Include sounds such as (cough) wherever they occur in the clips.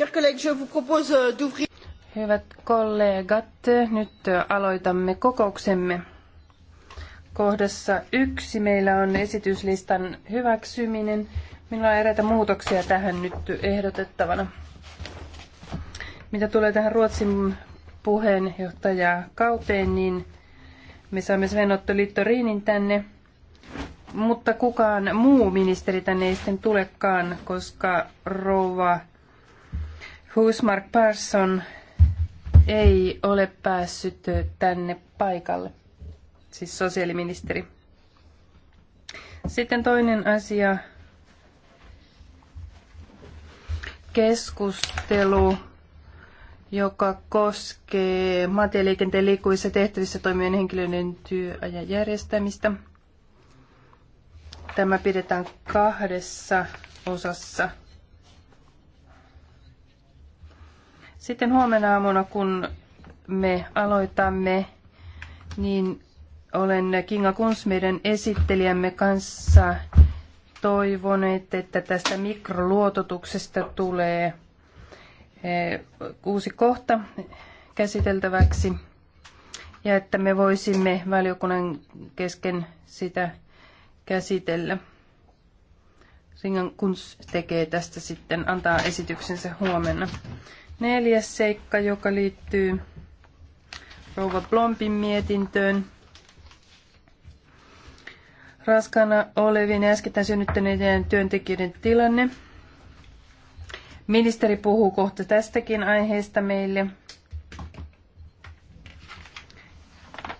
Euh, Hyvät kollegat, nyt aloitamme kokouksemme. Kohdassa yksi meillä on esityslistan hyväksyminen. Minulla on eräitä muutoksia tähän nyt ehdotettavana. Mitä tulee tähän Ruotsin puheenjohtajakauteen, niin me saamme Sven Otto Littoriinin tänne mutta kukaan muu ministeri tänne ei sitten tulekaan, koska rouva Husmark Parson ei ole päässyt tänne paikalle, siis sosiaaliministeri. Sitten toinen asia, keskustelu, joka koskee maantieliikenteen liikkuvissa tehtävissä toimivien henkilöiden työajan järjestämistä. Tämä pidetään kahdessa osassa – Sitten huomenna aamuna, kun me aloitamme, niin olen Kinga Kunsmeiden esittelijämme kanssa toivonut, että tästä mikroluototuksesta tulee eh, uusi kohta käsiteltäväksi ja että me voisimme valiokunnan kesken sitä käsitellä. singan Kunz tekee tästä sitten, antaa esityksensä huomenna. Neljäs seikka, joka liittyy rouva Blompin mietintöön. raskana olevien ja äskettäin synnyttäneiden työntekijöiden tilanne. Ministeri puhuu kohta tästäkin aiheesta meille.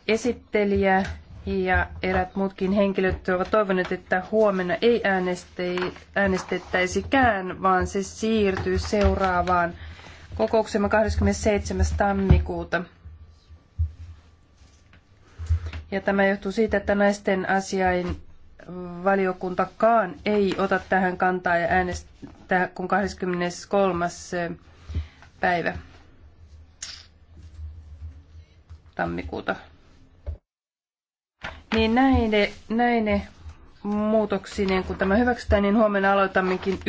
Esittelijä ja erät muutkin henkilöt ovat toivoneet, että huomenna ei äänestettäisikään, vaan se siirtyy seuraavaan kokouksemme 27. tammikuuta. Ja tämä johtuu siitä, että naisten asiain valiokuntakaan ei ota tähän kantaa ja äänestää kun 23. Eh, päivä tammikuuta. Niin näine, muutoksineen, kun tämä hyväksytään, niin huomenna aloitammekin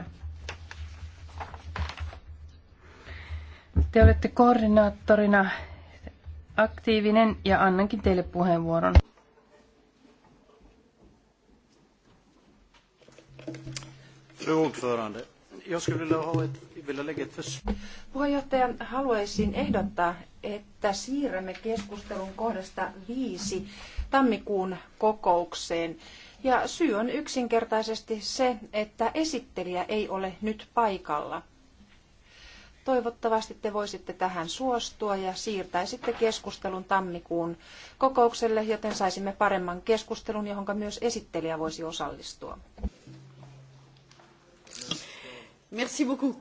9.30. Te olette koordinaattorina aktiivinen ja annankin teille puheenvuoron. Puheenjohtaja, haluaisin ehdottaa, että siirrämme keskustelun kohdasta viisi tammikuun kokoukseen. Ja syy on yksinkertaisesti se, että esittelijä ei ole nyt paikalla. Toivottavasti te voisitte tähän suostua ja siirtäisitte keskustelun tammikuun kokoukselle, joten saisimme paremman keskustelun, johon myös esittelijä voisi osallistua. Merci beaucoup.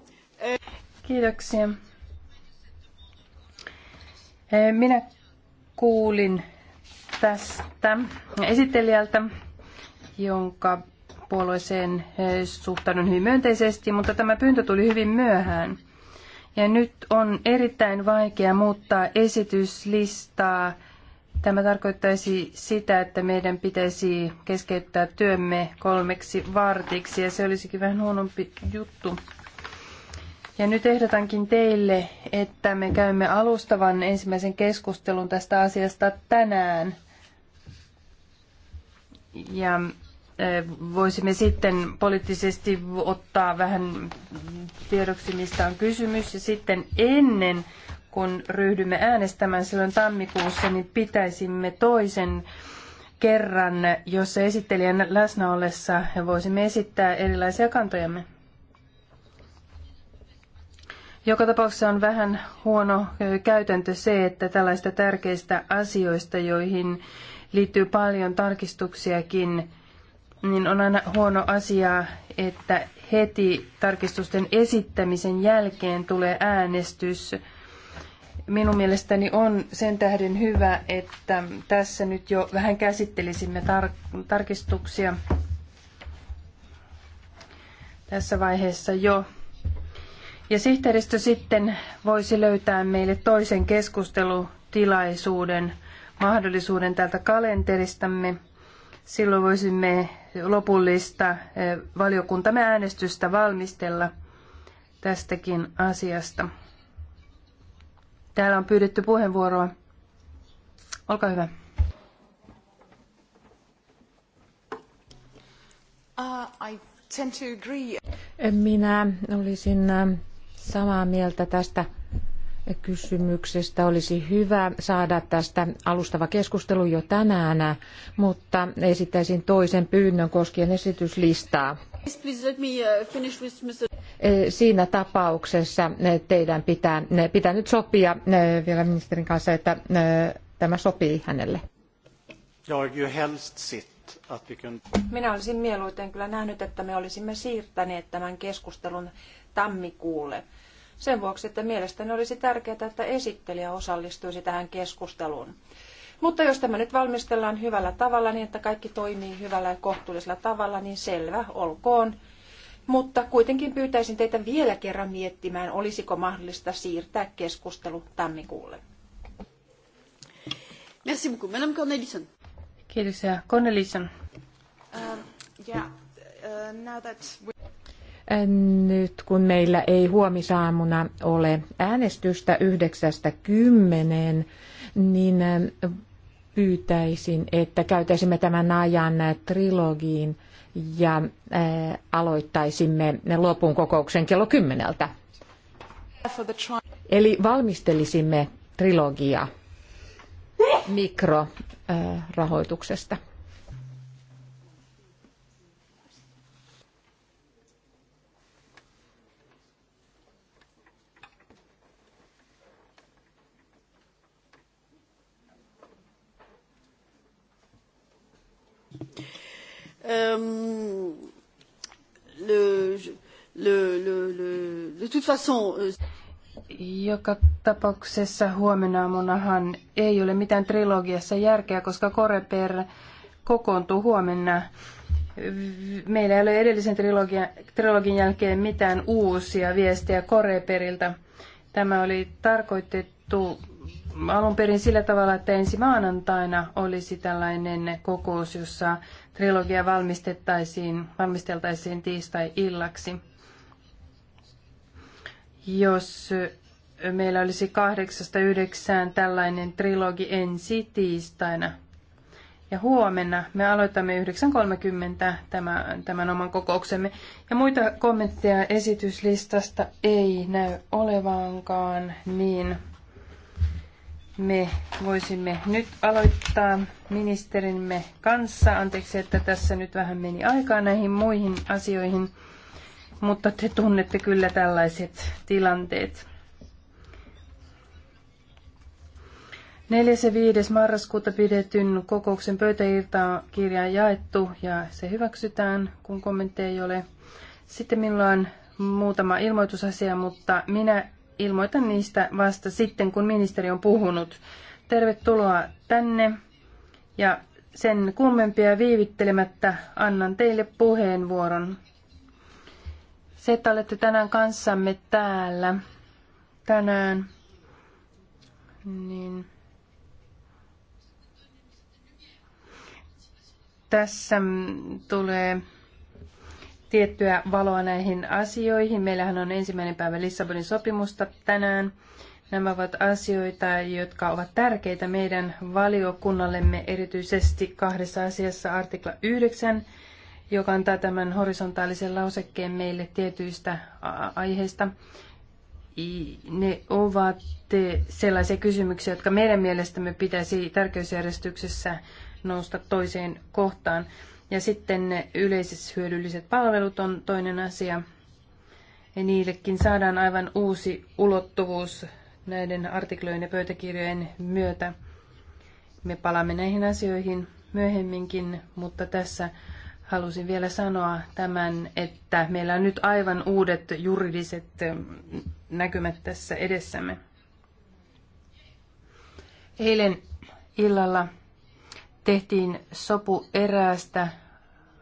Kiitoksia. Minä kuulin tästä esittelijältä, jonka puolueeseen suhtaudun hyvin myönteisesti, mutta tämä pyyntö tuli hyvin myöhään. Ja nyt on erittäin vaikea muuttaa esityslistaa. Tämä tarkoittaisi sitä, että meidän pitäisi keskeyttää työmme kolmeksi vartiksi ja se olisikin vähän huonompi juttu. Ja nyt ehdotankin teille, että me käymme alustavan ensimmäisen keskustelun tästä asiasta tänään. Ja voisimme sitten poliittisesti ottaa vähän tiedoksi, mistä on kysymys. Ja sitten ennen kun ryhdymme äänestämään silloin tammikuussa, niin pitäisimme toisen kerran, jossa esittelijän läsnä ollessa voisimme esittää erilaisia kantojamme. Joka tapauksessa on vähän huono käytäntö se, että tällaista tärkeistä asioista, joihin liittyy paljon tarkistuksiakin, niin on aina huono asia, että heti tarkistusten esittämisen jälkeen tulee äänestys. Minun mielestäni on sen tähden hyvä, että tässä nyt jo vähän käsittelisimme tar- tarkistuksia tässä vaiheessa jo. Ja sihteeristö sitten voisi löytää meille toisen keskustelutilaisuuden, mahdollisuuden täältä kalenteristamme. Silloin voisimme lopullista eh, valiokuntamme äänestystä valmistella tästäkin asiasta. Täällä on pyydetty puheenvuoroa. Olkaa hyvä. Uh, I tend to agree. Minä olisin eh, samaa mieltä tästä kysymyksestä. Olisi hyvä saada tästä alustava keskustelu jo tänään, mutta esittäisin toisen pyynnön koskien esityslistaa. E, siinä tapauksessa teidän pitää, pitää nyt sopia e, vielä ministerin kanssa, että e, tämä sopii hänelle. Minä olisin mieluiten kyllä nähnyt, että me olisimme siirtäneet tämän keskustelun tammikuulle sen vuoksi, että mielestäni olisi tärkeää, että esittelijä osallistuisi tähän keskusteluun. Mutta jos tämä nyt valmistellaan hyvällä tavalla, niin että kaikki toimii hyvällä ja kohtuullisella tavalla, niin selvä, olkoon. Mutta kuitenkin pyytäisin teitä vielä kerran miettimään, olisiko mahdollista siirtää keskustelu tammikuulle. Merci beaucoup. Madame Cornelissen. Kiitoksia. Cornelissen. Uh, yeah. uh, now that we nyt kun meillä ei huomisaamuna ole äänestystä yhdeksästä kymmeneen, niin pyytäisin, että käytäisimme tämän ajan trilogiin ja äh, aloittaisimme lopun kokouksen kello kymmeneltä. Eli valmistelisimme trilogia mikrorahoituksesta. Euh, euh, joka tapauksessa huomenna aamunahan ei ole mitään trilogiassa järkeä, koska Koreper kokoontuu huomenna. Meillä ei ole edellisen trilogian, trilogin jälkeen mitään uusia viestejä Koreperiltä. Tämä oli tarkoitettu alun perin sillä tavalla, että ensi maanantaina olisi tällainen kokous, jossa trilogia valmistettaisiin, valmisteltaisiin tiistai-illaksi. Jos meillä olisi kahdeksasta yhdeksään tällainen trilogi ensi tiistaina. Ja huomenna me aloitamme 9.30 tämän, tämän oman kokouksemme. Ja muita kommentteja esityslistasta ei näy olevaankaan, niin me voisimme nyt aloittaa ministerimme kanssa. Anteeksi, että tässä nyt vähän meni aikaa näihin muihin asioihin, mutta te tunnette kyllä tällaiset tilanteet. 4. ja 5. marraskuuta pidetyn kokouksen pöytäkirja on jaettu ja se hyväksytään, kun kommentteja ei ole. Sitten minulla on muutama ilmoitusasia, mutta minä ilmoitan niistä vasta sitten, kun ministeri on puhunut. Tervetuloa tänne ja sen kummempia viivittelemättä annan teille puheenvuoron. Se, että olette tänään kanssamme täällä tänään, niin tässä tulee tiettyä valoa näihin asioihin. Meillähän on ensimmäinen päivä Lissabonin sopimusta tänään. Nämä ovat asioita, jotka ovat tärkeitä meidän valiokunnallemme erityisesti kahdessa asiassa artikla 9, joka antaa tämän horisontaalisen lausekkeen meille tietyistä aiheista. Ne ovat sellaisia kysymyksiä, jotka meidän mielestämme pitäisi tärkeysjärjestyksessä nousta toiseen kohtaan. Ja sitten ne yleishyödylliset palvelut on toinen asia. Ja niillekin saadaan aivan uusi ulottuvuus näiden artiklojen ja pöytäkirjojen myötä. Me palaamme näihin asioihin myöhemminkin, mutta tässä halusin vielä sanoa tämän, että meillä on nyt aivan uudet juridiset näkymät tässä edessämme. Eilen illalla tehtiin sopu eräästä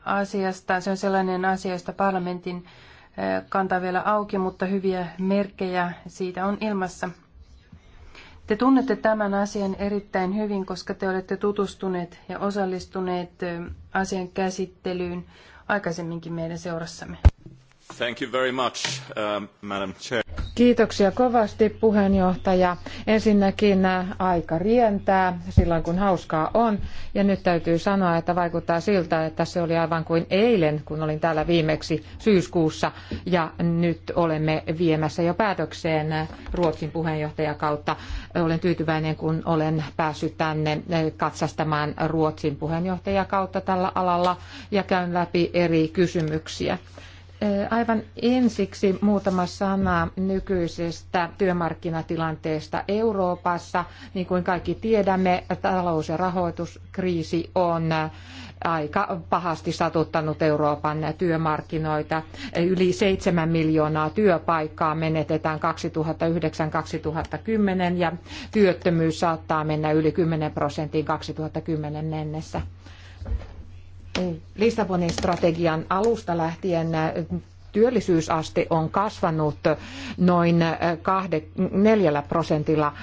asiasta. Se on sellainen asia, josta parlamentin eh, kanta vielä auki, mutta hyviä merkkejä siitä on ilmassa. Te tunnette tämän asian erittäin hyvin, koska te olette tutustuneet ja osallistuneet eh, asian käsittelyyn aikaisemminkin meidän seurassamme. Thank you very much, uh, Madam Chair. Kiitoksia kovasti puheenjohtaja. Ensinnäkin äh, aika rientää silloin kun hauskaa on. Ja nyt täytyy sanoa, että vaikuttaa siltä, että se oli aivan kuin eilen, kun olin täällä viimeksi syyskuussa. Ja nyt olemme viemässä jo päätökseen Ruotsin puheenjohtajakautta. Olen tyytyväinen, kun olen päässyt tänne äh, katsastamaan Ruotsin puheenjohtajakautta tällä alalla ja käyn läpi eri kysymyksiä. Aivan ensiksi muutama sana nykyisestä työmarkkinatilanteesta Euroopassa. Niin kuin kaikki tiedämme, talous- ja rahoituskriisi on aika pahasti satuttanut Euroopan työmarkkinoita. Yli 7 miljoonaa työpaikkaa menetetään 2009-2010 ja työttömyys saattaa mennä yli 10 prosenttiin 2010 mennessä. Lissabonin strategian alusta lähtien äh, työllisyysaste on kasvanut noin 4 äh, prosentilla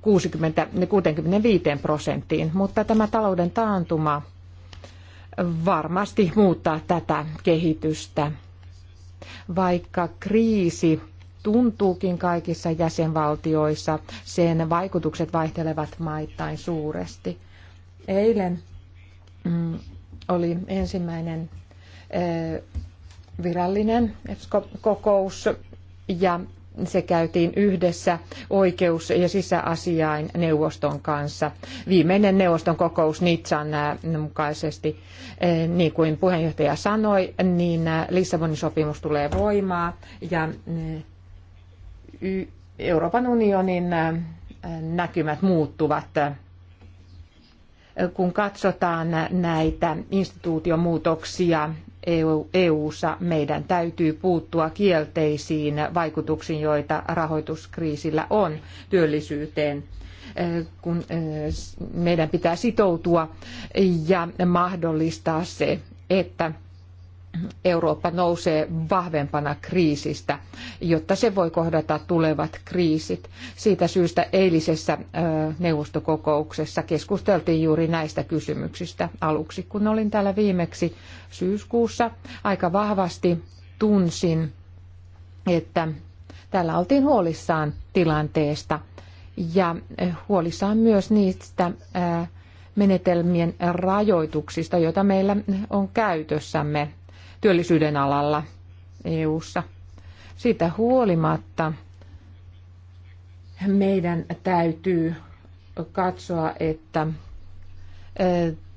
60, äh, 65 prosenttiin, mutta tämä talouden taantuma varmasti muuttaa tätä kehitystä. Vaikka kriisi tuntuukin kaikissa jäsenvaltioissa, sen vaikutukset vaihtelevat maittain suuresti. Eilen mm, oli ensimmäinen virallinen kokous ja se käytiin yhdessä oikeus- ja sisäasiain neuvoston kanssa. Viimeinen neuvoston kokous Nitsan mukaisesti, niin kuin puheenjohtaja sanoi, niin Lissabonin sopimus tulee voimaan ja Euroopan unionin näkymät muuttuvat kun katsotaan näitä instituutiomuutoksia EU-ssa, e meidän täytyy puuttua kielteisiin vaikutuksiin, joita rahoituskriisillä on työllisyyteen äh, kun äh, meidän pitää sitoutua ja mahdollistaa se, että Eurooppa nousee vahvempana kriisistä, jotta se voi kohdata tulevat kriisit. Siitä syystä eilisessä neuvostokokouksessa keskusteltiin juuri näistä kysymyksistä aluksi. Kun olin täällä viimeksi syyskuussa, aika vahvasti tunsin, että täällä oltiin huolissaan tilanteesta ja huolissaan myös niistä menetelmien rajoituksista, joita meillä on käytössämme työllisyyden alalla EU:ssa. Siitä huolimatta meidän täytyy katsoa, että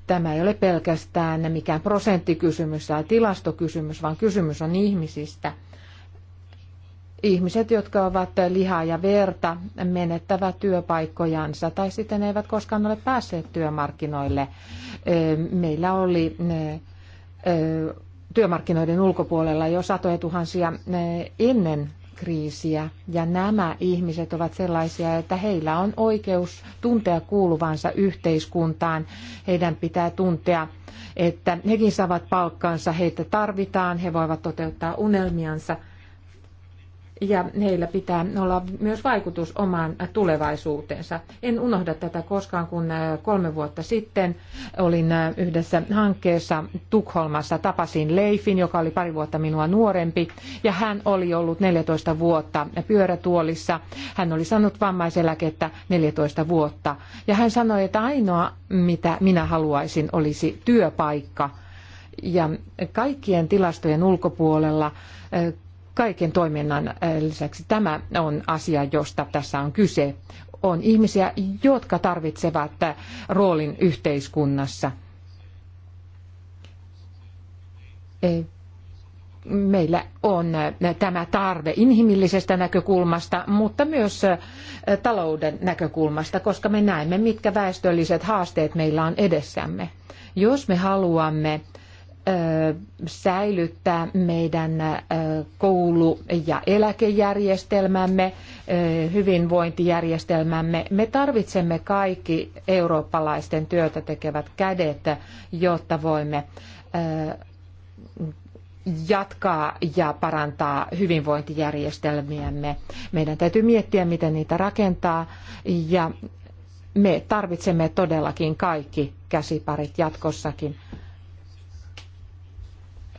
tämä ei ole pelkästään mikään prosenttikysymys tai tilastokysymys, vaan kysymys on ihmisistä. Ihmiset, jotka ovat lihaa ja verta, menettävät työpaikkojansa tai sitten eivät koskaan ole päässeet työmarkkinoille. Meillä oli työmarkkinoiden ulkopuolella jo satoja tuhansia ennen kriisiä. Ja nämä ihmiset ovat sellaisia, että heillä on oikeus tuntea kuuluvansa yhteiskuntaan. Heidän pitää tuntea, että hekin saavat palkkansa, heitä tarvitaan, he voivat toteuttaa unelmiansa – ja heillä pitää olla myös vaikutus omaan tulevaisuuteensa. En unohda tätä koskaan, kun äh, kolme vuotta sitten olin äh, yhdessä hankkeessa Tukholmassa. Tapasin Leifin, joka oli pari vuotta minua nuorempi, ja hän oli ollut 14 vuotta pyörätuolissa. Hän oli saanut vammaiseläkettä 14 vuotta, ja hän sanoi, että ainoa mitä minä haluaisin olisi työpaikka. Ja kaikkien tilastojen ulkopuolella äh, kaiken toiminnan lisäksi. Tämä on asia, josta tässä on kyse. On ihmisiä, jotka tarvitsevat roolin yhteiskunnassa. E, meillä on tämä tarve inhimillisestä näkökulmasta, mutta myös talouden näkökulmasta, koska me näemme, mitkä väestölliset haasteet meillä on edessämme. Jos me haluamme säilyttää meidän koulu- ja eläkejärjestelmämme, hyvinvointijärjestelmämme. Me tarvitsemme kaikki eurooppalaisten työtä tekevät kädet, jotta voimme jatkaa ja parantaa hyvinvointijärjestelmiämme. Meidän täytyy miettiä, miten niitä rakentaa ja me tarvitsemme todellakin kaikki käsiparit jatkossakin.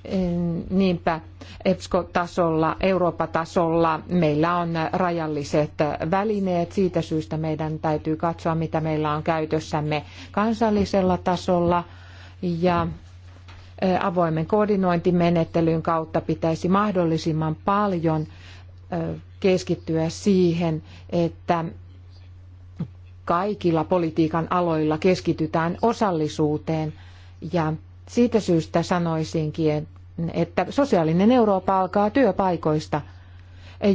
Ehm, niinpä EPSCO-tasolla, Eurooppa-tasolla meillä on rajalliset välineet. Siitä syystä meidän täytyy katsoa, mitä meillä on käytössämme kansallisella tasolla. Ja eh, avoimen koordinointimenettelyn kautta pitäisi mahdollisimman paljon eh, keskittyä siihen, että kaikilla politiikan aloilla keskitytään osallisuuteen. Ja siitä syystä sanoisinkin, että sosiaalinen Eurooppa alkaa työpaikoista.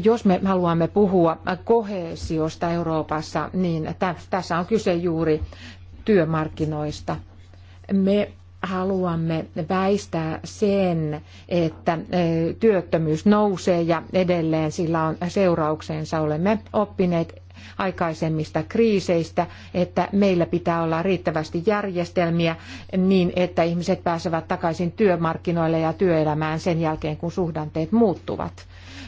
Jos me haluamme puhua koheesiosta Euroopassa, niin tässä on kyse juuri työmarkkinoista. Me haluamme väistää sen, että e, työttömyys nousee ja edelleen sillä on seurauksensa. Olemme oppineet aikaisemmista kriiseistä, että meillä pitää olla riittävästi järjestelmiä niin, että ihmiset pääsevät takaisin työmarkkinoille ja työelämään sen jälkeen, kun suhdanteet muuttuvat.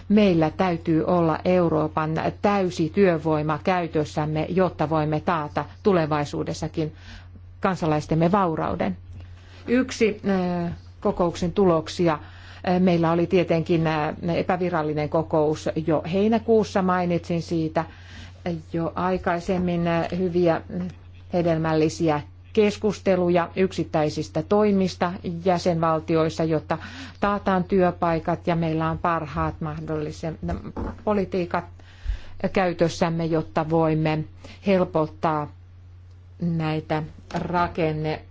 Meillä täytyy olla Euroopan täysi työvoima käytössämme, jotta voimme taata tulevaisuudessakin kansalaistemme vaurauden. Yksi kokouksen tuloksia Meillä oli tietenkin epävirallinen kokous jo heinäkuussa, mainitsin siitä jo aikaisemmin hyviä hedelmällisiä keskusteluja yksittäisistä toimista jäsenvaltioissa, jotta taataan työpaikat ja meillä on parhaat mahdolliset politiikat käytössämme, jotta voimme helpottaa näitä rakenne,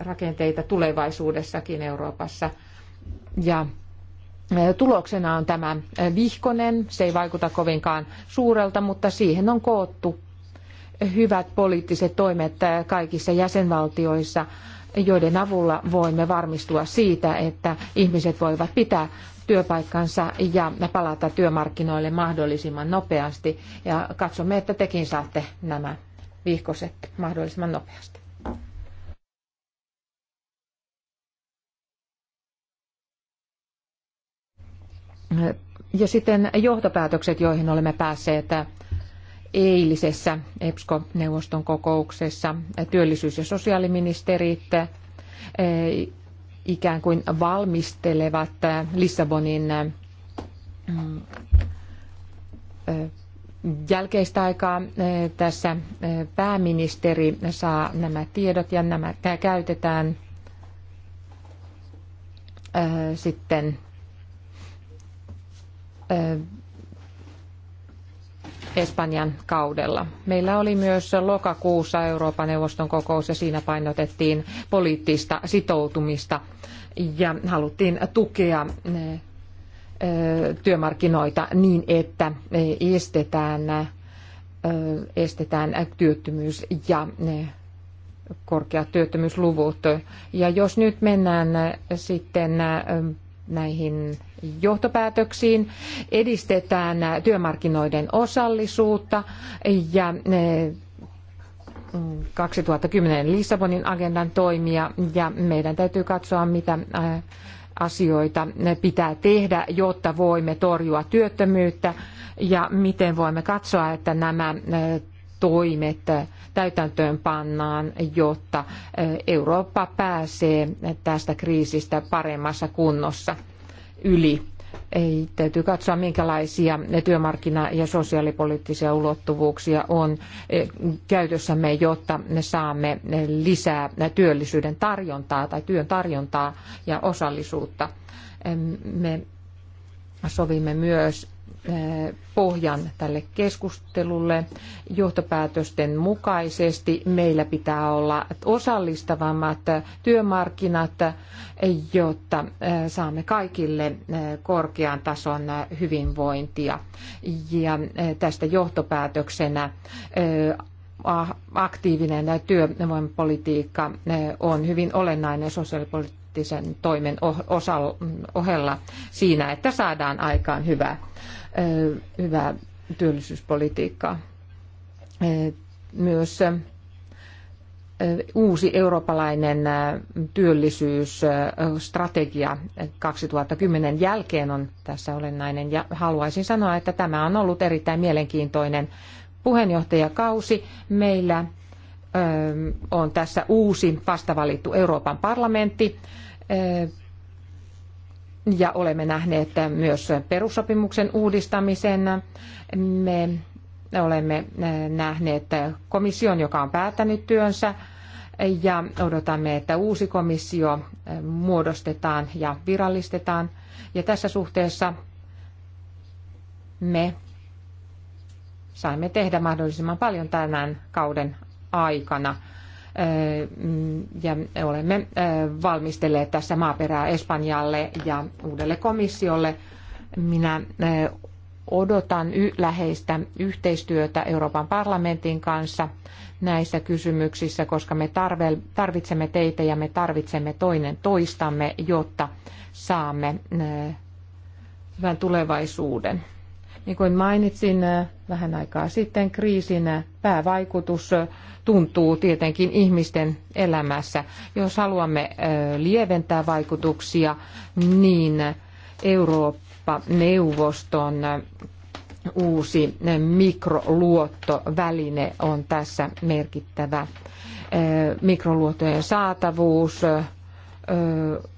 rakenteita tulevaisuudessakin Euroopassa. Ja Tuloksena on tämä vihkonen, se ei vaikuta kovinkaan suurelta, mutta siihen on koottu hyvät poliittiset toimet kaikissa jäsenvaltioissa, joiden avulla voimme varmistua siitä, että ihmiset voivat pitää työpaikkansa ja palata työmarkkinoille mahdollisimman nopeasti. Ja katsomme, että tekin saatte nämä vihkoset mahdollisimman nopeasti. Ja sitten johtopäätökset, joihin olemme päässeet eilisessä EPSCO-neuvoston kokouksessa. Työllisyys- ja sosiaaliministerit eh, ikään kuin valmistelevat Lissabonin mm, eh, jälkeistä aikaa eh, tässä pääministeri saa nämä tiedot ja nämä käytetään sitten Espanjan kaudella. Meillä oli myös lokakuussa Euroopan neuvoston kokous ja siinä painotettiin poliittista sitoutumista ja haluttiin tukea työmarkkinoita niin, että estetään, estetään työttömyys ja korkeat työttömyysluvut. Ja jos nyt mennään sitten näihin johtopäätöksiin, edistetään työmarkkinoiden osallisuutta ja 2010 eh, Lissabonin agendan toimia ja meidän täytyy katsoa, mitä eh, asioita pitää tehdä, jotta voimme torjua työttömyyttä ja miten voimme katsoa, että nämä eh, toimet täytäntöön pannaan, jotta Eurooppa pääsee tästä kriisistä paremmassa kunnossa yli. Ei, täytyy katsoa, minkälaisia työmarkkina- ja sosiaalipoliittisia ulottuvuuksia on eh, käytössämme, jotta me saamme lisää työllisyyden tarjontaa tai työn tarjontaa ja osallisuutta. Me sovimme myös pohjan tälle keskustelulle. Johtopäätösten mukaisesti meillä pitää olla osallistavammat työmarkkinat, jotta saamme kaikille korkean tason hyvinvointia. Ja tästä johtopäätöksenä aktiivinen työvoimapolitiikka on hyvin olennainen sosiaalipolitiikka toimen ohella siinä, että saadaan aikaan hyvä hyvää työllisyyspolitiikkaa. Myös uusi eurooppalainen työllisyysstrategia 2010 jälkeen on tässä olennainen. Ja haluaisin sanoa, että tämä on ollut erittäin mielenkiintoinen puheenjohtajakausi. Meillä on tässä uusi vastavalittu Euroopan parlamentti ja olemme nähneet myös perussopimuksen uudistamisen. Me olemme nähneet komission, joka on päättänyt työnsä ja odotamme, että uusi komissio muodostetaan ja virallistetaan. Ja tässä suhteessa me saimme tehdä mahdollisimman paljon tämän kauden aikana ja olemme valmistelleet tässä maaperää Espanjalle ja uudelle komissiolle. Minä odotan läheistä yhteistyötä Euroopan parlamentin kanssa näissä kysymyksissä, koska me tarvitsemme teitä ja me tarvitsemme toinen toistamme, jotta saamme hyvän tulevaisuuden. Niin kuin mainitsin äh, vähän aikaa sitten, kriisin äh, päävaikutus äh, tuntuu tietenkin ihmisten elämässä. Jos haluamme lieventää vaikutuksia, niin Eurooppa-neuvoston uusi mikroluottoväline on tässä merkittävä. Mikroluottojen saatavuus,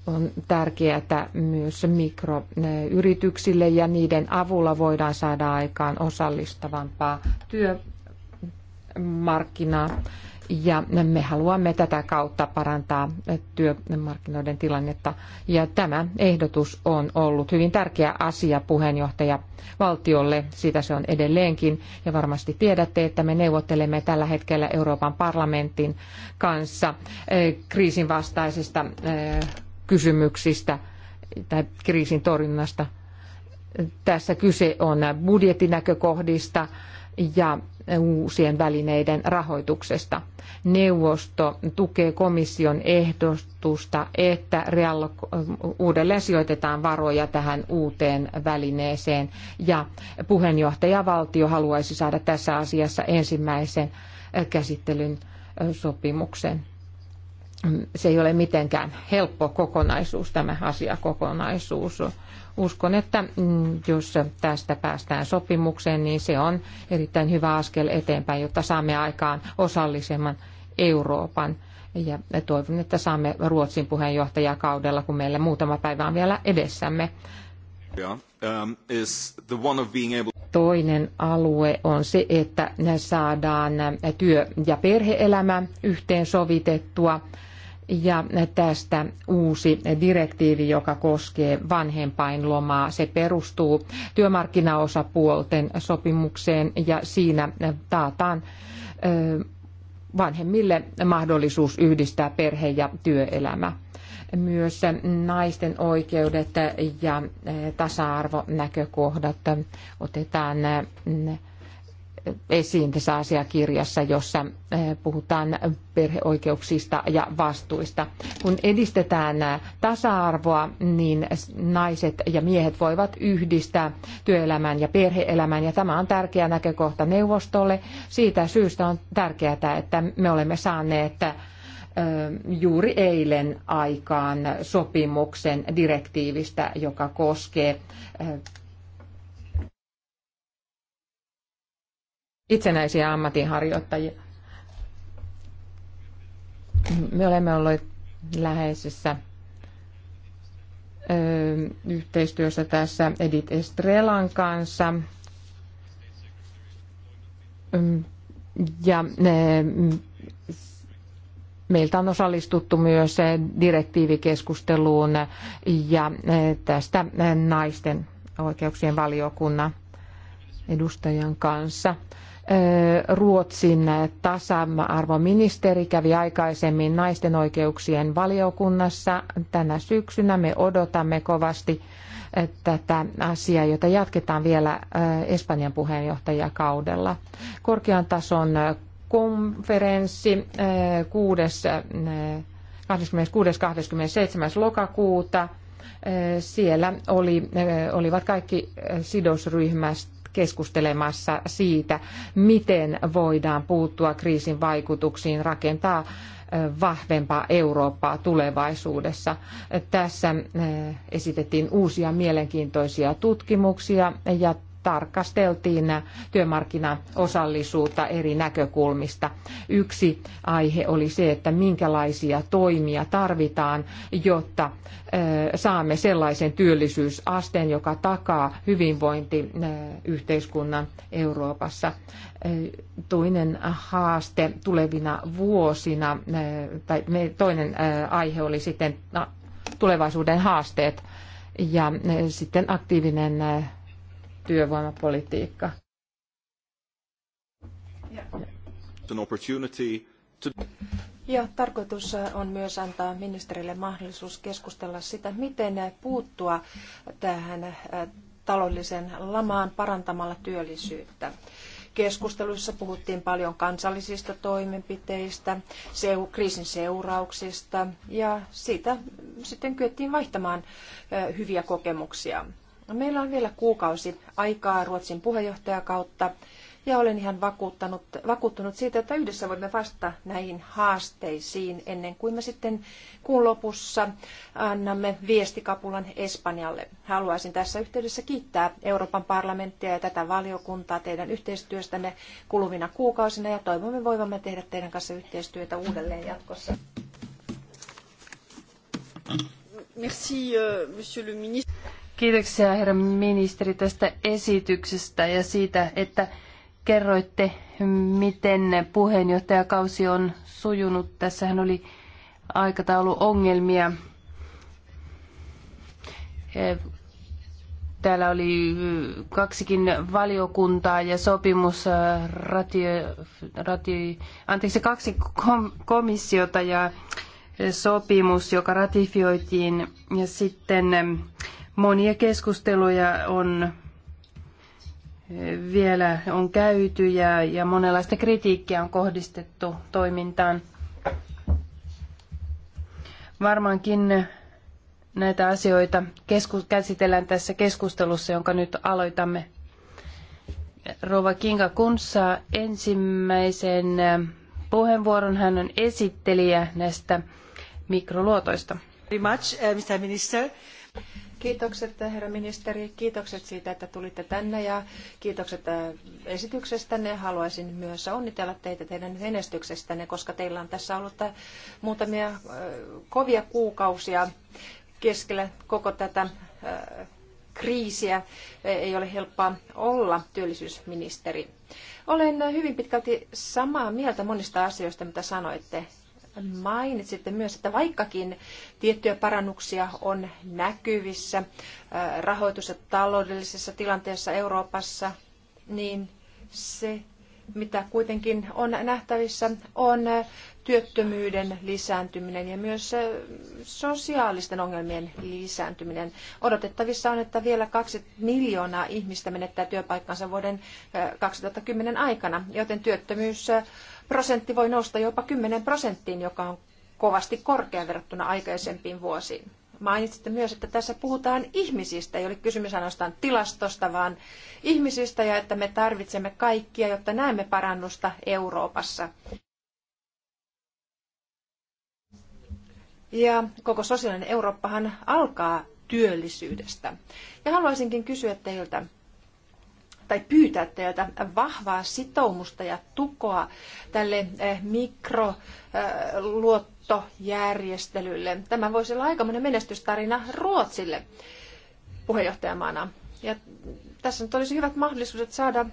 on tärkeää myös mikroyrityksille ja niiden avulla voidaan saada aikaan osallistavampaa työmarkkinaa ja me haluamme tätä kautta parantaa työmarkkinoiden tilannetta. Ja tämä ehdotus on ollut hyvin tärkeä asia puheenjohtaja valtiolle, sitä se on edelleenkin. Ja varmasti tiedätte, että me neuvottelemme tällä hetkellä Euroopan parlamentin kanssa eh, kriisin vastaisista eh, kysymyksistä tai kriisin torjunnasta. Tässä kyse on budjettinäkökohdista ja uusien välineiden rahoituksesta. Neuvosto tukee komission ehdotusta, että uudelleen sijoitetaan varoja tähän uuteen välineeseen ja puheenjohtajavaltio haluaisi saada tässä asiassa ensimmäisen käsittelyn sopimuksen. Se ei ole mitenkään helppo kokonaisuus, tämä asiakokonaisuus. kokonaisuus uskon, että mm, jos tästä päästään sopimukseen, niin se on erittäin hyvä askel eteenpäin, jotta saamme aikaan osallisemman Euroopan. Ja toivon, että saamme Ruotsin puheenjohtajakaudella, kun meillä muutama päivä on vielä edessämme. Ähm, Toinen alue on se, että saadaan työ- ja perheelämä yhteensovitettua. sovitettua ja tästä uusi direktiivi, joka koskee vanhempainlomaa. Se perustuu työmarkkinaosapuolten sopimukseen ja siinä taataan vanhemmille mahdollisuus yhdistää perhe ja työelämä. Myös naisten oikeudet ja tasa-arvonäkökohdat otetaan esiin tässä asiakirjassa, jossa eh, puhutaan perheoikeuksista ja vastuista. Kun edistetään eh, tasa-arvoa, niin naiset ja miehet voivat yhdistää työelämän ja perheelämän, ja tämä on tärkeä näkökohta neuvostolle. Siitä syystä on tärkeää, että me olemme saaneet eh, juuri eilen aikaan sopimuksen direktiivistä, joka koskee itsenäisiä ammatinharjoittajia. Me olemme olleet läheisessä yhteistyössä tässä Edith Estrelan kanssa. Ja meiltä on osallistuttu myös direktiivikeskusteluun ja tästä naisten oikeuksien valiokunnan edustajan kanssa. Ruotsin tasa-arvoministeri kävi aikaisemmin naisten oikeuksien valiokunnassa tänä syksynä. Me odotamme kovasti tätä asiaa, jota jatketaan vielä Espanjan puheenjohtajakaudella. Korkean tason konferenssi 6. 26.–27. lokakuuta. Siellä oli, olivat kaikki sidosryhmät keskustelemassa siitä, miten voidaan puuttua kriisin vaikutuksiin, rakentaa vahvempaa Eurooppaa tulevaisuudessa. Tässä esitettiin uusia mielenkiintoisia tutkimuksia ja tarkasteltiin työmarkkinaosallisuutta eri näkökulmista. Yksi aihe oli se, että minkälaisia toimia tarvitaan, jotta saamme sellaisen työllisyysasteen, joka takaa hyvinvointiyhteiskunnan Euroopassa. Toinen haaste tulevina vuosina, tai toinen aihe oli sitten no, tulevaisuuden haasteet ja sitten aktiivinen työvoimapolitiikka. Ja tarkoitus on myös antaa ministerille mahdollisuus keskustella sitä, miten puuttua tähän äh, taloudellisen lamaan parantamalla työllisyyttä. Keskusteluissa puhuttiin paljon kansallisista toimenpiteistä, kriisin seurauksista ja siitä sitten kyettiin vaihtamaan äh, hyviä kokemuksia. No, meillä on vielä kuukausi aikaa Ruotsin puheenjohtajakautta ja olen ihan vakuuttanut, vakuuttunut siitä, että yhdessä voimme vastata näihin haasteisiin ennen kuin me sitten kuun lopussa annamme viestikapulan Espanjalle. Haluaisin tässä yhteydessä kiittää Euroopan parlamenttia ja tätä valiokuntaa teidän yhteistyöstänne kuluvina kuukausina ja toivomme voivamme tehdä teidän kanssa yhteistyötä uudelleen jatkossa. Merci, euh, monsieur le ministre. Kiitoksia herra ministeri tästä esityksestä ja siitä, että kerroitte, miten puheenjohtajakausi on sujunut. Tässähän oli aikatauluongelmia. Täällä oli kaksikin valiokuntaa ja sopimus, ratio, ratio, anteeksi, kaksi komissiota ja sopimus, joka ratifioitiin. Ja sitten Monia keskusteluja on eh, vielä on käyty ja, ja monenlaista kritiikkiä on kohdistettu toimintaan. Varmaankin näitä asioita keskus- käsitellään tässä keskustelussa, jonka nyt aloitamme. Rova Kinga Kunssa ensimmäisen eh, puheenvuoron. Hän on esittelijä näistä mikroluotoista. Very much, eh, Mr. Minister. Kiitokset eh, herra ministeri, kiitokset siitä, että tulitte tänne ja kiitokset eh, esityksestänne. Haluaisin myös onnitella teitä teidän menestyksestänne, koska teillä on tässä ollut eh, muutamia kovia kuukausia keskellä koko tätä kriisiä. Ei ole helppoa olla työllisyysministeri. Olen hyvin pitkälti samaa mieltä monista asioista, mitä sanoitte mainitsitte myös, että vaikkakin tiettyjä parannuksia on näkyvissä rahoitus- ja taloudellisessa tilanteessa Euroopassa, niin se, mitä kuitenkin on nähtävissä, on työttömyyden lisääntyminen ja myös sosiaalisten ongelmien lisääntyminen. Odotettavissa on, että vielä kaksi miljoonaa ihmistä menettää työpaikkansa vuoden 2010 aikana, joten työttömyys prosentti voi nousta jopa 10 prosenttiin, joka on kovasti korkea verrattuna aikaisempiin vuosiin. Mainitsitte myös, että tässä puhutaan ihmisistä, ei ole kysymys ainoastaan tilastosta, vaan ihmisistä ja että me tarvitsemme kaikkia, jotta näemme parannusta Euroopassa. Ja koko sosiaalinen Eurooppahan alkaa työllisyydestä. Ja haluaisinkin kysyä teiltä, tai pyytää teiltä vahvaa sitoumusta ja tukoa tälle eh, mikroluottojärjestelylle. Eh, Tämä voisi olla aikamoinen menestystarina Ruotsille puheenjohtajamaana. Ja tässä nyt olisi hyvät mahdollisuudet saada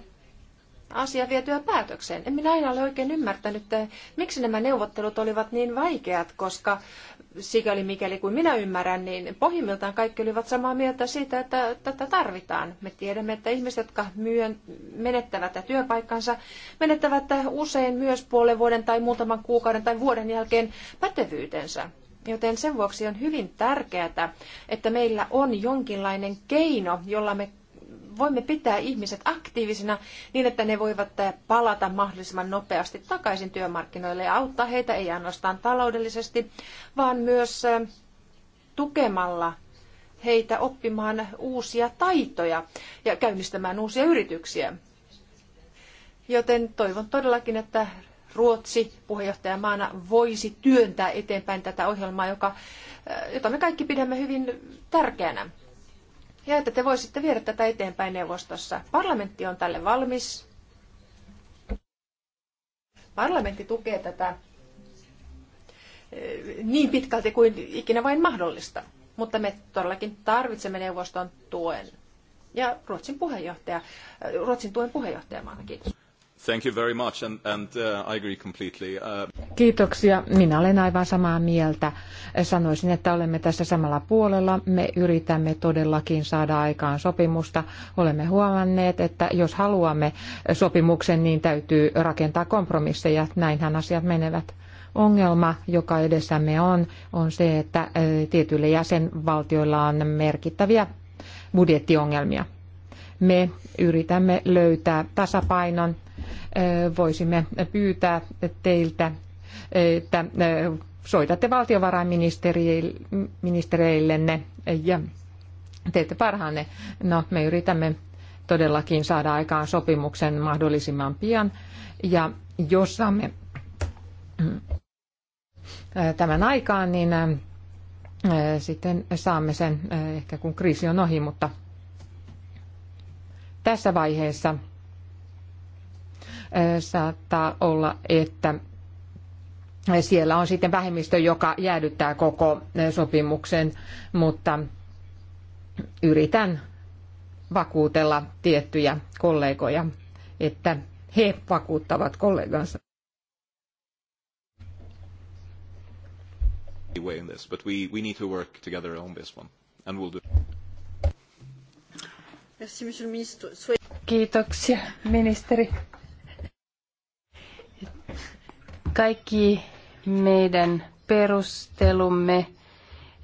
asia vietyä päätökseen. En minä aina ole oikein ymmärtänyt, että eh, miksi nämä neuvottelut olivat niin vaikeat, koska sikäli mikäli kuin minä ymmärrän, niin pohjimmiltaan kaikki olivat samaa mieltä siitä, että tätä tarvitaan. Me tiedämme, että ihmiset, jotka myön, menettävät työpaikkansa, menettävät eh, usein myös puolen vuoden tai muutaman kuukauden tai vuoden jälkeen pätevyytensä. Joten sen vuoksi on hyvin tärkeää, että meillä on jonkinlainen keino, jolla me voimme pitää ihmiset aktiivisina niin, että ne voivat eh, palata mahdollisimman nopeasti takaisin työmarkkinoille ja auttaa heitä ei ainoastaan taloudellisesti, vaan myös eh, tukemalla heitä oppimaan uusia taitoja ja käynnistämään uusia yrityksiä. Joten toivon todellakin, että Ruotsi puheenjohtajamaana voisi työntää eteenpäin tätä ohjelmaa, joka, eh, jota me kaikki pidämme hyvin tärkeänä ja että te voisitte viedä tätä eteenpäin neuvostossa. Parlamentti on tälle valmis. Parlamentti tukee tätä eh, niin pitkälti kuin ikinä vain mahdollista. Mutta me todellakin tarvitsemme neuvoston tuen. Ja Ruotsin, puheenjohtaja, eh, Ruotsin tuen puheenjohtajamaana. Kiitos. Thank you very much and, and uh, I agree completely. Uh... Kiitoksia. Minä olen aivan samaa mieltä. Sanoisin, että olemme tässä samalla puolella. Me yritämme todellakin saada aikaan sopimusta. Olemme huomanneet, että jos haluamme sopimuksen, niin täytyy rakentaa kompromisseja. Näinhän asiat menevät ongelma, joka edessämme on, on se, että äh, tietyillä jäsenvaltioilla on merkittäviä budjettiongelmia. Me yritämme löytää tasapainon voisimme pyytää teiltä, että soitatte valtiovarainministereillenne ja teette parhaanne. No, me yritämme todellakin saada aikaan sopimuksen mahdollisimman pian. Ja jos saamme tämän aikaan, niin sitten saamme sen ehkä kun kriisi on ohi, mutta tässä vaiheessa saattaa olla, että siellä on sitten vähemmistö, joka jäädyttää koko sopimuksen, mutta yritän vakuutella tiettyjä kollegoja, että he vakuuttavat kollegansa. Kiitoksia, ministeri. Kaikki meidän perustelumme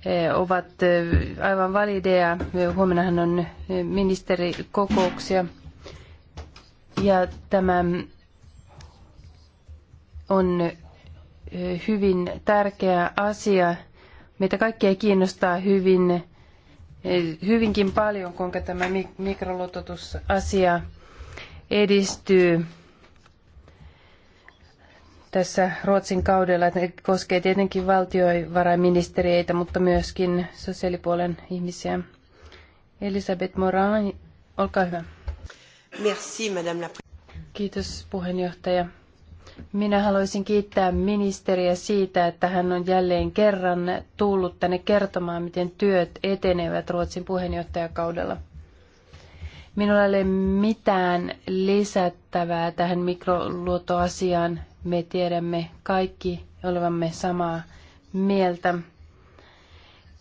eh, ovat eh, aivan valideja. Huomennahan on eh, ministerikokouksia. Ja tämä mm, on hyvin tärkeä asia. Meitä kaikkia kiinnostaa hyvin, hyvinkin paljon, kuinka tämä mikroluototusasia edistyy tässä Ruotsin kaudella. Ne koskee tietenkin valtiovarainministeriöitä, mutta myöskin sosiaalipuolen ihmisiä. Elisabeth Moran, olkaa hyvä. Merci, madame la... Kiitos puheenjohtaja. Minä haluaisin kiittää ministeriä siitä, että hän on jälleen kerran tullut tänne kertomaan, miten työt etenevät Ruotsin puheenjohtajakaudella. Minulla ei ole mitään lisättävää tähän mikroluotoasiaan. Me tiedämme kaikki olevamme samaa mieltä.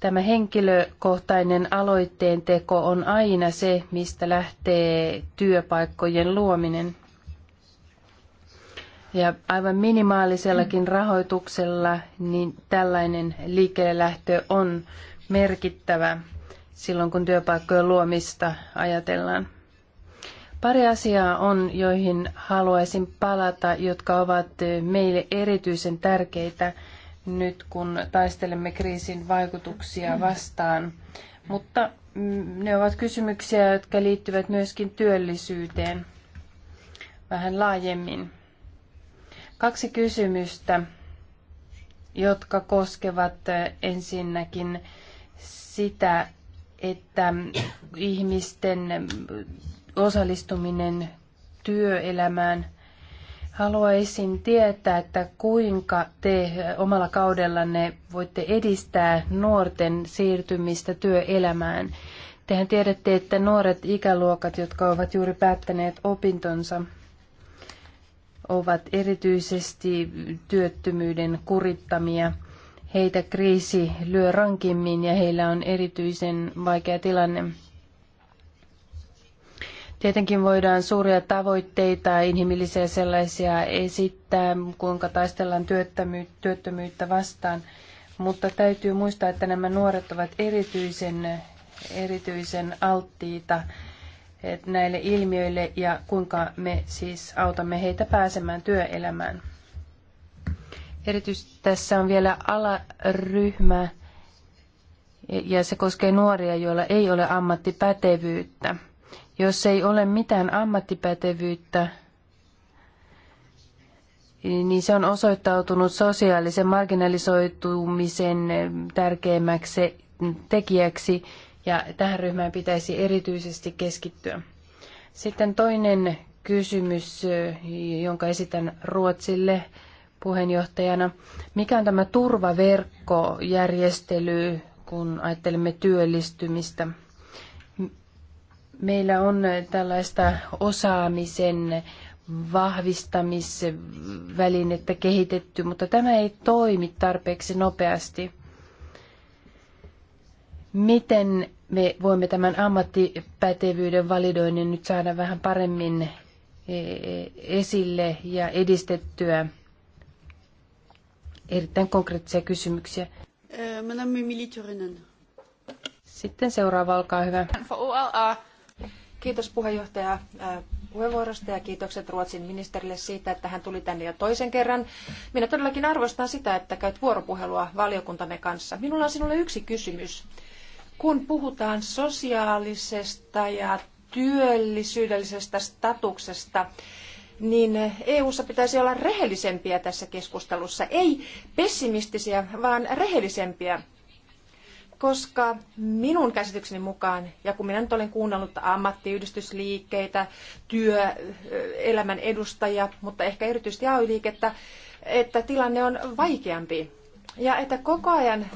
Tämä henkilökohtainen aloitteen teko on aina se, mistä lähtee työpaikkojen luominen. Ja aivan minimaalisellakin rahoituksella niin tällainen liikkeelle lähtö on merkittävä silloin, kun työpaikkojen luomista ajatellaan. Pari asiaa on, joihin haluaisin palata, jotka ovat eh, meille erityisen tärkeitä nyt, kun taistelemme kriisin vaikutuksia vastaan. Mutta mm, ne ovat kysymyksiä, jotka liittyvät myöskin työllisyyteen vähän laajemmin. Kaksi kysymystä, jotka koskevat eh, ensinnäkin sitä, että mm, ihmisten mm, osallistuminen työelämään. Haluaisin tietää, että kuinka te omalla kaudellanne voitte edistää nuorten siirtymistä työelämään. Tehän tiedätte, että nuoret ikäluokat, jotka ovat juuri päättäneet opintonsa, ovat erityisesti työttömyyden kurittamia. Heitä kriisi lyö rankimmin ja heillä on erityisen vaikea tilanne. Tietenkin voidaan suuria tavoitteita, inhimillisiä sellaisia esittää, kuinka taistellaan työttömyyttä vastaan, mutta täytyy muistaa, että nämä nuoret ovat erityisen, erityisen alttiita näille ilmiöille ja kuinka me siis autamme heitä pääsemään työelämään. Erityisesti tässä on vielä alaryhmä ja se koskee nuoria, joilla ei ole ammattipätevyyttä. Jos ei ole mitään ammattipätevyyttä, niin se on osoittautunut sosiaalisen marginalisoitumisen tärkeimmäksi tekijäksi ja tähän ryhmään pitäisi erityisesti keskittyä. Sitten toinen kysymys, jonka esitän Ruotsille puheenjohtajana. Mikä on tämä turvaverkkojärjestely, kun ajattelemme työllistymistä? meillä on tällaista osaamisen vahvistamisvälinettä kehitetty, mutta tämä ei toimi tarpeeksi nopeasti. Miten me voimme tämän ammattipätevyyden validoinnin nyt saada vähän paremmin e, e, esille ja edistettyä? Erittäin konkreettisia kysymyksiä. Sitten seuraava, olkaa hyvä. For Kiitos puheenjohtaja äh, puheenvuorosta ja kiitokset Ruotsin ministerille siitä, että hän tuli tänne jo toisen kerran. Minä todellakin arvostan sitä, että käyt vuoropuhelua valiokuntamme kanssa. Minulla on sinulle yksi kysymys. Kun puhutaan sosiaalisesta ja työllisyydellisestä statuksesta, niin EU:ssa pitäisi olla rehellisempiä tässä keskustelussa, ei pessimistisiä, vaan rehellisempiä koska minun käsitykseni mukaan, ja kun minä nyt olen kuunnellut ammattiyhdistysliikkeitä, työelämän edustajia, mutta ehkä erityisesti AY-liikettä, että tilanne on vaikeampi. Ja että koko ajan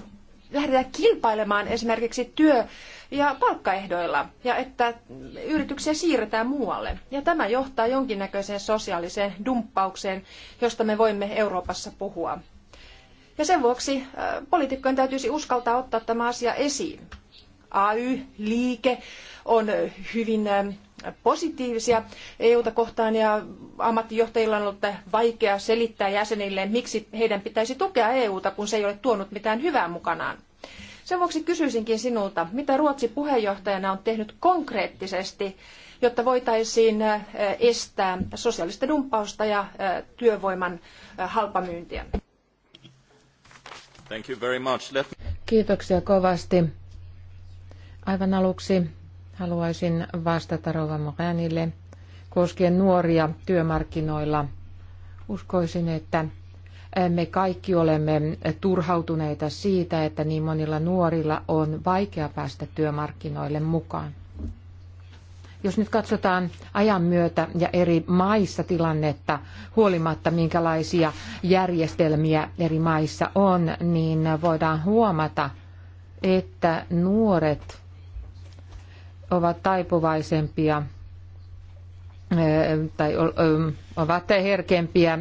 lähdetään kilpailemaan esimerkiksi työ- ja palkkaehdoilla, ja että yrityksiä siirretään muualle. Ja tämä johtaa jonkinnäköiseen sosiaaliseen dumppaukseen, josta me voimme Euroopassa puhua. Ja sen vuoksi äh, poliitikkojen täytyisi uskaltaa ottaa tämä asia esiin. AY-liike on äh, hyvin äh, positiivisia EU-ta kohtaan ja ammattijohtajilla on ollut vaikea selittää jäsenilleen, miksi heidän pitäisi tukea EU-ta, kun se ei ole tuonut mitään hyvää mukanaan. Sen vuoksi kysyisinkin sinulta, mitä Ruotsi puheenjohtajana on tehnyt konkreettisesti, jotta voitaisiin estää sosiaalista dumppausta ja työvoiman halpamyyntiä? Thank you very much. Let... Kiitoksia kovasti. Aivan aluksi haluaisin vastata Rova Moranille koskien nuoria työmarkkinoilla. Uskoisin, että me kaikki olemme turhautuneita siitä, että niin monilla nuorilla on vaikea päästä työmarkkinoille mukaan. Jos nyt katsotaan ajan myötä ja eri maissa tilannetta, huolimatta minkälaisia järjestelmiä eri maissa on, niin voidaan huomata, että nuoret ovat taipuvaisempia tai ovat herkempiä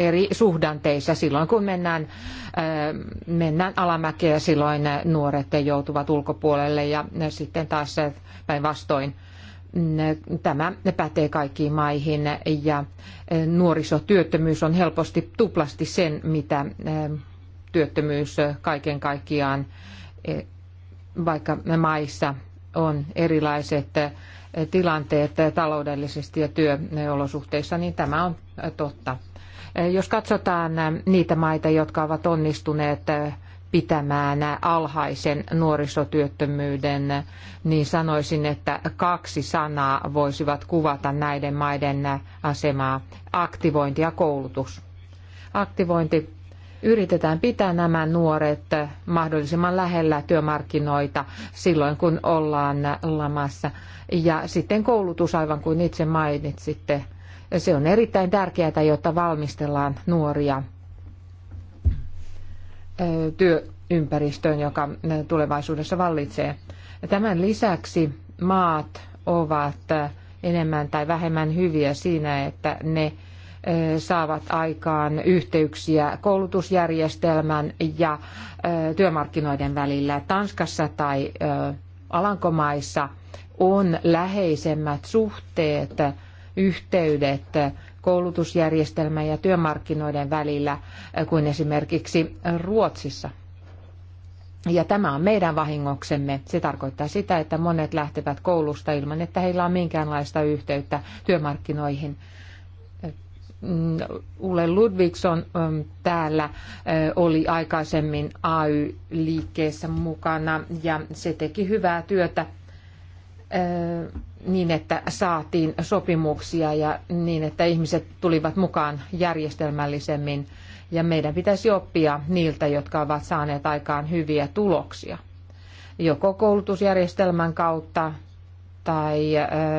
eri suhdanteissa. Silloin kun mennään, äh, mennään alamäkeä, silloin nuoret joutuvat ulkopuolelle ja sitten taas päinvastoin Tämä pätee kaikkiin maihin ja äh, nuorisotyöttömyys on helposti tuplasti sen, mitä äh, työttömyys kaiken kaikkiaan, e, vaikka maissa on erilaiset e, tilanteet taloudellisesti ja työolosuhteissa, niin tämä on totta. Jos katsotaan niitä maita, jotka ovat onnistuneet pitämään alhaisen nuorisotyöttömyyden, niin sanoisin, että kaksi sanaa voisivat kuvata näiden maiden asemaa. Aktivointi ja koulutus. Aktivointi yritetään pitää nämä nuoret mahdollisimman lähellä työmarkkinoita silloin, kun ollaan lamassa. Ja sitten koulutus, aivan kuin itse mainitsitte, se on erittäin tärkeää, jotta valmistellaan nuoria työympäristöön, joka tulevaisuudessa vallitsee. Tämän lisäksi maat ovat enemmän tai vähemmän hyviä siinä, että ne saavat aikaan yhteyksiä koulutusjärjestelmän ja työmarkkinoiden välillä. Tanskassa tai Alankomaissa on läheisemmät suhteet yhteydet koulutusjärjestelmän ja työmarkkinoiden välillä kuin esimerkiksi Ruotsissa. Ja tämä on meidän vahingoksemme. Se tarkoittaa sitä, että monet lähtevät koulusta ilman, että heillä on minkäänlaista yhteyttä työmarkkinoihin. Ulle Ludvigson mm, täällä oli aikaisemmin AY-liikkeessä mukana ja se teki hyvää työtä niin, että saatiin sopimuksia ja niin, että ihmiset tulivat mukaan järjestelmällisemmin. Ja meidän pitäisi oppia niiltä, jotka ovat saaneet aikaan hyviä tuloksia, joko koulutusjärjestelmän kautta tai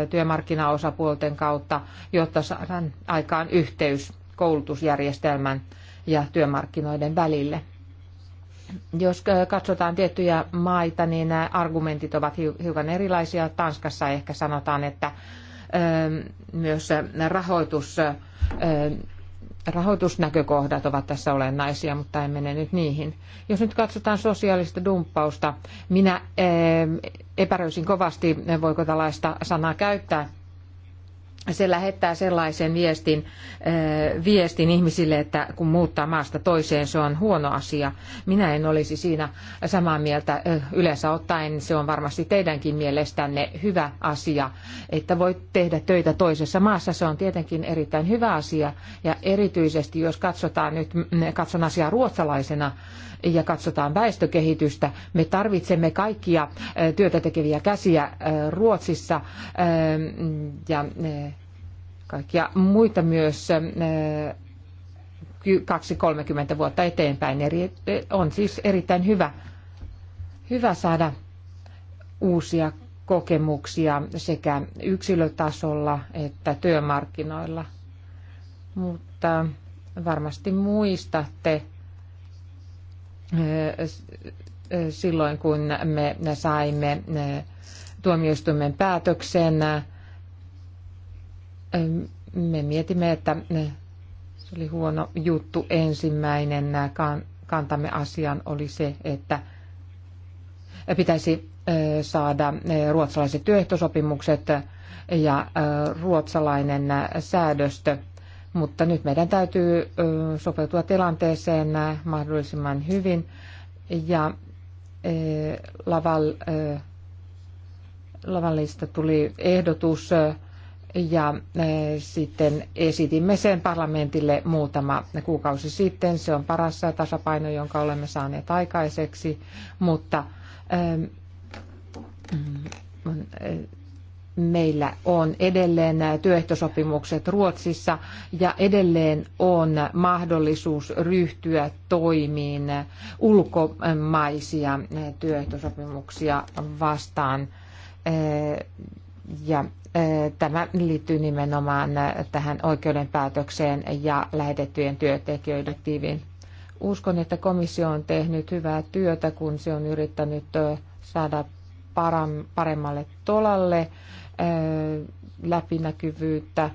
työmarkkinaosapuolten kautta, jotta saadaan aikaan yhteys koulutusjärjestelmän ja työmarkkinoiden välille. Jos katsotaan tiettyjä maita, niin nämä argumentit ovat hiukan erilaisia. Tanskassa ehkä sanotaan, että myös rahoitus, rahoitusnäkökohdat ovat tässä olennaisia, mutta en mene nyt niihin. Jos nyt katsotaan sosiaalista dumppausta, minä epäröisin kovasti, voiko tällaista sanaa käyttää se lähettää sellaisen viestin, viestin ihmisille, että kun muuttaa maasta toiseen, se on huono asia. Minä en olisi siinä samaa mieltä. Yleensä ottaen se on varmasti teidänkin mielestänne hyvä asia, että voit tehdä töitä toisessa maassa. Se on tietenkin erittäin hyvä asia. Ja erityisesti, jos katsotaan nyt, katson asiaa ruotsalaisena, ja katsotaan väestökehitystä, me tarvitsemme kaikkia työtä tekeviä käsiä Ruotsissa ja kaikkia muita myös 2-30 eh, vuotta eteenpäin. Eri, eh, on siis erittäin hyvä, hyvä saada uusia kokemuksia sekä yksilötasolla että työmarkkinoilla. Mutta varmasti muistatte eh, silloin, kun me saimme tuomioistuimen päätöksen me mietimme, että se oli huono juttu. Ensimmäinen kantamme asian oli se, että pitäisi saada ruotsalaiset työehtosopimukset ja ruotsalainen säädöstö. Mutta nyt meidän täytyy sopeutua tilanteeseen mahdollisimman hyvin. Ja Laval, Lavallista tuli ehdotus ja e, sitten esitimme sen parlamentille muutama kuukausi sitten. Se on paras tasapaino, jonka olemme saaneet aikaiseksi, mutta e, mm, e, meillä on edelleen työehtosopimukset Ruotsissa ja edelleen on mahdollisuus ryhtyä toimiin ulkomaisia työehtosopimuksia vastaan ja Tämä liittyy nimenomaan tähän oikeudenpäätökseen ja lähetettyjen työntekijöiden tiiviin. Uskon, että komissio on tehnyt hyvää työtä, kun se on yrittänyt saada paremmalle tolalle läpinäkyvyyttä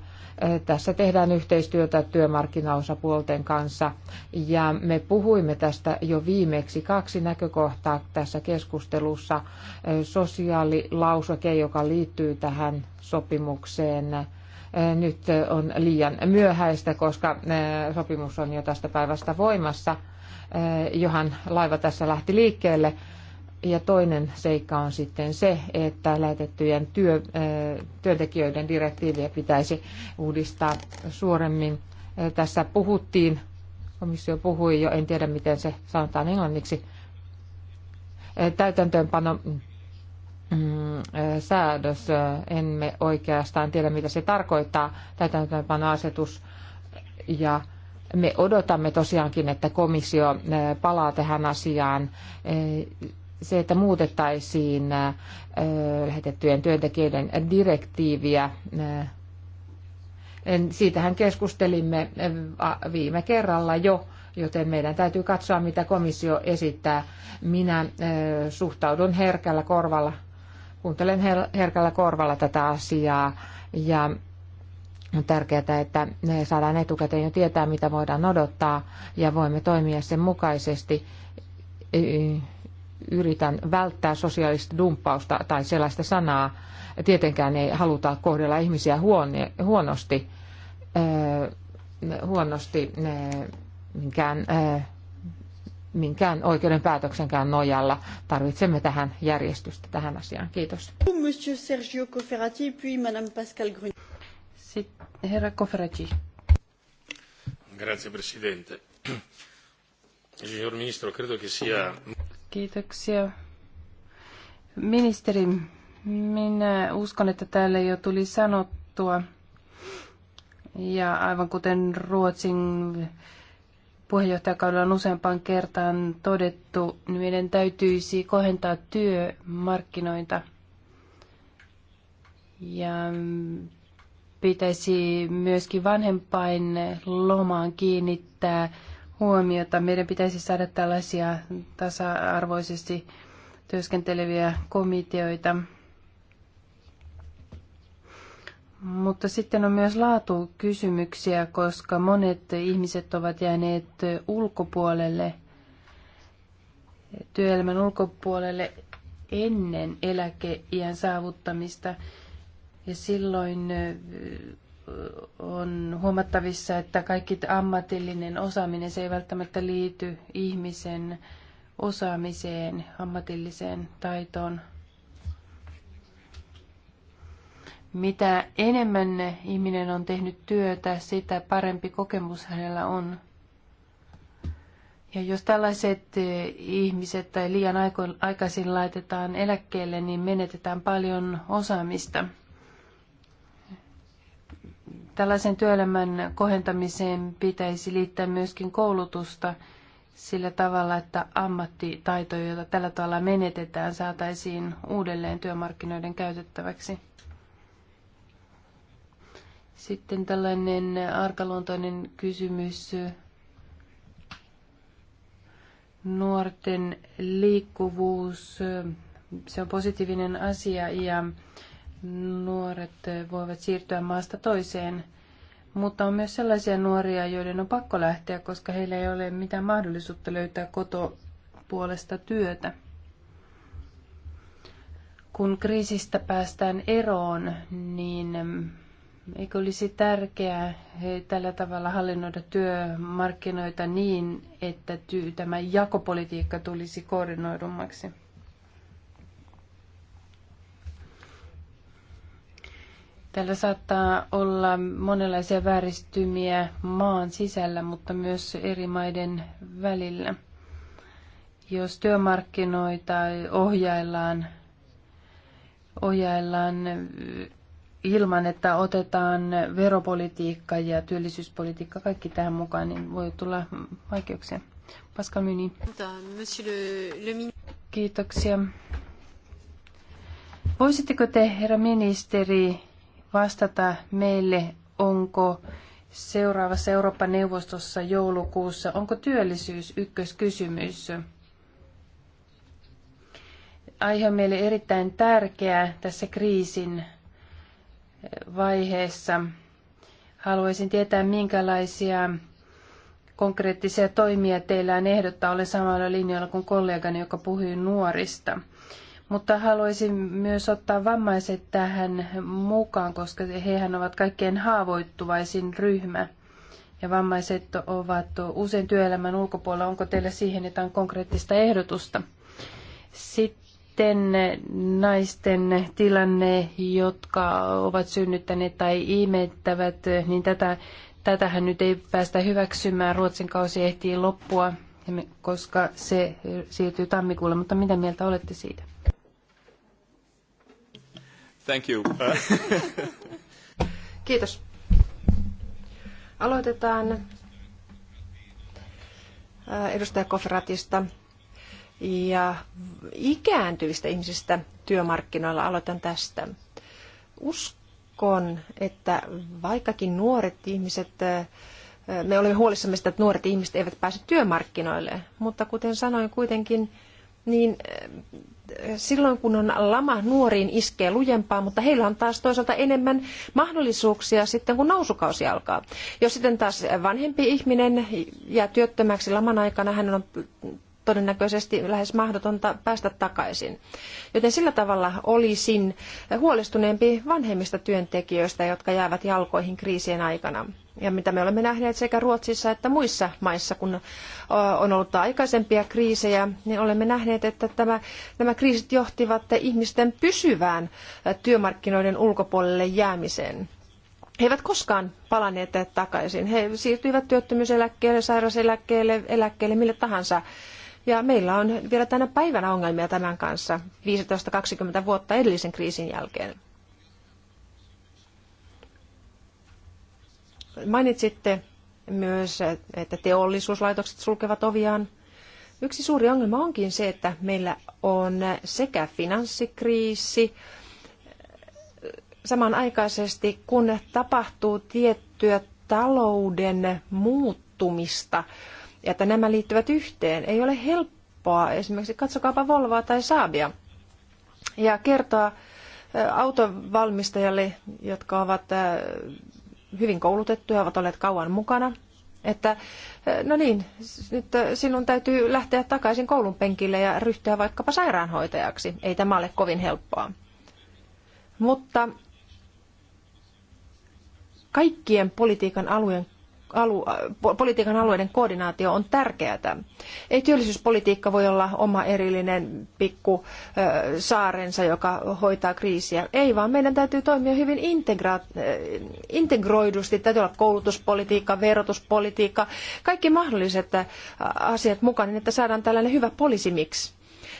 tässä tehdään yhteistyötä työmarkkinaosapuolten kanssa ja me puhuimme tästä jo viimeksi kaksi näkökohtaa tässä keskustelussa. Sosiaalilausake, joka liittyy tähän sopimukseen, nyt on liian myöhäistä, koska sopimus on jo tästä päivästä voimassa. Johan laiva tässä lähti liikkeelle ja toinen seikka on sitten se, että lähetettyjen työ, työntekijöiden direktiiviä pitäisi uudistaa suoremmin. Tässä puhuttiin, komissio puhui jo, en tiedä miten se sanotaan englanniksi, täytäntöönpano mm, säädös, emme oikeastaan tiedä mitä se tarkoittaa, täytäntöönpanoasetus ja me odotamme tosiaankin, että komissio palaa tähän asiaan se, että muutettaisiin äh, lähetettyjen työntekijöiden direktiiviä. Äh, siitähän keskustelimme äh, viime kerralla jo, joten meidän täytyy katsoa, mitä komissio esittää. Minä suhtaudun herkällä korvalla, kuuntelen herkällä korvalla tätä asiaa ja on tärkeää, että ne saadaan etukäteen jo tietää, mitä voidaan odottaa ja voimme toimia sen mukaisesti yritän välttää sosiaalista dumppausta tai sellaista sanaa. Tietenkään ei haluta kohdella ihmisiä huone, huonosti, äh, huonosti äh, minkään, äh, minkään oikeuden päätöksenkään nojalla. Tarvitsemme tähän järjestystä tähän asiaan. Kiitos. Monsieur Sergio Cofferati, puis Madame Pascal Grun. Sitten herra Cofferati. Grazie Presidente. Signor Ministro, credo che sia... Kiitoksia. Ministeri, minä uskon, että täällä jo tuli sanottua, ja aivan kuten Ruotsin puheenjohtajakaudella on useampaan kertaan todettu, niin meidän täytyisi kohentaa työmarkkinoita. Ja pitäisi myöskin vanhempain lomaan kiinnittää huomiota. Meidän pitäisi saada tällaisia tasa-arvoisesti työskenteleviä komiteoita. Mutta sitten on myös laatukysymyksiä, koska monet ihmiset ovat jääneet ulkopuolelle, työelämän ulkopuolelle ennen eläkeiän saavuttamista. Ja silloin on huomattavissa, että kaikki ammatillinen osaaminen, se ei välttämättä liity ihmisen osaamiseen, ammatilliseen taitoon. Mitä enemmän ihminen on tehnyt työtä, sitä parempi kokemus hänellä on. Ja jos tällaiset eh, ihmiset tai liian aikaisin laitetaan eläkkeelle, niin menetetään paljon osaamista. Tällaisen työelämän kohentamiseen pitäisi liittää myöskin koulutusta sillä tavalla, että ammattitaitoja, joita tällä tavalla menetetään, saataisiin uudelleen työmarkkinoiden käytettäväksi. Sitten tällainen arkaluontoinen kysymys nuorten liikkuvuus, se on positiivinen asia ja nuoret voivat siirtyä maasta toiseen, mutta on myös sellaisia nuoria, joiden on pakko lähteä, koska heillä ei ole mitään mahdollisuutta löytää koto puolesta työtä. Kun kriisistä päästään eroon, niin eikö olisi tärkeää tällä tavalla hallinnoida työmarkkinoita niin, että tämä jakopolitiikka tulisi koordinoidummaksi? Tällä saattaa olla monenlaisia vääristymiä maan sisällä, mutta myös eri maiden välillä. Jos työmarkkinoita ohjaillaan, ohjaillaan ilman, että otetaan veropolitiikka ja työllisyyspolitiikka kaikki tähän mukaan, niin voi tulla vaikeuksia. Pascal Myni. Kiitoksia. Voisitteko te, herra ministeri, vastata meille, onko seuraavassa Euroopan neuvostossa joulukuussa, onko työllisyys ykköskysymys? Aihe on meille erittäin tärkeä tässä kriisin eh, vaiheessa. Haluaisin tietää, minkälaisia konkreettisia toimia teillä on ehdottaa. Olen samalla linjalla kuin kollegani, joka puhui nuorista. Mutta haluaisin myös ottaa vammaiset tähän mukaan, koska hehän ovat kaikkein haavoittuvaisin ryhmä. Ja vammaiset ovat usein työelämän ulkopuolella. Onko teillä siihen jotain konkreettista ehdotusta? Sitten naisten tilanne, jotka ovat synnyttäneet tai imettävät, niin tätä, tätähän nyt ei päästä hyväksymään. Ruotsin kausi ehtii loppua, koska se siirtyy tammikuulle. Mutta mitä mieltä olette siitä? Thank you. (laughs) Kiitos. Aloitetaan äh, edustaja Kofratista ja ikääntyvistä ihmisistä työmarkkinoilla. Aloitan tästä. Uskon, että vaikkakin nuoret ihmiset, äh, me olemme huolissamme sitä, että nuoret ihmiset eivät pääse työmarkkinoille, mutta kuten sanoin kuitenkin, niin äh, silloin kun on lama, nuoriin iskee lujempaa, mutta heillä on taas toisaalta enemmän mahdollisuuksia sitten, kun nousukausi alkaa. Jos sitten taas vanhempi ihminen jää työttömäksi laman aikana, hän on todennäköisesti lähes mahdotonta päästä takaisin. Joten sillä tavalla olisin huolestuneempi vanhemmista työntekijöistä, jotka jäävät jalkoihin kriisien aikana. Ja mitä me olemme nähneet sekä Ruotsissa että muissa maissa, kun on ollut aikaisempia kriisejä, niin olemme nähneet, että tämä, nämä kriisit johtivat ihmisten pysyvään työmarkkinoiden ulkopuolelle jäämiseen. He eivät koskaan palanneet takaisin. He siirtyivät työttömyyseläkkeelle, sairauseläkkeelle, eläkkeelle, mille tahansa ja meillä on vielä tänä päivänä ongelmia tämän kanssa 15-20 vuotta edellisen kriisin jälkeen. Mainitsitte myös, että teollisuuslaitokset sulkevat oviaan. Yksi suuri ongelma onkin se, että meillä on sekä finanssikriisi samanaikaisesti, kun tapahtuu tiettyä talouden muuttumista – ja että nämä liittyvät yhteen. Ei ole helppoa esimerkiksi katsokaapa Volvoa tai Saabia ja kertoa autovalmistajalle, jotka ovat hyvin koulutettuja, ovat olleet kauan mukana, että no niin, nyt sinun täytyy lähteä takaisin koulun penkille ja ryhtyä vaikkapa sairaanhoitajaksi. Ei tämä ole kovin helppoa. Mutta kaikkien politiikan alueen alu, politiikan alueiden koordinaatio on tärkeää. Ei työllisyyspolitiikka voi olla oma erillinen pikku saarensa, joka hoitaa kriisiä. Ei, vaan meidän täytyy toimia hyvin integra, integroidusti. Täytyy olla koulutuspolitiikka, verotuspolitiikka, kaikki mahdolliset asiat mukaan, niin että saadaan tällainen hyvä poliisimiksi.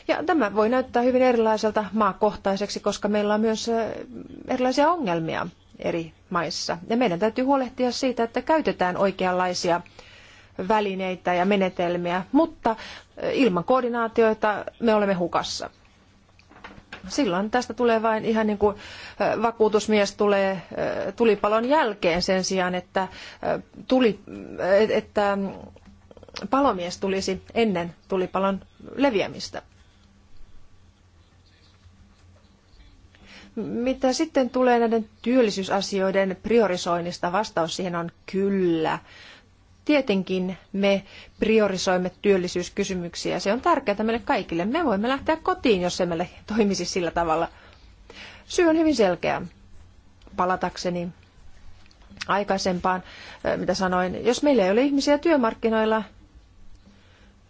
Ja tämä voi näyttää hyvin erilaiselta maakohtaiseksi, koska meillä on myös erilaisia ongelmia eri maissa. Ja meidän täytyy huolehtia siitä, että käytetään oikeanlaisia välineitä ja menetelmiä, mutta ilman koordinaatioita me olemme hukassa. Silloin tästä tulee vain ihan niin kuin vakuutusmies tulee tulipalon jälkeen sen sijaan, että, tuli, että mm, palomies tulisi ennen tulipalon leviämistä. Mitä sitten tulee näiden työllisyysasioiden priorisoinnista, vastaus siihen on kyllä. Tietenkin me priorisoimme työllisyyskysymyksiä. Se on tärkeää meille kaikille. Me voimme lähteä kotiin, jos se meille toimisi sillä tavalla. Syy on hyvin selkeä. Palatakseni aikaisempaan, eh, mitä sanoin, jos meillä ei ole ihmisiä työmarkkinoilla,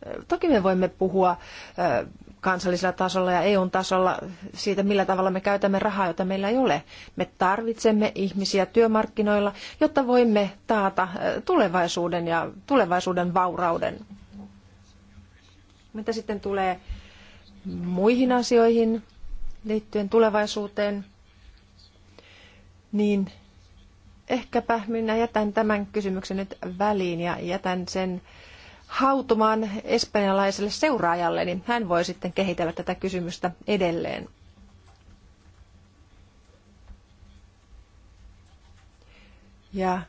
eh, toki me voimme puhua eh, kansallisella tasolla ja EUn tasolla siitä, millä tavalla me käytämme rahaa, jota meillä ei ole. Me tarvitsemme ihmisiä työmarkkinoilla, jotta voimme taata tulevaisuuden ja tulevaisuuden vaurauden. Mitä sitten tulee muihin asioihin liittyen tulevaisuuteen, niin ehkäpä minä jätän tämän kysymyksen nyt väliin ja jätän sen hautumaan espanjalaiselle seuraajalle, niin hän voi sitten kehitellä tätä kysymystä edelleen. Ja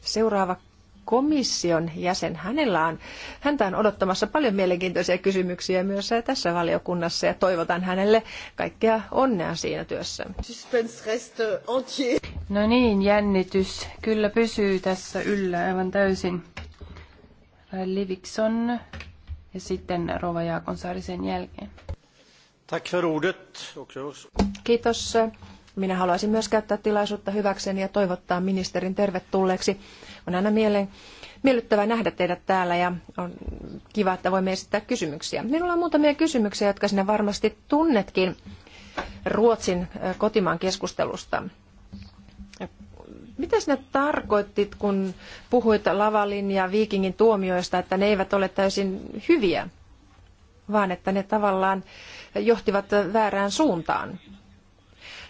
seuraava komission jäsen, hänellä on, häntä on odottamassa paljon mielenkiintoisia kysymyksiä myös tässä valiokunnassa ja toivotan hänelle kaikkea onnea siinä työssä. No niin, jännitys kyllä pysyy tässä yllä aivan täysin. Livikson ja sitten Rova Jaakonsaari sen jälkeen. Tack för ordet. Kiitos. Minä haluaisin myös käyttää tilaisuutta hyväkseni ja toivottaa ministerin tervetulleeksi. On aina mieleen, miellyttävää nähdä teidät täällä ja on kiva, että voimme esittää kysymyksiä. Minulla on muutamia kysymyksiä, jotka sinä varmasti tunnetkin Ruotsin kotimaan keskustelusta. Mitä sinä tarkoittit, kun puhuit Lavalin ja Viikingin tuomioista, että ne eivät ole täysin hyviä, vaan että ne tavallaan johtivat väärään suuntaan?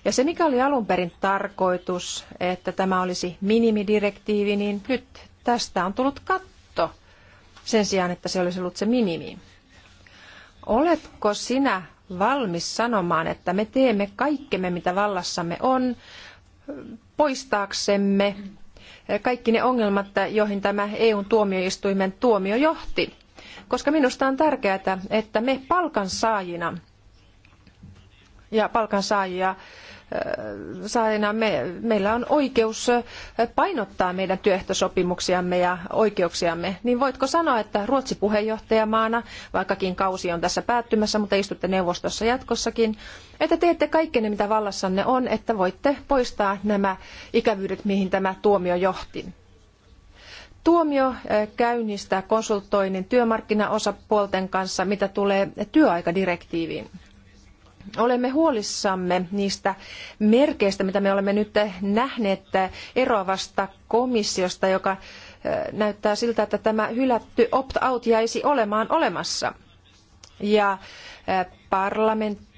Ja se, mikä oli alun perin tarkoitus, että tämä olisi minimidirektiivi, niin nyt tästä on tullut katto sen sijaan, että se olisi ollut se minimi. Oletko sinä valmis sanomaan, että me teemme kaikkemme, mitä vallassamme on, poistaaksemme kaikki ne ongelmat, joihin tämä EUn tuomioistuimen tuomio johti. Koska minusta on tärkeää, että me palkansaajina ja palkansaajia saajana me, meillä on oikeus painottaa meidän työehtosopimuksiamme ja oikeuksiamme, niin voitko sanoa, että Ruotsi puheenjohtajamaana, vaikkakin kausi on tässä päättymässä, mutta istutte neuvostossa jatkossakin, että teette kaikkenne, mitä vallassanne on, että voitte poistaa nämä ikävyydet, mihin tämä tuomio johti. Tuomio käynnistää konsultoinnin työmarkkinaosapuolten kanssa, mitä tulee työaikadirektiiviin olemme huolissamme niistä merkeistä, mitä me olemme nyt nähneet eroavasta komissiosta, joka näyttää siltä, että tämä hylätty opt-out jäisi olemaan olemassa. Ja parlamentti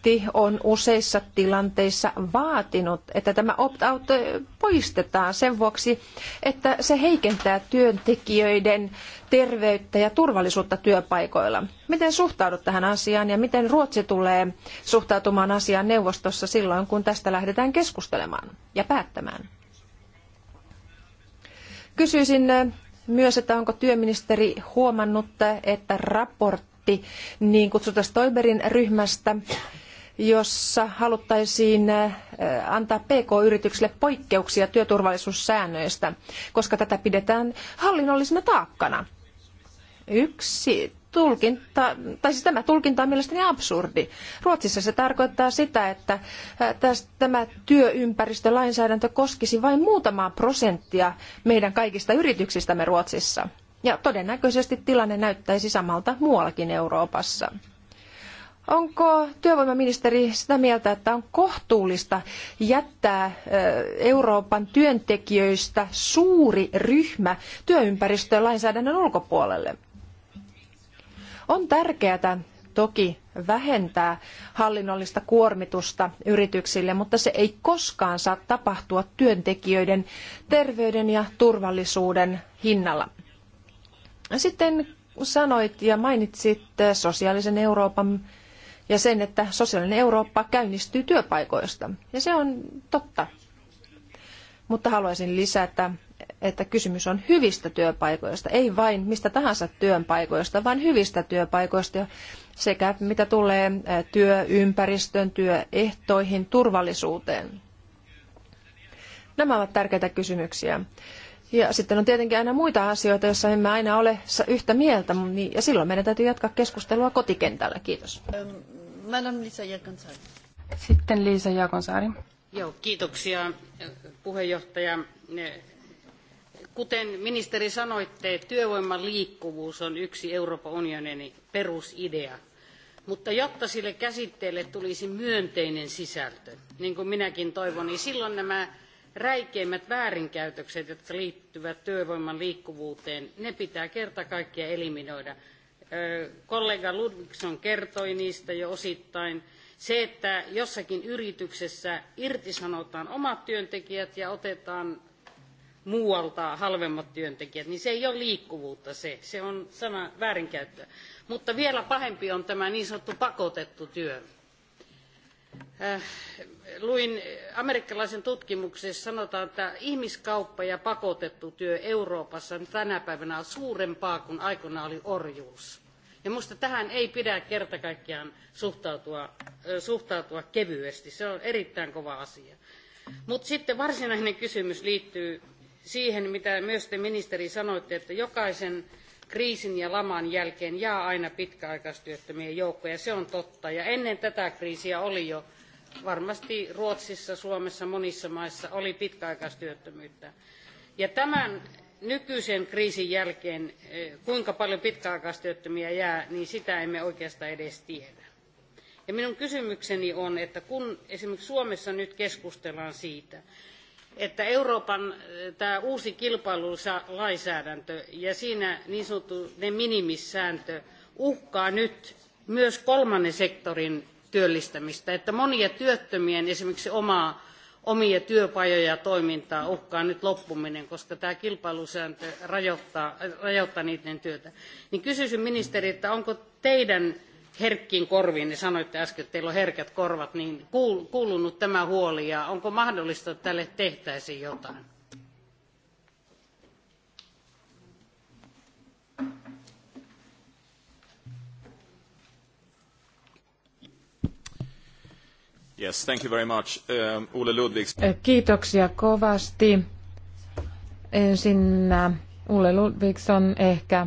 parlamentti on useissa tilanteissa vaatinut, että tämä opt-out poistetaan sen vuoksi, että se heikentää työntekijöiden terveyttä ja turvallisuutta työpaikoilla. Miten suhtaudut tähän asiaan ja miten Ruotsi tulee suhtautumaan asiaan neuvostossa silloin, kun tästä lähdetään keskustelemaan ja päättämään? Kysyisin myös, että onko työministeri huomannut, että raportti niin kutsutusta Stoiberin ryhmästä jossa haluttaisiin antaa PK-yrityksille poikkeuksia työturvallisuussäännöistä, koska tätä pidetään hallinnollisena taakkana. Yksi tulkinta, tai siis tämä tulkinta on mielestäni absurdi. Ruotsissa se tarkoittaa sitä, että tämä työympäristölainsäädäntö koskisi vain muutamaa prosenttia meidän kaikista yrityksistämme Ruotsissa. Ja todennäköisesti tilanne näyttäisi samalta muuallakin Euroopassa. Onko työvoimaministeri sitä mieltä, että on kohtuullista jättää Euroopan työntekijöistä suuri ryhmä työympäristölainsäädännön ulkopuolelle? On tärkeää toki vähentää hallinnollista kuormitusta yrityksille, mutta se ei koskaan saa tapahtua työntekijöiden terveyden ja turvallisuuden hinnalla. Sitten sanoit ja mainitsit sosiaalisen Euroopan ja sen, että sosiaalinen Eurooppa käynnistyy työpaikoista. Ja se on totta. Mutta haluaisin lisätä, että kysymys on hyvistä työpaikoista, ei vain mistä tahansa työpaikoista, vaan hyvistä työpaikoista sekä mitä tulee eh, työympäristön, työehtoihin, turvallisuuteen. Nämä ovat tärkeitä kysymyksiä. Ja sitten on tietenkin aina muita asioita, joissa emme aina ole yhtä mieltä, niin- ja silloin meidän täytyy jatkaa keskustelua kotikentällä. Kiitos. Madame Lisa Sitten Liisa Joo, kiitoksia puheenjohtaja. Kuten ministeri sanoitte, työvoiman liikkuvuus on yksi Euroopan unionin perusidea. Mutta jotta sille käsitteelle tulisi myönteinen sisältö, niin kuin minäkin toivon, niin silloin nämä räikeimmät väärinkäytökset, jotka liittyvät työvoiman liikkuvuuteen, ne pitää kerta kaikkiaan eliminoida kollega Ludvigson kertoi niistä jo osittain. Se, että jossakin yrityksessä irtisanotaan omat työntekijät ja otetaan muualta halvemmat työntekijät, niin se ei ole liikkuvuutta se. Se on sana väärinkäyttöä. Mutta vielä pahempi on tämä niin sanottu pakotettu työ. luin amerikkalaisen tutkimuksen, sanotaan, että ihmiskauppa ja pakotettu työ Euroopassa tänä päivänä on suurempaa kuin aikoinaan oli orjuus. Ja minusta tähän ei pidä kerta kaikkiaan suhtautua, suhtautua kevyesti. Se on erittäin kova asia. Mutta sitten varsinainen kysymys liittyy siihen, mitä myös te ministeri sanoitte, että jokaisen kriisin ja laman jälkeen jää aina pitkäaikaistyöttömien joukkoja. Se on totta. Ja ennen tätä kriisiä oli jo varmasti Ruotsissa, Suomessa, monissa maissa oli pitkäaikaistyöttömyyttä. Ja tämän nykyisen kriisin jälkeen, eh, kuinka paljon pitkäaikaistyöttömiä jää, niin sitä emme oikeastaan edes tiedä. Ja minun kysymykseni on, että kun esimerkiksi Suomessa nyt keskustellaan siitä, että Euroopan eh, tämä uusi kilpailulainsäädäntö ja siinä niin sanottu ne minimissääntö uhkaa nyt myös kolmannen sektorin työllistämistä, että monia työttömien esimerkiksi omaa omia työpajoja ja toimintaa uhkaa nyt loppuminen, koska tämä kilpailusääntö rajoittaa, rajoittaa niiden työtä. Niin kysyisin ministeriltä, onko teidän herkkiin korviin, niin sanoitte äsken, että teillä on herkät korvat, niin kuulunut tämä huoli ja onko mahdollista, että tälle tehtäisiin jotain? Yes, thank you very much. Um, Ole Ludvigs. Kiitoksia kovasti. Ensin Ulle äh, Ludvigsson ehkä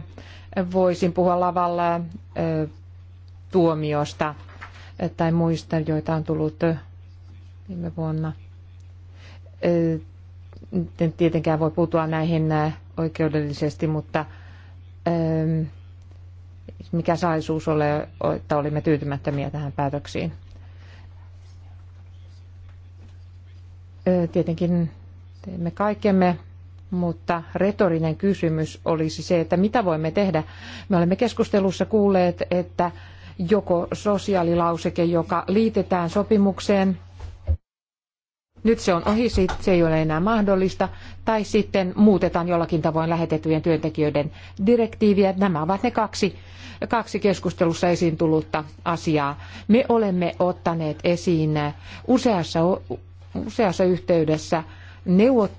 voisin puhua lavalla äh, tuomiosta äh, tai muista, joita on tullut viime vuonna. En tietenkään voi puuttua näihin oikeudellisesti, mutta ähm, mikä saisuus ole, että olimme tyytymättömiä tähän päätöksiin. Tietenkin teemme kaikkemme, mutta retorinen kysymys olisi se, että mitä voimme tehdä. Me olemme keskustelussa kuulleet, että joko sosiaalilauseke, joka liitetään sopimukseen, nyt se on ohi, se ei ole enää mahdollista, tai sitten muutetaan jollakin tavoin lähetettyjen työntekijöiden direktiiviä. Nämä ovat ne kaksi, kaksi keskustelussa esiin tullutta asiaa. Me olemme ottaneet esiin useassa useassa yhteydessä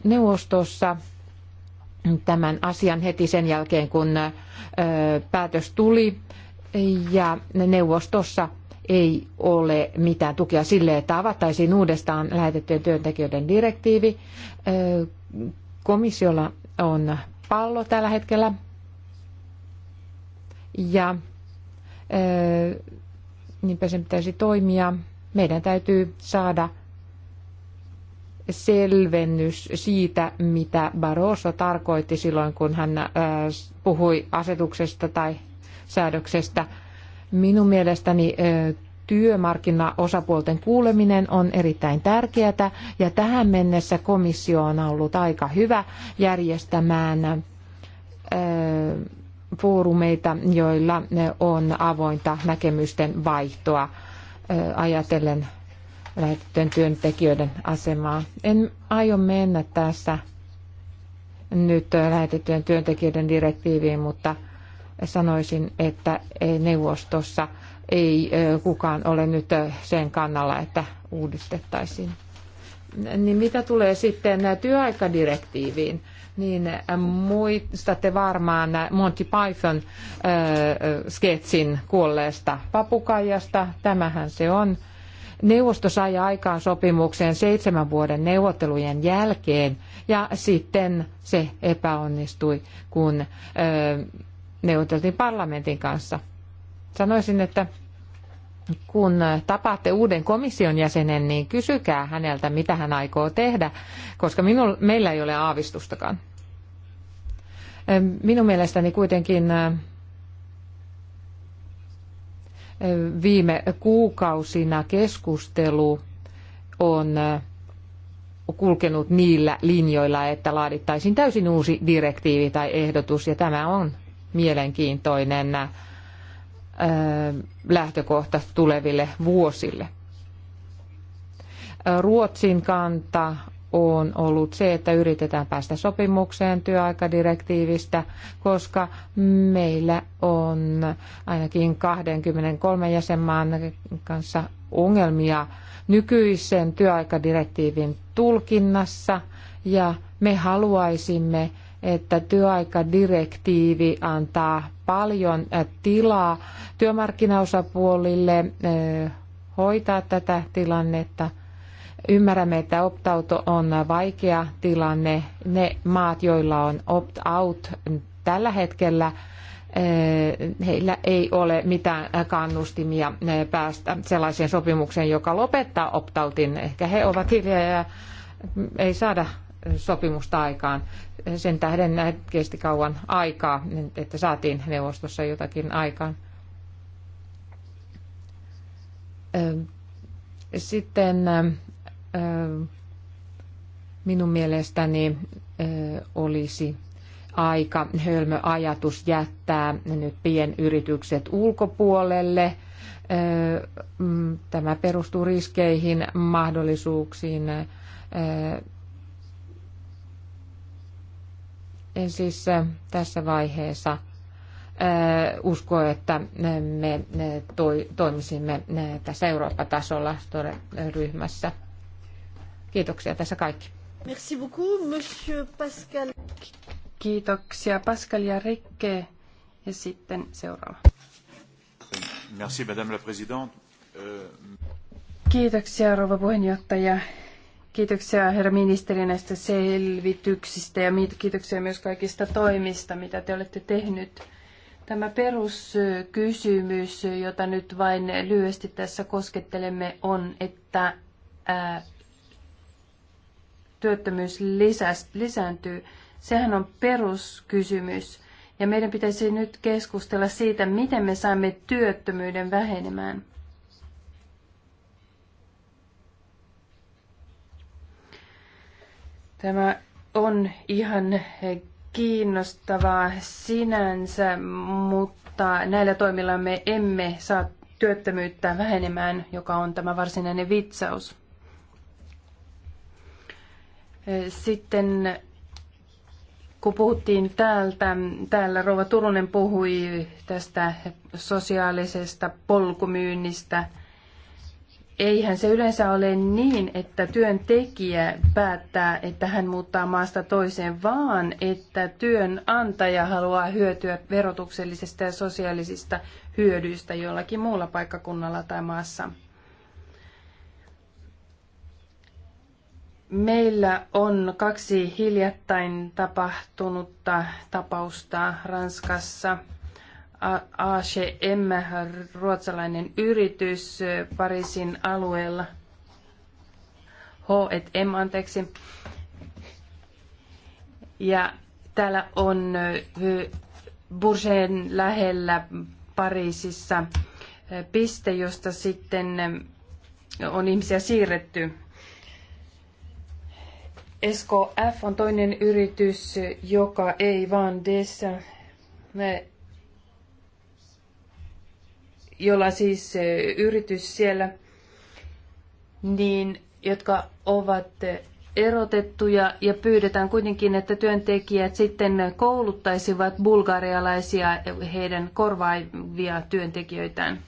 neuvostossa tämän asian heti sen jälkeen, kun päätös tuli. Ja neuvostossa ei ole mitään tukea sille, että avattaisiin uudestaan lähetettyjen työntekijöiden direktiivi. Komissiolla on pallo tällä hetkellä. Ja niinpä sen pitäisi toimia. Meidän täytyy saada selvennys siitä, mitä Barroso tarkoitti silloin, kun hän äh, puhui asetuksesta tai säädöksestä. Minun mielestäni äh, työmarkkinaosapuolten kuuleminen on erittäin tärkeää ja tähän mennessä komissio on ollut aika hyvä järjestämään äh, foorumeita, joilla on avointa näkemysten vaihtoa ajatellen lähetettyjen työntekijöiden asemaa. En aio mennä tässä nyt lähetettyjen työntekijöiden direktiiviin, mutta sanoisin, että e, neuvostossa ei e, kukaan ole nyt e, sen kannalla, että uudistettaisiin. Niin mitä tulee sitten työaikadirektiiviin, niin muistatte varmaan Monty Python sketsin kuolleesta papukaijasta. Tämähän se on Neuvosto sai aikaan sopimuksen seitsemän vuoden neuvottelujen jälkeen ja sitten se epäonnistui, kun neuvoteltiin parlamentin kanssa. Sanoisin, että kun tapaatte uuden komission jäsenen, niin kysykää häneltä, mitä hän aikoo tehdä, koska minul, meillä ei ole aavistustakaan. Minun mielestäni kuitenkin Viime kuukausina keskustelu on kulkenut niillä linjoilla, että laadittaisiin täysin uusi direktiivi tai ehdotus, ja tämä on mielenkiintoinen lähtökohta tuleville vuosille. Ruotsin kanta on ollut se, että yritetään päästä sopimukseen työaikadirektiivistä, koska meillä on ainakin 23 jäsenmaan kanssa ongelmia nykyisen työaikadirektiivin tulkinnassa ja me haluaisimme, että työaikadirektiivi antaa paljon tilaa työmarkkinaosapuolille hoitaa tätä tilannetta – Ymmärrämme, että opt-out on vaikea tilanne. Ne maat, joilla on opt-out tällä hetkellä, eh, heillä ei ole mitään kannustimia eh, päästä sellaiseen sopimukseen, joka lopettaa opt-outin. Ehkä he ovat hiljaa ja ei saada sopimusta aikaan. Sen tähden kesti kauan aikaa, että saatiin neuvostossa jotakin aikaan. Eh, sitten minun mielestäni olisi aika hölmö ajatus jättää nyt pienyritykset ulkopuolelle. Mm, tämä perustuu riskeihin, mahdollisuuksiin. En siis tässä vaiheessa usko, että me toimisimme tässä Eurooppa-tasolla ryhmässä. Kiitoksia tässä kaikki. Merci beaucoup, monsieur Pascal. Kiitoksia Pascal ja Rikke. Ja sitten seuraava. Merci, madame la présidente. Euh, kiitoksia, rouva puheenjohtaja. Kiitoksia herra ministeri näistä selvityksistä ja kiitoksia myös kaikista toimista, mitä te olette tehnyt. Tämä peruskysymys, jota nyt vain lyhyesti tässä koskettelemme, on, että työttömyys lisäs, lisääntyy, sehän on peruskysymys. Ja meidän pitäisi nyt keskustella siitä, miten me saamme työttömyyden vähenemään. Tämä on ihan kiinnostavaa sinänsä, mutta näillä toimilla me emme saa työttömyyttä vähenemään, joka on tämä varsinainen vitsaus. Sitten kun puhuttiin täältä, täällä Rova Turunen puhui tästä sosiaalisesta polkumyynnistä. Eihän se yleensä ole niin, että työntekijä päättää, että hän muuttaa maasta toiseen, vaan että työnantaja haluaa hyötyä verotuksellisista ja sosiaalisista hyödyistä jollakin muulla paikkakunnalla tai maassa. Meillä on kaksi hiljattain tapahtunutta tapausta Ranskassa. ACM, ruotsalainen yritys Pariisin alueella. H&M, anteeksi. Ja täällä on Bourgen lähellä Pariisissa piste, josta sitten on ihmisiä siirretty SKF on toinen yritys, joka ei vaan dessä, jolla siis e, yritys siellä, niin, jotka ovat erotettuja ja pyydetään kuitenkin, että työntekijät sitten kouluttaisivat bulgarialaisia heidän korvaavia työntekijöitään.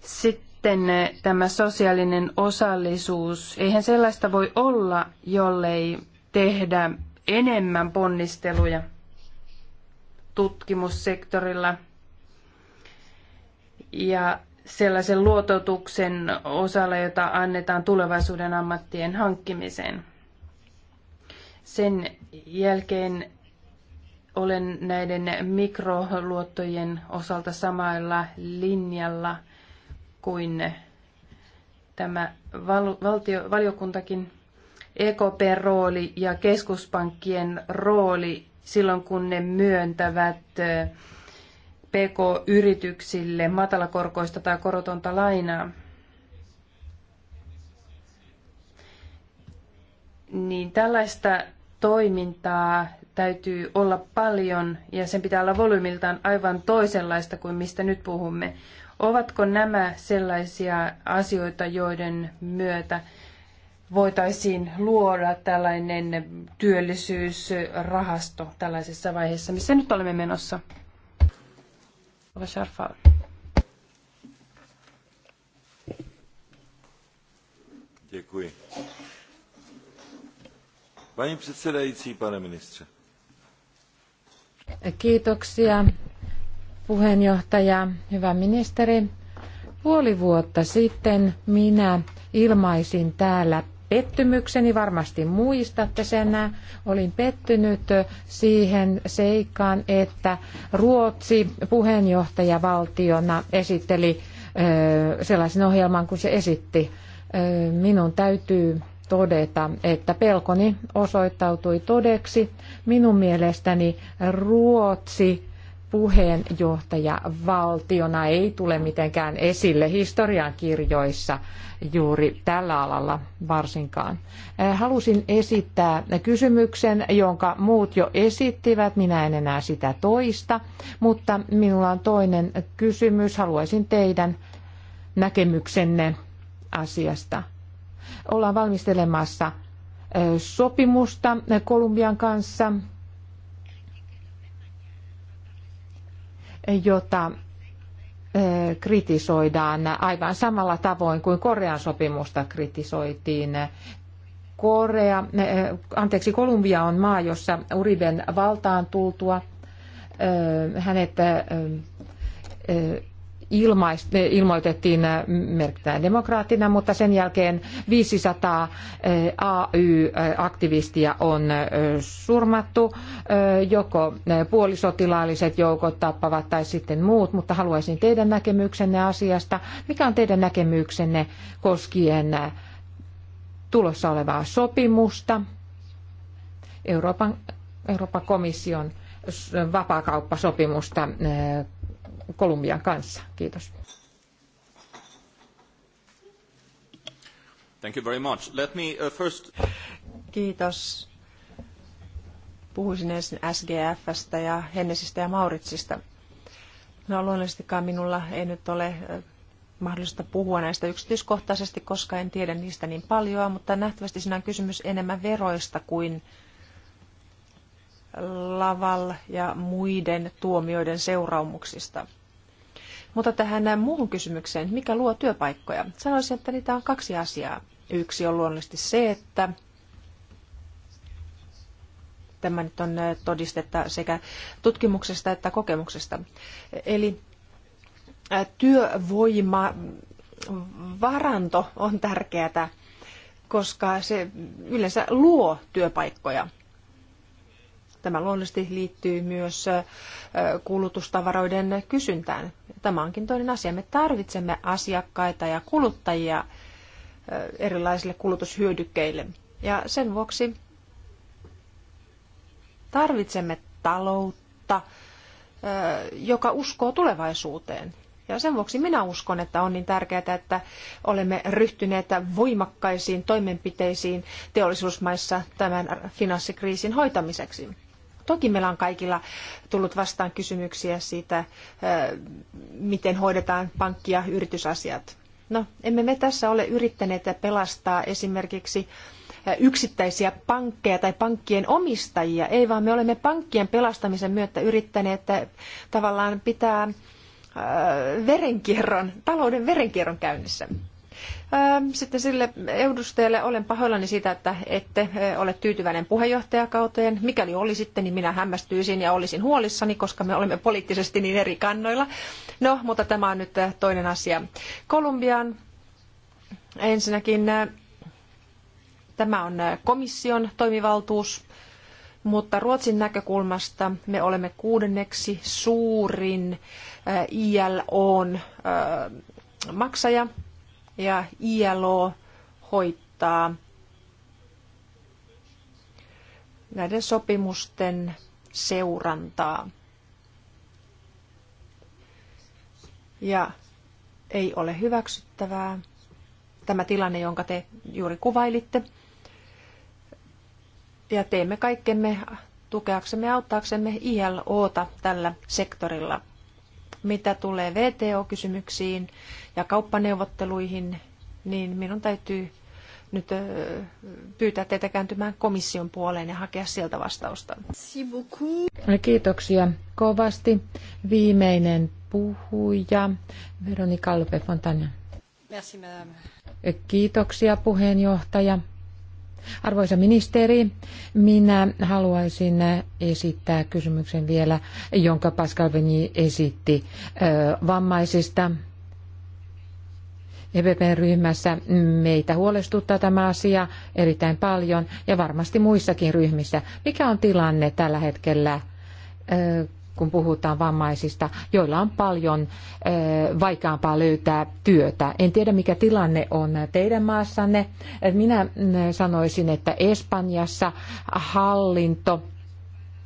Sitten sitten tämä sosiaalinen osallisuus. Eihän sellaista voi olla, jollei tehdä enemmän ponnisteluja tutkimussektorilla ja sellaisen luototuksen osalla, jota annetaan tulevaisuuden ammattien hankkimiseen. Sen jälkeen olen näiden mikroluottojen osalta samalla linjalla – kuin tämä valtio, valiokuntakin, ekp rooli ja keskuspankkien rooli silloin, kun ne myöntävät PK-yrityksille matalakorkoista tai korotonta lainaa. Niin tällaista toimintaa täytyy olla paljon ja sen pitää olla volyymiltaan aivan toisenlaista kuin mistä nyt puhumme. Ovatko nämä sellaisia asioita, joiden myötä voitaisiin luoda tällainen työllisyysrahasto tällaisessa vaiheessa, missä nyt olemme menossa? Děkuji. Paní předsedající, pane ministře. Kiitoksia, puheenjohtaja, hyvä ministeri. Puoli vuotta sitten minä ilmaisin täällä pettymykseni, varmasti muistatte sen. Olin pettynyt siihen seikkaan, että Ruotsi puheenjohtajavaltiona esitteli sellaisen ohjelman kuin se esitti. Minun täytyy todeta, että pelkoni osoittautui todeksi. Minun mielestäni Ruotsi puheenjohtaja valtiona ei tule mitenkään esille historiankirjoissa juuri tällä alalla varsinkaan. Äh, halusin esittää kysymyksen, jonka muut jo esittivät. Minä en enää sitä toista, mutta minulla on toinen kysymys. Haluaisin teidän näkemyksenne asiasta. Ollaan valmistelemassa äh, sopimusta Kolumbian kanssa jota eh, kritisoidaan aivan samalla tavoin kuin Korean sopimusta kritisoitiin. Korea, eh, anteeksi, Kolumbia on maa, jossa Uriben valtaan tultua eh, hänet ilmoitettiin äh, merkittävänä demokraattina, mutta sen jälkeen 500 äh, AY-aktivistia on äh, surmattu. Joko puolisotilaalliset joukot tappavat tai sitten muut, mutta haluaisin teidän näkemyksenne asiasta. Mikä on teidän näkemyksenne koskien tulossa olevaa sopimusta Euroopan, Euroopan komission vapaakauppasopimusta Kolumbian kanssa. Kiitos. Thank you very much. Let me uh, first... Kiitos. Puhuisin ensin SGFstä ja Hennesistä ja Mauritsista. No luonnollisestikaan minulla ei nyt ole mahdollista puhua näistä yksityiskohtaisesti, koska en tiedä niistä niin paljon, mutta nähtävästi siinä on kysymys enemmän veroista kuin laval ja muiden tuomioiden seuraamuksista. Mutta tähän muuhun kysymykseen, mikä luo työpaikkoja? Sanoisin, että niitä on kaksi asiaa. Yksi on luonnollisesti se, että tämä nyt on äh, todistetta sekä tutkimuksesta että kokemuksesta. Eli äh, työvoima varanto on tärkeää, koska se yleensä luo työpaikkoja – Tämä luonnollisesti liittyy myös kulutustavaroiden kysyntään. Tämä onkin toinen asia. Me tarvitsemme asiakkaita ja kuluttajia erilaisille kulutushyödykkeille. Ja sen vuoksi tarvitsemme taloutta, joka uskoo tulevaisuuteen. Ja sen vuoksi minä uskon, että on niin tärkeää, että olemme ryhtyneet voimakkaisiin toimenpiteisiin teollisuusmaissa tämän finanssikriisin hoitamiseksi. Toki meillä on kaikilla tullut vastaan kysymyksiä siitä, miten hoidetaan pankki- ja yritysasiat. No, emme me tässä ole yrittäneet pelastaa esimerkiksi yksittäisiä pankkeja tai pankkien omistajia, ei vaan me olemme pankkien pelastamisen myötä yrittäneet tavallaan pitää verenkierron, talouden verenkierron käynnissä. Ähm, sitten sille edustajalle olen pahoillani siitä, että ette ole tyytyväinen puheenjohtajakauteen. Mikäli olisitte, niin minä hämmästyisin ja olisin huolissani, koska me olemme poliittisesti niin eri kannoilla. No, mutta tämä on nyt toinen asia. Kolumbiaan ensinnäkin tämä on komission toimivaltuus. Mutta Ruotsin näkökulmasta me olemme kuudenneksi suurin ILOn maksaja ja ILO hoitaa näiden sopimusten seurantaa. Ja ei ole hyväksyttävää tämä tilanne, jonka te juuri kuvailitte. Ja teemme kaikkemme tukeaksemme ja auttaaksemme ILOta tällä sektorilla. Mitä tulee VTO-kysymyksiin ja kauppaneuvotteluihin, niin minun täytyy nyt pyytää teitä kääntymään komission puoleen ja hakea sieltä vastausta. Kiitoksia kovasti. Viimeinen puhuja, Veronika Lope Fontana. Kiitoksia puheenjohtaja. Arvoisa ministeri, minä haluaisin esittää kysymyksen vielä, jonka Pascal Veni esitti vammaisista. epp ryhmässä meitä huolestuttaa tämä asia erittäin paljon ja varmasti muissakin ryhmissä. Mikä on tilanne tällä hetkellä kun puhutaan vammaisista, joilla on paljon eh, vaikeampaa löytää työtä. En tiedä, mikä tilanne on teidän maassanne. Minä mm, sanoisin, että Espanjassa hallinto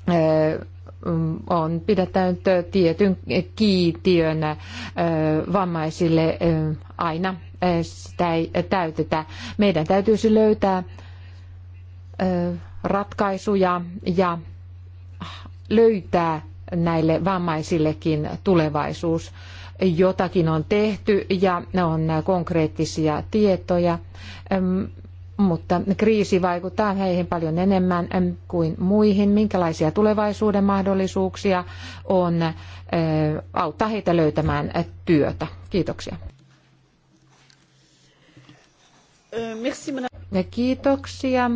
eh, on pidätänyt tietyn kiintiön eh, vammaisille aina. Sitä ei täytetä. Meidän täytyisi löytää ratkaisuja ja löytää näille vammaisillekin tulevaisuus. Jotakin on tehty ja on konkreettisia tietoja, mutta kriisi vaikuttaa heihin paljon enemmän kuin muihin. Minkälaisia tulevaisuuden mahdollisuuksia on auttaa heitä löytämään työtä? Kiitoksia. Kiitoksia.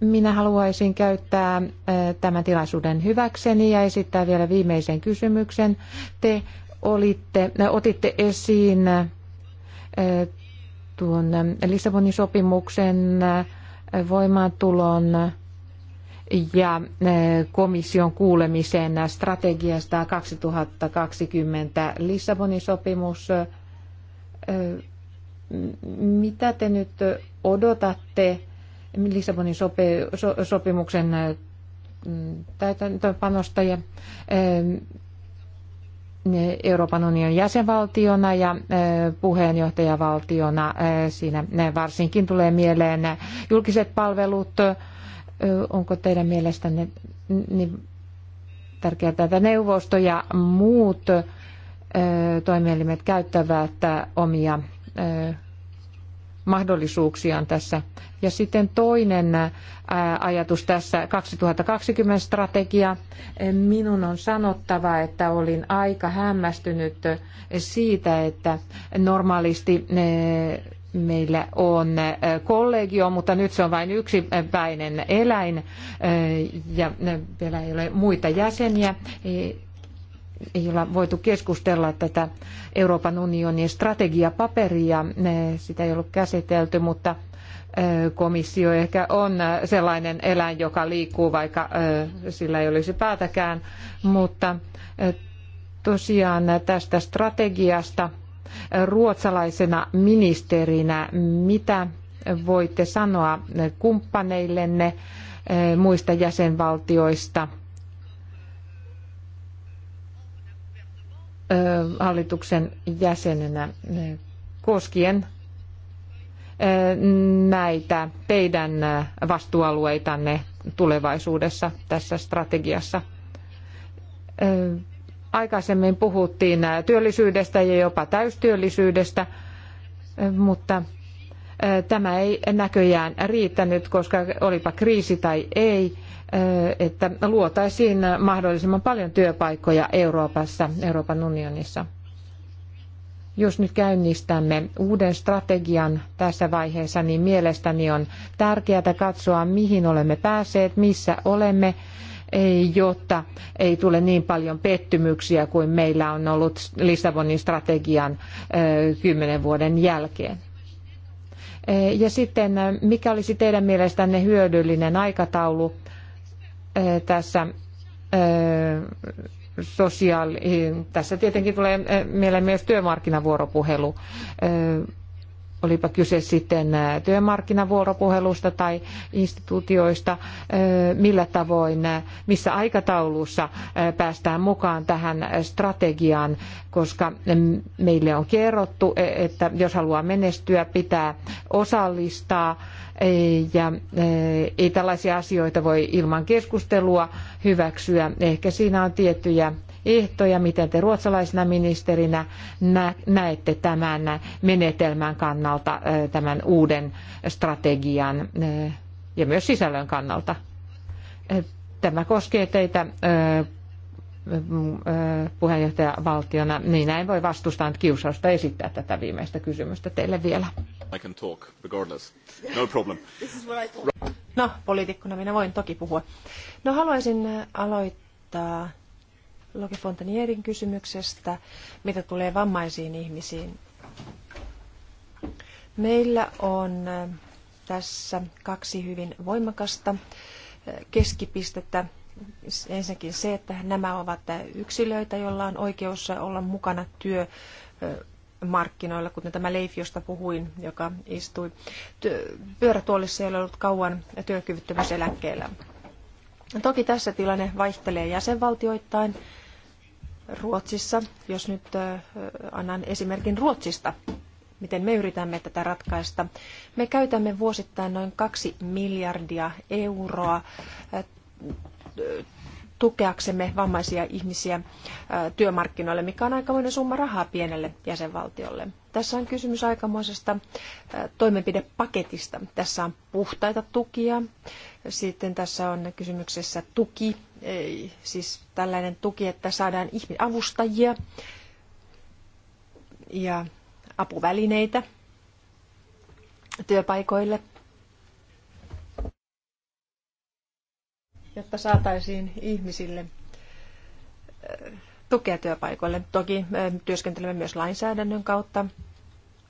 Minä haluaisin käyttää tämän tilaisuuden hyväkseni ja esittää vielä viimeisen kysymyksen. Te olitte, otitte esiin tuon Lissabonin sopimuksen voimaantulon ja komission kuulemisen strategiasta 2020 Lissabonin sopimus. Mitä te nyt odotatte? Lissabonin sopimuksen äh, täytäntöpanosta ja ähm, Euroopan unionin jäsenvaltiona ja äh, puheenjohtajavaltiona. Äh, siinä varsinkin tulee mieleen julkiset palvelut. Onko teidän mielestänne niin tärkeää, että neuvosto ja muut toimielimet käyttävät omia mahdollisuuksiaan tässä. Ja sitten toinen ajatus tässä 2020 strategia. Minun on sanottava, että olin aika hämmästynyt siitä, että normaalisti meillä on kollegio, mutta nyt se on vain yksipäinen eläin ja vielä ei ole muita jäseniä ei olla voitu keskustella tätä Euroopan unionin strategiapaperia. Sitä ei ollut käsitelty, mutta komissio ehkä on sellainen eläin, joka liikkuu, vaikka sillä ei olisi päätäkään. Mutta tosiaan tästä strategiasta ruotsalaisena ministerinä, mitä voitte sanoa kumppaneillenne muista jäsenvaltioista – hallituksen jäsenenä koskien näitä teidän vastuualueitanne tulevaisuudessa tässä strategiassa. Aikaisemmin puhuttiin työllisyydestä ja jopa täystyöllisyydestä, mutta tämä ei näköjään riittänyt, koska olipa kriisi tai ei, että luotaisiin mahdollisimman paljon työpaikkoja Euroopassa, Euroopan unionissa. Jos nyt käynnistämme uuden strategian tässä vaiheessa, niin mielestäni on tärkeää katsoa, mihin olemme päässeet, missä olemme, jotta ei tule niin paljon pettymyksiä kuin meillä on ollut Lissabonin strategian kymmenen vuoden jälkeen. Ja sitten, mikä olisi teidän mielestänne hyödyllinen aikataulu tässä sosiaali, tässä tietenkin tulee mieleen myös työmarkkinavuoropuhelu. Olipa kyse sitten työmarkkinavuoropuhelusta tai instituutioista, millä tavoin, missä aikataulussa päästään mukaan tähän strategiaan, koska meille on kerrottu, e, että jos haluaa menestyä, pitää osallistaa Eh, ja eh, ei tällaisia asioita voi ilman keskustelua hyväksyä. Ehkä siinä on tiettyjä ehtoja, miten te ruotsalaisena ministerinä näette tämän menetelmän kannalta, eh, tämän uuden strategian ja myös sisällön kannalta. Tämä koskee teitä mm, puheenjohtajavaltiona, niin näin voi vastustaa kiusausta esittää tätä viimeistä kysymystä teille vielä. I can talk regardless. No problem. (laughs) No, poliitikkona minä voin toki puhua. No, haluaisin äh, aloittaa Loki Fontanierin kysymyksestä, mitä tulee vammaisiin ihmisiin. Meillä on äh, tässä kaksi hyvin voimakasta äh, keskipistettä. Ensinnäkin se, että nämä ovat yksilöitä, joilla on oikeus olla mukana työ markkinoilla, kuten tämä Leif, josta puhuin, joka istui pyörätuolissa ja ei ollut kauan työkyvyttömyyseläkkeellä. Toki tässä tilanne vaihtelee jäsenvaltioittain. Ruotsissa, jos nyt annan esimerkin Ruotsista, miten me yritämme tätä ratkaista. Me käytämme vuosittain noin kaksi miljardia euroa tukeaksemme vammaisia ihmisiä työmarkkinoille, mikä on aikamoinen summa rahaa pienelle jäsenvaltiolle. Tässä on kysymys aikamoisesta toimenpidepaketista. Tässä on puhtaita tukia, sitten tässä on kysymyksessä tuki, siis tällainen tuki, että saadaan avustajia ja apuvälineitä työpaikoille – jotta saataisiin ihmisille eh, tukea työpaikoille. Toki eh, työskentelemme myös lainsäädännön kautta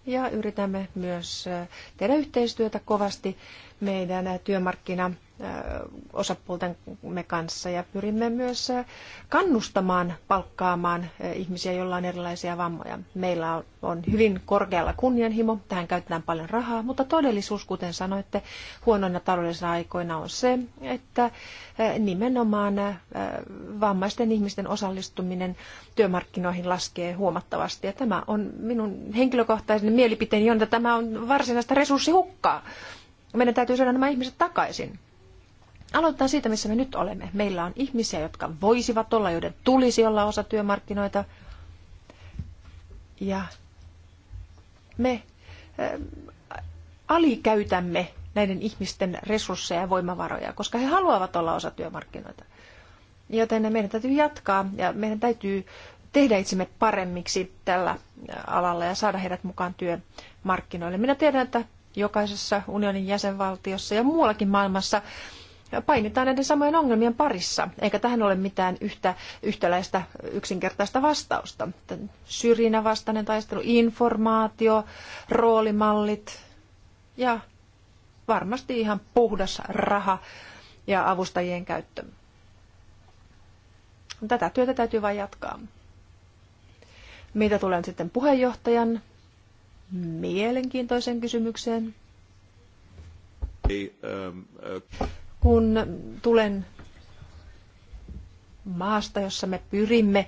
ja yritämme myös eh, tehdä yhteistyötä kovasti meidän työmarkkina Osapuolten me kanssa ja pyrimme myös kannustamaan palkkaamaan ihmisiä, joilla on erilaisia vammoja. Meillä on hyvin korkealla kunnianhimo, tähän käytetään paljon rahaa, mutta todellisuus, kuten sanoitte, huonoina taloudellisina aikoina on se, että nimenomaan vammaisten ihmisten osallistuminen työmarkkinoihin laskee huomattavasti. Ja tämä on minun henkilökohtaisen mielipiteeni on, että tämä on varsinaista resurssihukkaa. Meidän täytyy saada nämä ihmiset takaisin aloitetaan siitä, missä me nyt olemme. Meillä on ihmisiä, jotka voisivat olla, joiden tulisi olla osa työmarkkinoita. Ja me eh, alikäytämme näiden ihmisten resursseja ja voimavaroja, koska he haluavat olla osa työmarkkinoita. Joten meidän täytyy jatkaa ja meidän täytyy tehdä itsemme paremmiksi tällä eh, alalla ja saada heidät mukaan työmarkkinoille. Minä tiedän, että jokaisessa unionin jäsenvaltiossa ja muuallakin maailmassa painitaan näiden samojen ongelmien parissa, eikä tähän ole mitään yhtä yhtäläistä yksinkertaista vastausta. Syrjinnän vastainen taistelu, informaatio, roolimallit ja varmasti ihan puhdas raha ja avustajien käyttö. Tätä työtä täytyy vain jatkaa. Mitä tulee sitten puheenjohtajan mielenkiintoiseen kysymykseen? Ei, ähm, äh kun tulen maasta, jossa me pyrimme,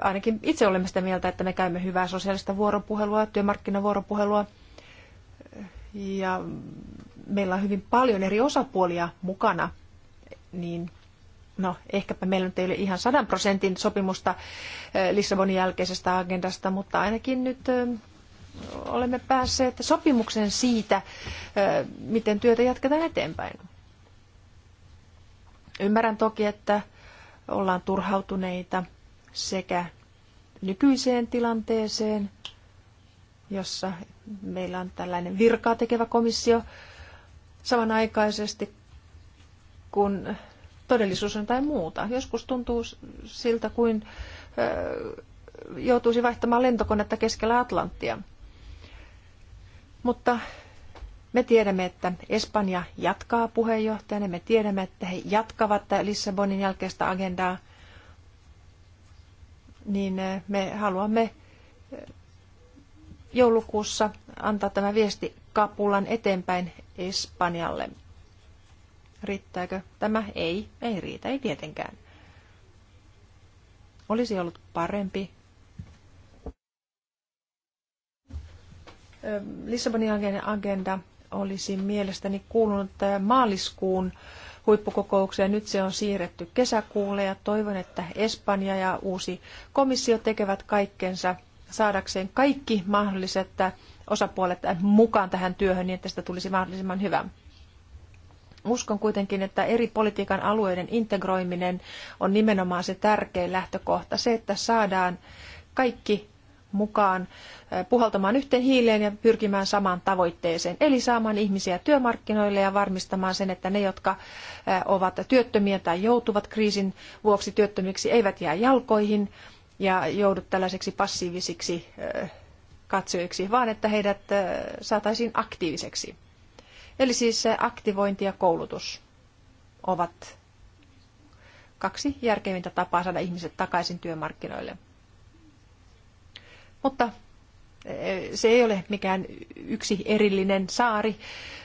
ainakin itse olemme sitä mieltä, että me käymme hyvää sosiaalista vuoropuhelua, työmarkkinavuoropuhelua, ja meillä on hyvin paljon eri osapuolia mukana, niin no ehkäpä meillä nyt ei ole ihan sadan prosentin sopimusta Lissabonin jälkeisestä agendasta, mutta ainakin nyt olemme päässeet sopimuksen siitä, miten työtä jatketaan eteenpäin. Ymmärrän toki, että ollaan turhautuneita sekä nykyiseen tilanteeseen, jossa meillä on tällainen virkaa tekevä komissio samanaikaisesti, kun todellisuus on jotain muuta. Joskus tuntuu siltä, kuin joutuisi vaihtamaan lentokonetta keskellä Atlanttia. Mutta me tiedämme, että Espanja jatkaa puheenjohtajana, me tiedämme, että he jatkavat Lissabonin jälkeistä agendaa, niin eh, me haluamme eh, joulukuussa antaa tämä viesti kapulan eteenpäin Espanjalle. Riittääkö tämä? Ei, ei riitä, ei tietenkään. Olisi ollut parempi. Eh, Lissabonin agenda olisi mielestäni kuulunut äh, maaliskuun huippukokoukseen. Nyt se on siirretty kesäkuulle ja toivon, että Espanja ja uusi komissio tekevät kaikkensa saadakseen kaikki mahdolliset äh, osapuolet äh, mukaan tähän työhön niin, että sitä tulisi mahdollisimman hyvä. Uskon kuitenkin, että eri politiikan alueiden integroiminen on nimenomaan se tärkein lähtökohta, se, että saadaan kaikki mukaan puhaltamaan yhteen hiileen ja pyrkimään samaan tavoitteeseen, eli saamaan ihmisiä työmarkkinoille ja varmistamaan sen, että ne, jotka ovat työttömiä tai joutuvat kriisin vuoksi työttömiksi, eivät jää jalkoihin ja joudu tällaiseksi passiivisiksi katsojiksi, vaan että heidät saataisiin aktiiviseksi. Eli siis aktivointi ja koulutus ovat kaksi järkevintä tapaa saada ihmiset takaisin työmarkkinoille. Mutta e, se ei ole mikään yksi erillinen saari,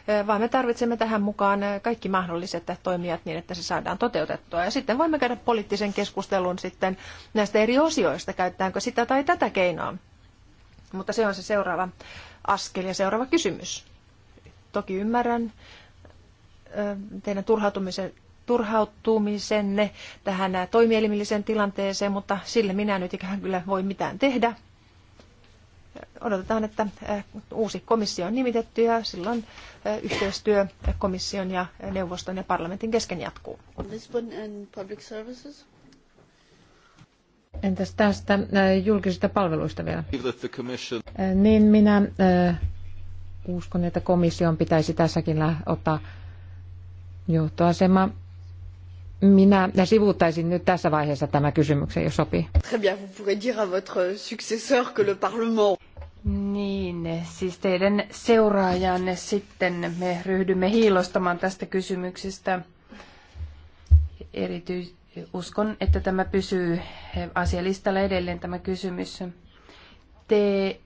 e, vaan me tarvitsemme tähän mukaan kaikki mahdolliset toimijat niin, että se saadaan toteutettua. Ja sitten voimme käydä poliittisen keskustelun sitten näistä eri osioista, käyttäänkö sitä tai tätä keinoa. Mutta se on se seuraava askel ja seuraava kysymys. Toki ymmärrän e, teidän turhautumisen, turhautumisenne tähän toimielimilliseen tilanteeseen, mutta sille minä nyt ikään kyllä voi mitään tehdä odotetaan, että eh, uusi komissio on nimitetty ja silloin eh, yhteistyö komission ja neuvoston ja parlamentin kesken jatkuu. Entäs tästä eh, julkisista palveluista vielä? Niin minä uskon, että komission pitäisi tässäkin ottaa johtoasema minä sivuuttaisin nyt tässä vaiheessa tämä kysymyksen, jos sopii. Très bien, vous pourrez dire à votre successeur que le Parlement... Niin, siis teidän seuraajanne sitten me ryhdymme hiilostamaan tästä kysymyksestä. Erityisesti uskon, että tämä pysyy asialistalla edelleen tämä kysymys. Te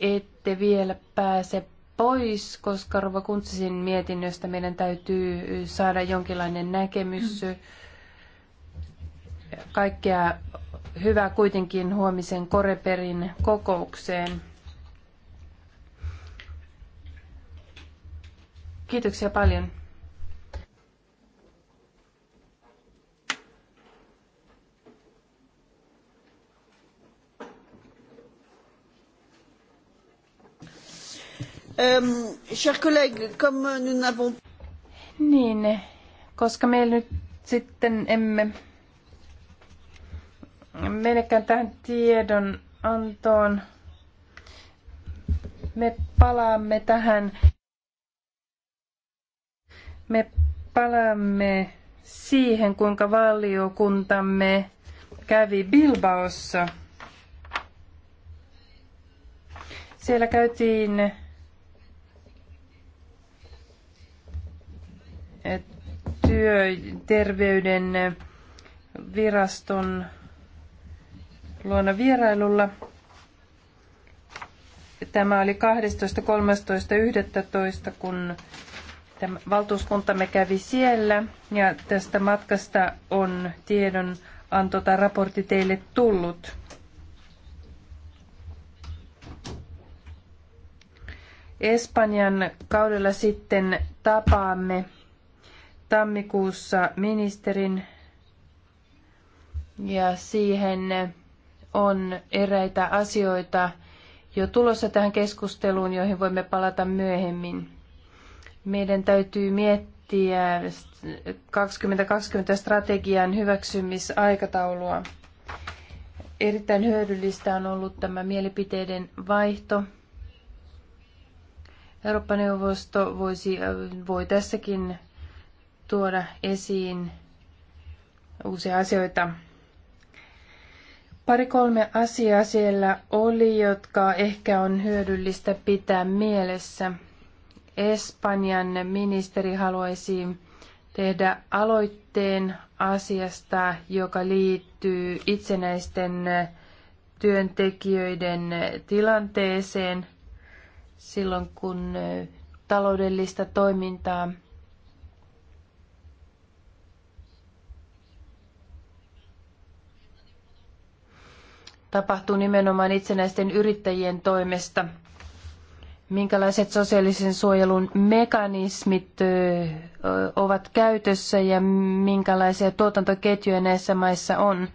ette vielä pääse pois, koska Rova Kuntsisin mietinnöstä meidän täytyy saada jonkinlainen näkemys. Kaikkea hyvää kuitenkin huomisen Koreperin kokoukseen. Kiitoksia paljon. Ehm, chers collègues, comme nous n'avons... Niin, koska meillä nyt sitten emme menekään tähän tiedon antoon. Me palaamme tähän. Me palaamme siihen, kuinka valiokuntamme kävi Bilbaossa. Siellä käytiin työterveyden viraston luona vierailulla. Tämä oli 12.13.11, kun tämä valtuuskuntamme kävi siellä ja tästä matkasta on tiedon anto tai raportti teille tullut. Espanjan kaudella sitten tapaamme tammikuussa ministerin ja siihen on eräitä asioita jo tulossa tähän keskusteluun, joihin voimme palata myöhemmin. Meidän täytyy miettiä 2020 strategian hyväksymisaikataulua. Erittäin hyödyllistä on ollut tämä mielipiteiden vaihto. Eurooppa-neuvosto voisi, voi tässäkin tuoda esiin uusia asioita. Pari-kolme asiaa siellä oli, jotka ehkä on hyödyllistä pitää mielessä. Espanjan ministeri haluaisi tehdä aloitteen asiasta, joka liittyy itsenäisten työntekijöiden tilanteeseen silloin, kun taloudellista toimintaa tapahtuu nimenomaan itsenäisten yrittäjien toimesta. Minkälaiset sosiaalisen suojelun mekanismit ovat käytössä ja minkälaisia tuotantoketjuja näissä maissa on?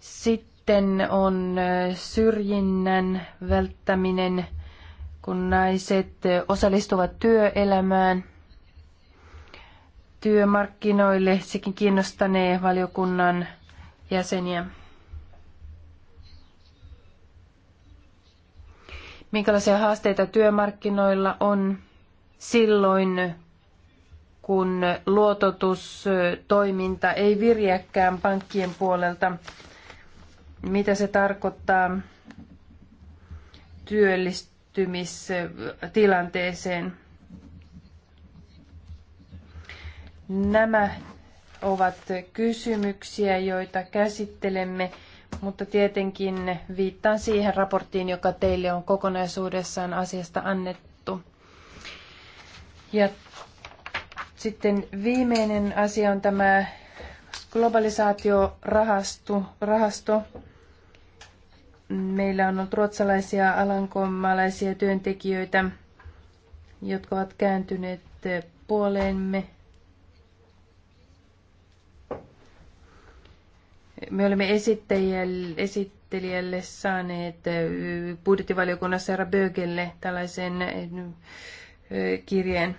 Sitten on syrjinnän välttäminen, kun naiset osallistuvat työelämään työmarkkinoille. Sekin kiinnostanee valiokunnan jäseniä. Minkälaisia haasteita työmarkkinoilla on silloin, kun luototustoiminta ei virjäkään pankkien puolelta? Mitä se tarkoittaa työllistymistilanteeseen? Nämä ovat kysymyksiä, joita käsittelemme, mutta tietenkin viittaan siihen raporttiin, joka teille on kokonaisuudessaan asiasta annettu. Ja sitten viimeinen asia on tämä globalisaatiorahasto. Rahasto. Meillä on ollut ruotsalaisia, alankomaalaisia työntekijöitä, jotka ovat kääntyneet puoleemme Me olemme esittelijälle saaneet budjettivaliokunnassa Sarah Bögelle tällaisen kirjeen.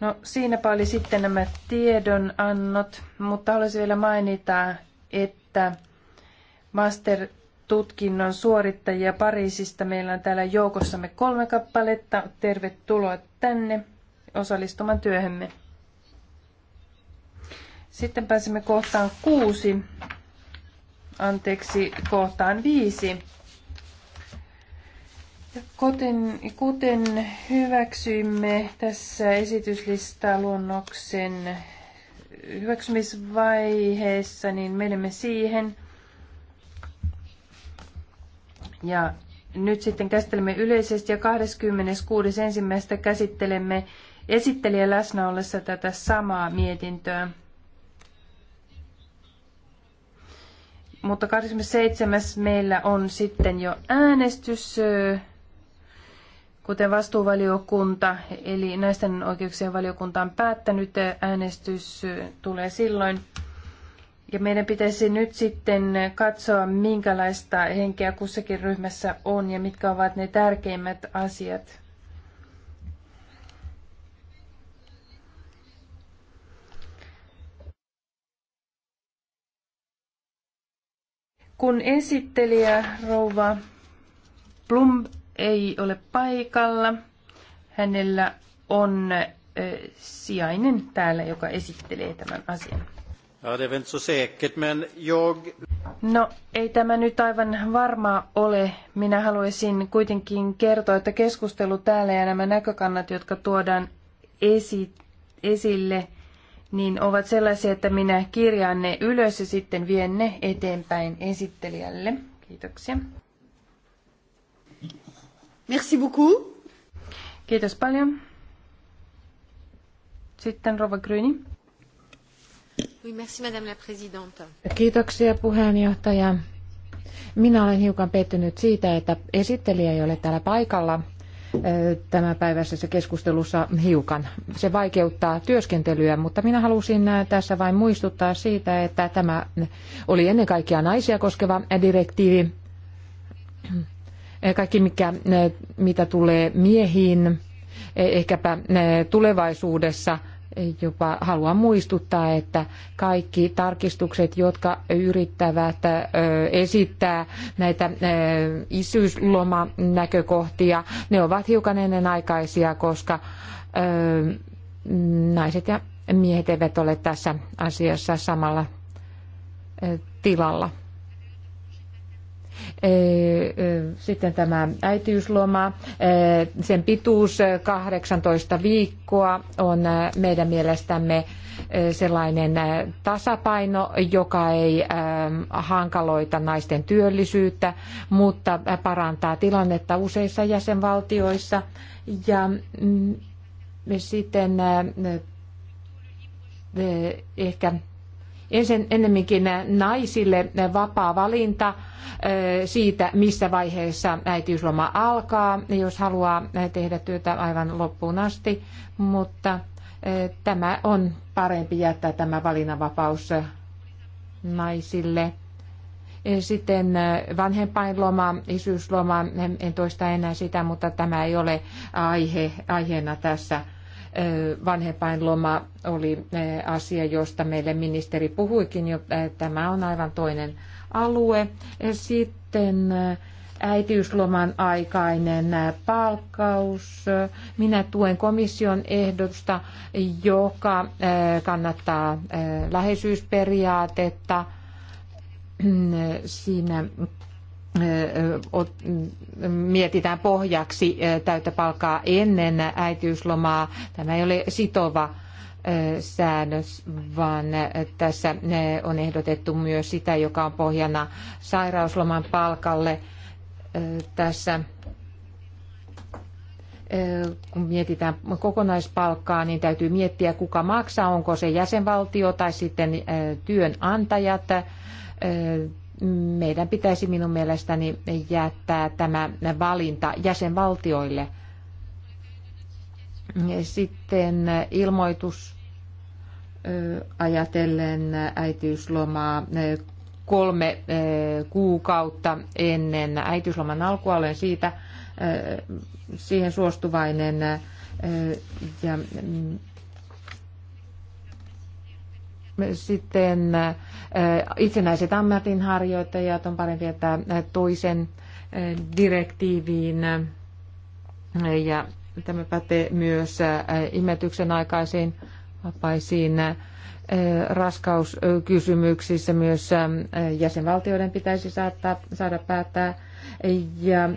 No siinäpä oli sitten nämä tiedonannot, mutta haluaisin vielä mainita, että master-tutkinnon suorittajia Pariisista meillä on täällä joukossamme kolme kappaletta. Tervetuloa tänne osallistumaan työhömme. Sitten pääsemme kohtaan kuusi anteeksi, kohtaan viisi. Kuten, kuten hyväksyimme tässä luonnoksen hyväksymisvaiheessa, niin menemme siihen. Ja nyt sitten käsittelemme yleisesti ja 26.1. käsittelemme esittelijä läsnä ollessa tätä samaa mietintöä. Mutta 27. meillä on sitten jo äänestys, kuten vastuuvaliokunta, eli naisten oikeuksien valiokunta on päättänyt, äänestys tulee silloin. Ja meidän pitäisi nyt sitten katsoa, minkälaista henkeä kussakin ryhmässä on ja mitkä ovat ne tärkeimmät asiat. Kun esittelijä rouva Plum ei ole paikalla, hänellä on sijainen täällä, joka esittelee tämän asian. Ja, det är inte så säkert, men jag... No, ei tämä nyt aivan varmaa ole. Minä haluaisin kuitenkin kertoa, että keskustelu täällä ja nämä näkökannat, jotka tuodaan esi- esille, niin ovat sellaisia, että minä kirjaan ne ylös ja sitten vien ne eteenpäin esittelijälle. Kiitoksia. Merci beaucoup. Kiitos paljon. Sitten Rova Gryni. Oui, merci, madame la présidente. Kiitoksia puheenjohtaja. Minä olen hiukan pettynyt siitä, että esittelijä ei ole täällä paikalla tämänpäiväisessä keskustelussa hiukan. Se vaikeuttaa työskentelyä, mutta minä halusin äh, tässä vain muistuttaa siitä, että tämä oli ennen kaikkea naisia koskeva direktiivi. Äh, kaikki, mikä, äh, mitä tulee miehiin, eh, ehkäpä tulevaisuudessa – jopa haluan muistuttaa, että kaikki tarkistukset, jotka yrittävät esittää näitä isyyslomanäkökohtia, ne ovat hiukan ennenaikaisia, koska naiset ja miehet eivät ole tässä asiassa samalla tilalla. E, sitten tämä äitiysloma, e, sen pituus 18 e, viikkoa on meidän mielestämme sellainen tasapaino, joka ei hankaloita naisten työllisyyttä, mutta parantaa tilannetta useissa jäsenvaltioissa. Ja mm, sitten ehkä ensin ennemminkin naisille vapaa valinta siitä, missä vaiheessa äitiysloma alkaa, jos haluaa tehdä työtä aivan loppuun asti, mutta tämä on parempi jättää tämä valinnanvapaus naisille. E, sitten vanhempainloma, isyysloma, en toista enää sitä, mutta tämä ei ole aihe, aiheena tässä vanhempainloma oli asia, josta meille ministeri puhuikin jo. Tämä on aivan toinen alue. Sitten äitiysloman aikainen palkkaus. Minä tuen komission ehdotusta, joka kannattaa läheisyysperiaatetta. Siinä mietitään pohjaksi täyttä palkkaa ennen äitiyslomaa. Tämä ei ole sitova säännös, vaan tässä on ehdotettu myös sitä, joka on pohjana sairausloman palkalle. Tässä kun mietitään kokonaispalkkaa, niin täytyy miettiä, kuka maksaa, onko se jäsenvaltio tai sitten työnantajat meidän pitäisi minun mielestäni jättää tämä valinta jäsenvaltioille. Sitten ilmoitus ajatellen äitiyslomaa kolme kuukautta ennen äitiysloman alkua. Olen siitä, siihen suostuvainen. Ja mm, sitten itsenäiset ammatinharjoittajat on parempi jättää toisen direktiiviin ja tämä pätee myös imetyksen aikaisiin vapaisiin raskauskysymyksissä myös jäsenvaltioiden pitäisi saattaa, saada päättää ja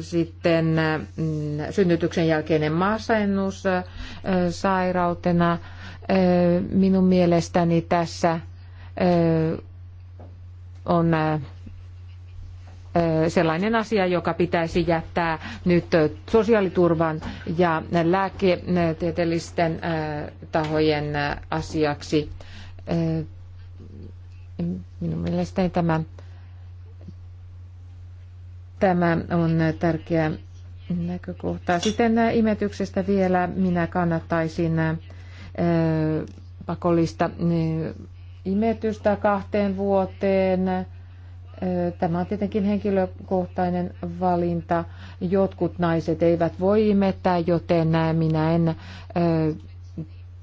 sitten mm, synnytyksen jälkeinen maasennus sairautena. Minun mielestäni tässä on sellainen asia, joka pitäisi jättää nyt sosiaaliturvan ja lääketieteellisten tahojen asiaksi. Minun mielestäni tämä, tämä on tärkeä näkökohta. Sitten imetyksestä vielä minä kannattaisin pakollista niin imetystä kahteen vuoteen. Tämä on tietenkin henkilökohtainen valinta. Jotkut naiset eivät voi imettää, joten minä en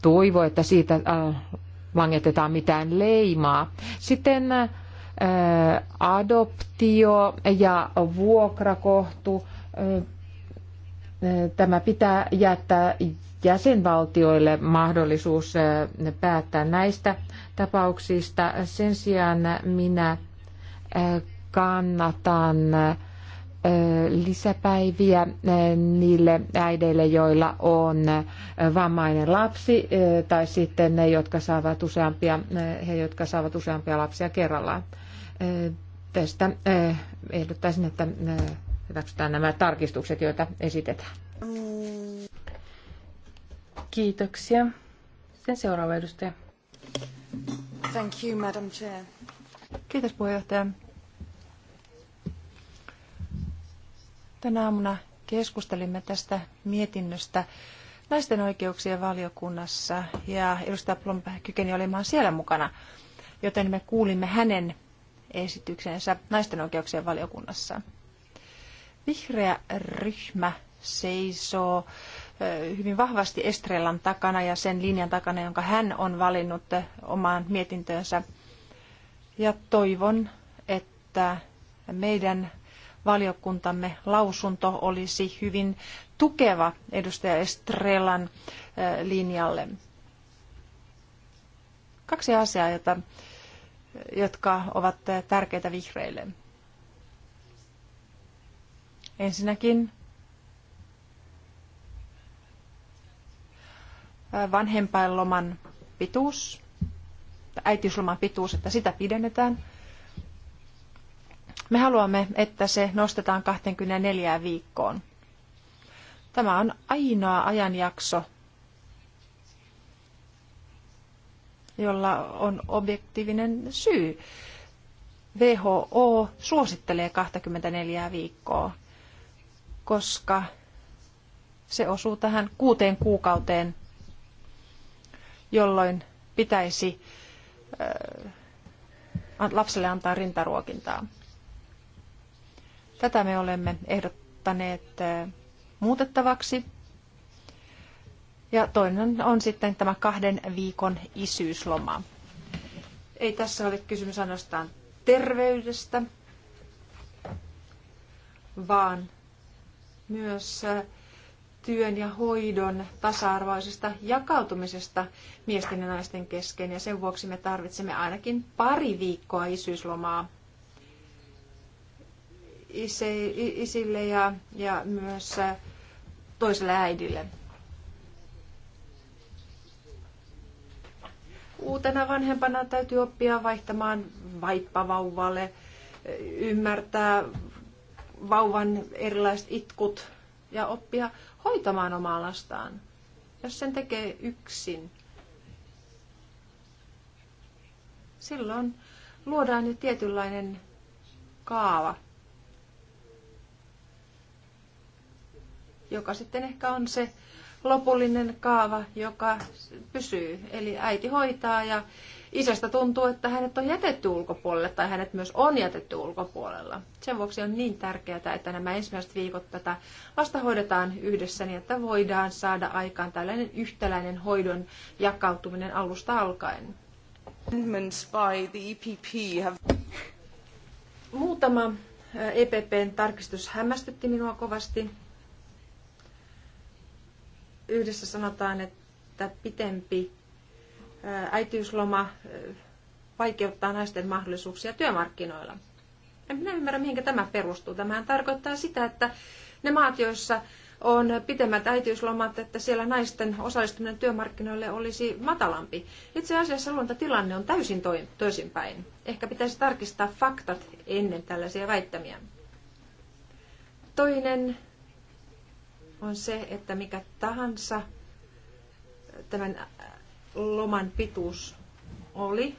toivo, että siitä langetetaan mitään leimaa. Sitten adoptio ja vuokrakohtu. Tämä pitää jättää jäsenvaltioille mahdollisuus päättää näistä tapauksista. Sen sijaan minä kannatan lisäpäiviä niille äideille, joilla on vammainen lapsi tai sitten ne, jotka saavat useampia, he, jotka saavat useampia lapsia kerrallaan. Tästä ehdottaisin, että hyväksytään nämä tarkistukset, joita esitetään. Kiitoksia. Sen seuraava edustaja. Thank you, Madam Chair. Kiitos puheenjohtaja. Tänä aamuna keskustelimme tästä mietinnöstä naisten oikeuksien valiokunnassa ja edustaja Plomb kykeni olemaan siellä mukana, joten me kuulimme hänen esityksensä naisten oikeuksien valiokunnassa. Vihreä ryhmä seisoo hyvin vahvasti Estrellan takana ja sen linjan takana, jonka hän on valinnut omaan mietintöönsä. Ja toivon, että meidän valiokuntamme lausunto olisi hyvin tukeva edustaja Estrellan linjalle. Kaksi asiaa, jota, jotka ovat tärkeitä vihreille. Ensinnäkin vanhempainloman pituus, äitiysloman pituus, että sitä pidennetään. Me haluamme, että se nostetaan 24 viikkoon. Tämä on ainoa ajanjakso, jolla on objektiivinen syy. WHO suosittelee 24 viikkoa, koska se osuu tähän kuuteen kuukauteen jolloin pitäisi äh, lapselle antaa rintaruokintaa. Tätä me olemme ehdottaneet äh, muutettavaksi. Ja toinen on sitten tämä kahden viikon isyysloma. Ei tässä ole kysymys ainoastaan terveydestä, vaan myös äh, työn ja hoidon tasa-arvoisesta jakautumisesta miesten ja naisten kesken ja sen vuoksi me tarvitsemme ainakin pari viikkoa isyyslomaa isille ja, ja myös äh, toiselle äidille. Uutena vanhempana täytyy oppia vaihtamaan vaippavauvalle, äh, ymmärtää vauvan erilaiset itkut, ja oppia hoitamaan omaa lastaan, jos sen tekee yksin. Silloin luodaan jo tietynlainen kaava, joka sitten ehkä on se lopullinen kaava, joka pysyy. Eli äiti hoitaa ja isästä tuntuu, että hänet on jätetty ulkopuolelle tai hänet myös on jätetty ulkopuolella. Sen vuoksi on niin tärkeää, että nämä ensimmäiset viikot tätä lasta hoidetaan yhdessä niin, että voidaan saada aikaan tällainen yhtäläinen hoidon jakautuminen alusta alkaen. E Muutama EPPn tarkistus hämmästytti minua kovasti. Yhdessä sanotaan, että pitempi äitiysloma vaikeuttaa naisten mahdollisuuksia työmarkkinoilla. En minä ymmärrä, mihinkä tämä perustuu. Tämähän tarkoittaa sitä, että ne maat, joissa on pitemmät äitiyslomat, että siellä naisten osallistuminen työmarkkinoille olisi matalampi. Itse asiassa tilanne on täysin toisinpäin. Ehkä pitäisi tarkistaa faktat ennen tällaisia väittämiä. Toinen on se, että mikä tahansa tämän loman pituus oli,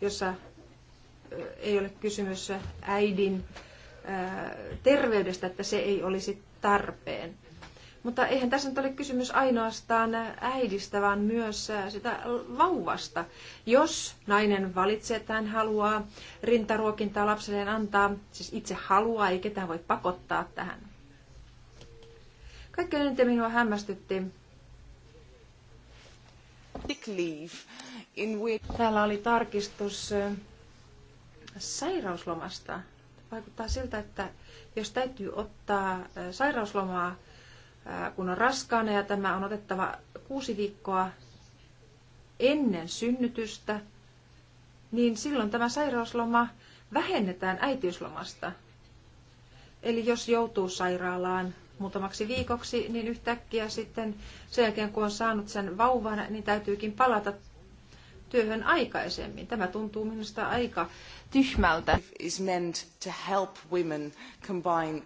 jossa ei ole kysymys äidin terveydestä, että se ei olisi tarpeen. Mutta eihän tässä nyt ole kysymys ainoastaan äidistä, vaan myös sitä vauvasta. Jos nainen valitsee, että hän haluaa rintaruokintaa lapselleen antaa, siis itse haluaa, ei ketään voi pakottaa tähän. Kaikkein eniten minua hämmästytti Täällä oli tarkistus sairauslomasta. Vaikuttaa siltä, että jos täytyy ottaa sairauslomaa, kun on raskaana ja tämä on otettava kuusi viikkoa ennen synnytystä, niin silloin tämä sairausloma vähennetään äitiyslomasta. Eli jos joutuu sairaalaan muutamaksi viikoksi, niin yhtäkkiä sitten sen jälkeen, kun on saanut sen vauvan, niin täytyykin palata työhön aikaisemmin. Tämä tuntuu minusta aika tyhmältä. Is meant to help women combine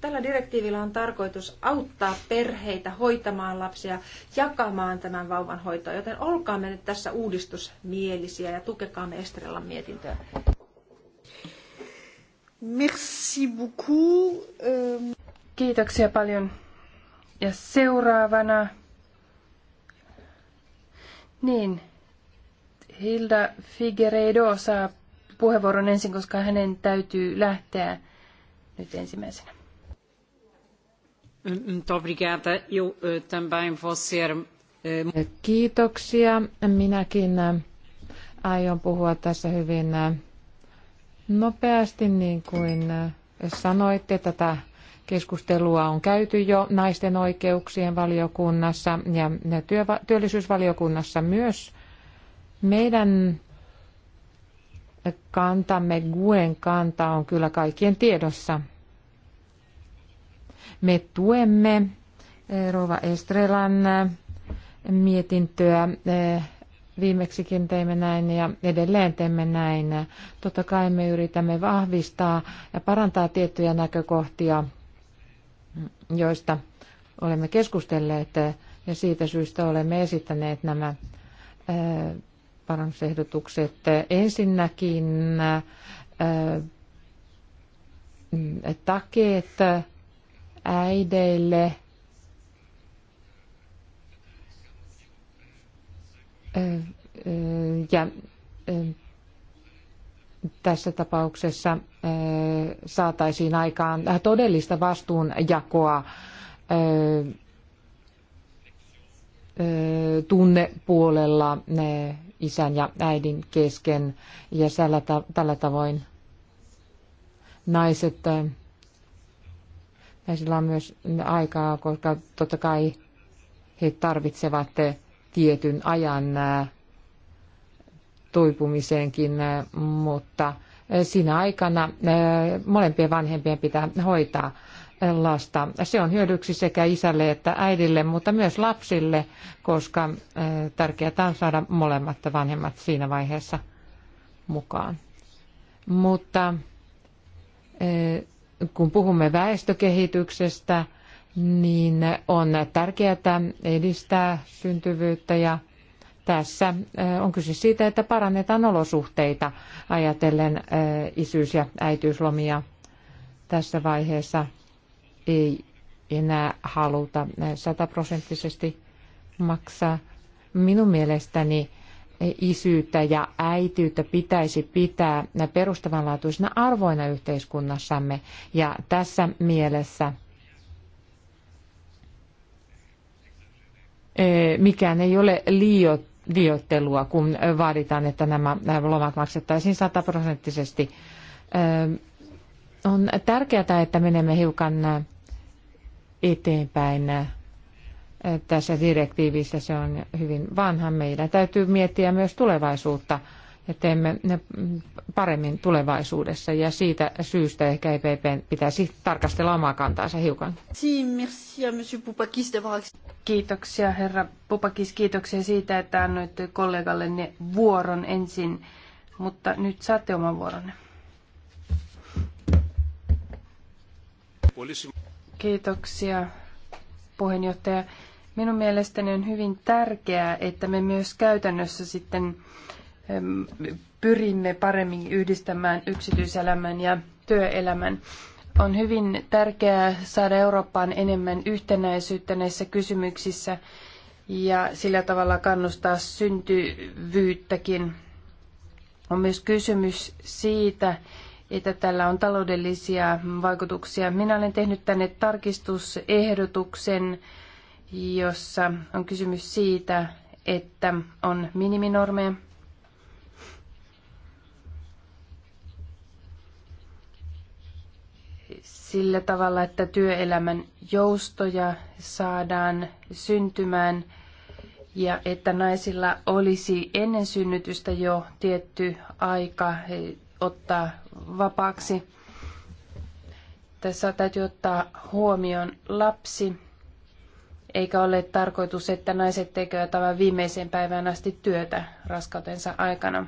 Tällä direktiivillä on tarkoitus auttaa perheitä hoitamaan lapsia, jakamaan tämän vauvan hoitoa, joten olkaamme nyt tässä uudistusmielisiä ja tukekaamme Estrellan mietintöä. Merci beaucoup. Euh, Kiitoksia paljon. Ja seuraavana. Niin. Hilda Figueiredo saa puheenvuoron ensin, koska hänen täytyy lähteä nyt ensimmäisenä. Eh, eh, Kiitoksia. Minäkin eh, aion puhua tässä hyvin Nopeasti, niin kuin äh, sanoitte, tätä keskustelua on käyty jo naisten oikeuksien valiokunnassa ja työllisyysvaliokunnassa myös. Meidän kantamme, Guen kanta on kyllä kaikkien tiedossa. Me tuemme äh, Rova Estrelan äh, mietintöä Viimeksikin teimme näin ja edelleen teemme näin. Totta kai me yritämme vahvistaa ja parantaa tiettyjä näkökohtia, joista olemme keskustelleet ja siitä syystä olemme esittäneet nämä parannusehdotukset. Ensinnäkin takeet äideille Ja tässä tapauksessa saataisiin aikaan todellista vastuunjakoa tunnepuolella isän ja äidin kesken ja tällä tavoin naiset, naisilla on myös aikaa, koska totta kai he tarvitsevat tietyn ajan toipumiseenkin, mutta siinä aikana molempien vanhempien pitää hoitaa lasta. Se on hyödyksi sekä isälle että äidille, mutta myös lapsille, koska tärkeää on saada molemmat vanhemmat siinä vaiheessa mukaan. Mutta kun puhumme väestökehityksestä, niin on tärkeää edistää syntyvyyttä ja tässä on kyse siitä, että parannetaan olosuhteita ajatellen isyys- ja äitiyslomia. Tässä vaiheessa ei enää haluta sataprosenttisesti maksaa. Minun mielestäni isyyttä ja äitiyttä pitäisi pitää perustavanlaatuisina arvoina yhteiskunnassamme. Ja tässä mielessä mikään ei ole liioittelua, kun vaaditaan, että nämä lomat maksettaisiin sataprosenttisesti. On tärkeää, että menemme hiukan eteenpäin tässä direktiivissä. Se on hyvin vanha. Meidän täytyy miettiä myös tulevaisuutta ja teemme ne paremmin tulevaisuudessa. Ja siitä syystä ehkä EPP pitäisi tarkastella omaa kantaansa hiukan. Kiitoksia herra Pupakis, kiitoksia siitä, että annoitte kollegallenne vuoron ensin, mutta nyt saatte oman vuoronne. Kiitoksia puheenjohtaja. Minun mielestäni on hyvin tärkeää, että me myös käytännössä sitten pyrimme paremmin yhdistämään yksityiselämän ja työelämän. On hyvin tärkeää saada Eurooppaan enemmän yhtenäisyyttä näissä kysymyksissä ja sillä tavalla kannustaa syntyvyyttäkin. On myös kysymys siitä, että tällä on taloudellisia vaikutuksia. Minä olen tehnyt tänne tarkistusehdotuksen, jossa on kysymys siitä, että on miniminormeja sillä tavalla, että työelämän joustoja saadaan syntymään ja että naisilla olisi ennen synnytystä jo tietty aika ottaa vapaaksi. Tässä täytyy ottaa huomioon lapsi, eikä ole tarkoitus, että naiset tekevät aivan viimeiseen päivään asti työtä raskautensa aikana.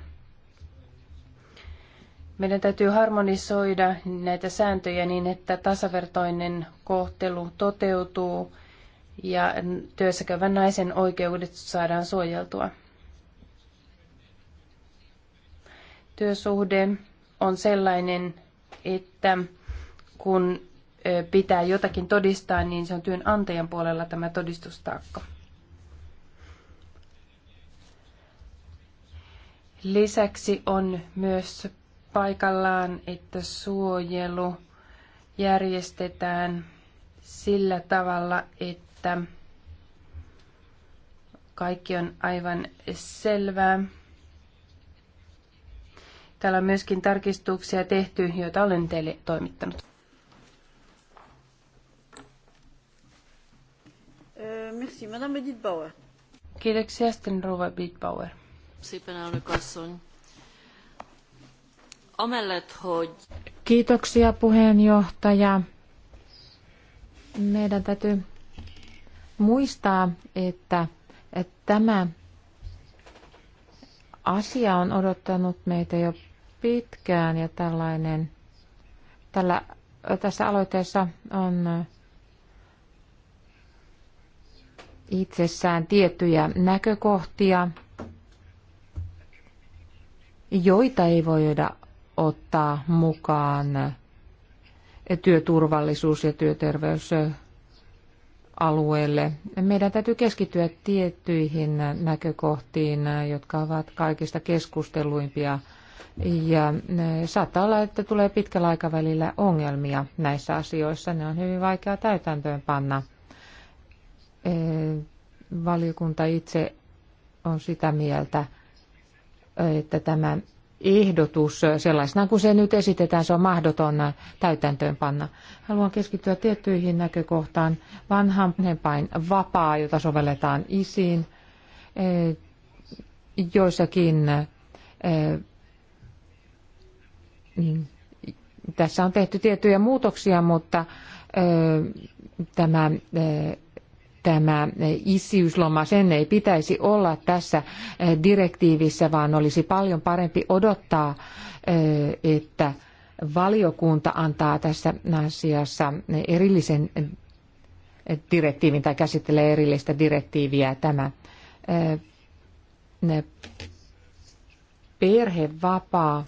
Meidän täytyy harmonisoida näitä sääntöjä niin, että tasavertoinen kohtelu toteutuu ja työssäkäyvän naisen oikeudet saadaan suojeltua. Työsuhde on sellainen, että kun pitää jotakin todistaa, niin se on työnantajan puolella tämä todistustaakka. Lisäksi on myös paikallaan, että suojelu järjestetään sillä tavalla, että kaikki on aivan selvää. Täällä on myöskin tarkistuksia tehty, joita olen teille toimittanut. Äh, merci, Madame Edith Bauer. Kiitoksia, Sten Rova Bitbauer. Kiitoksia puheenjohtaja. Meidän täytyy muistaa, että, että tämä asia on odottanut meitä jo pitkään ja tällainen, tällä, tässä aloitteessa on itsessään tiettyjä näkökohtia, joita ei voida ottaa mukaan työturvallisuus ja työterveys alueelle. Meidän täytyy keskittyä tiettyihin näkökohtiin, jotka ovat kaikista keskusteluimpia. Ja saattaa olla, että tulee pitkällä aikavälillä ongelmia näissä asioissa. Ne on hyvin vaikea täytäntöön panna. E, valiokunta itse on sitä mieltä, että tämä ehdotus sellaisena kuin se nyt esitetään, se on mahdoton täytäntöönpanna. Haluan keskittyä tiettyihin näkökohtaan. Vanhan vapaa, jota sovelletaan isiin, eh, joissakin eh, niin, tässä on tehty tiettyjä muutoksia, mutta eh, tämä tämä isyysloma, sen ei pitäisi olla tässä eh, direktiivissä, vaan olisi paljon parempi odottaa, eh, että valiokunta antaa tässä asiassa erillisen eh, direktiivin tai käsittelee erillistä direktiiviä tämä perhevapaa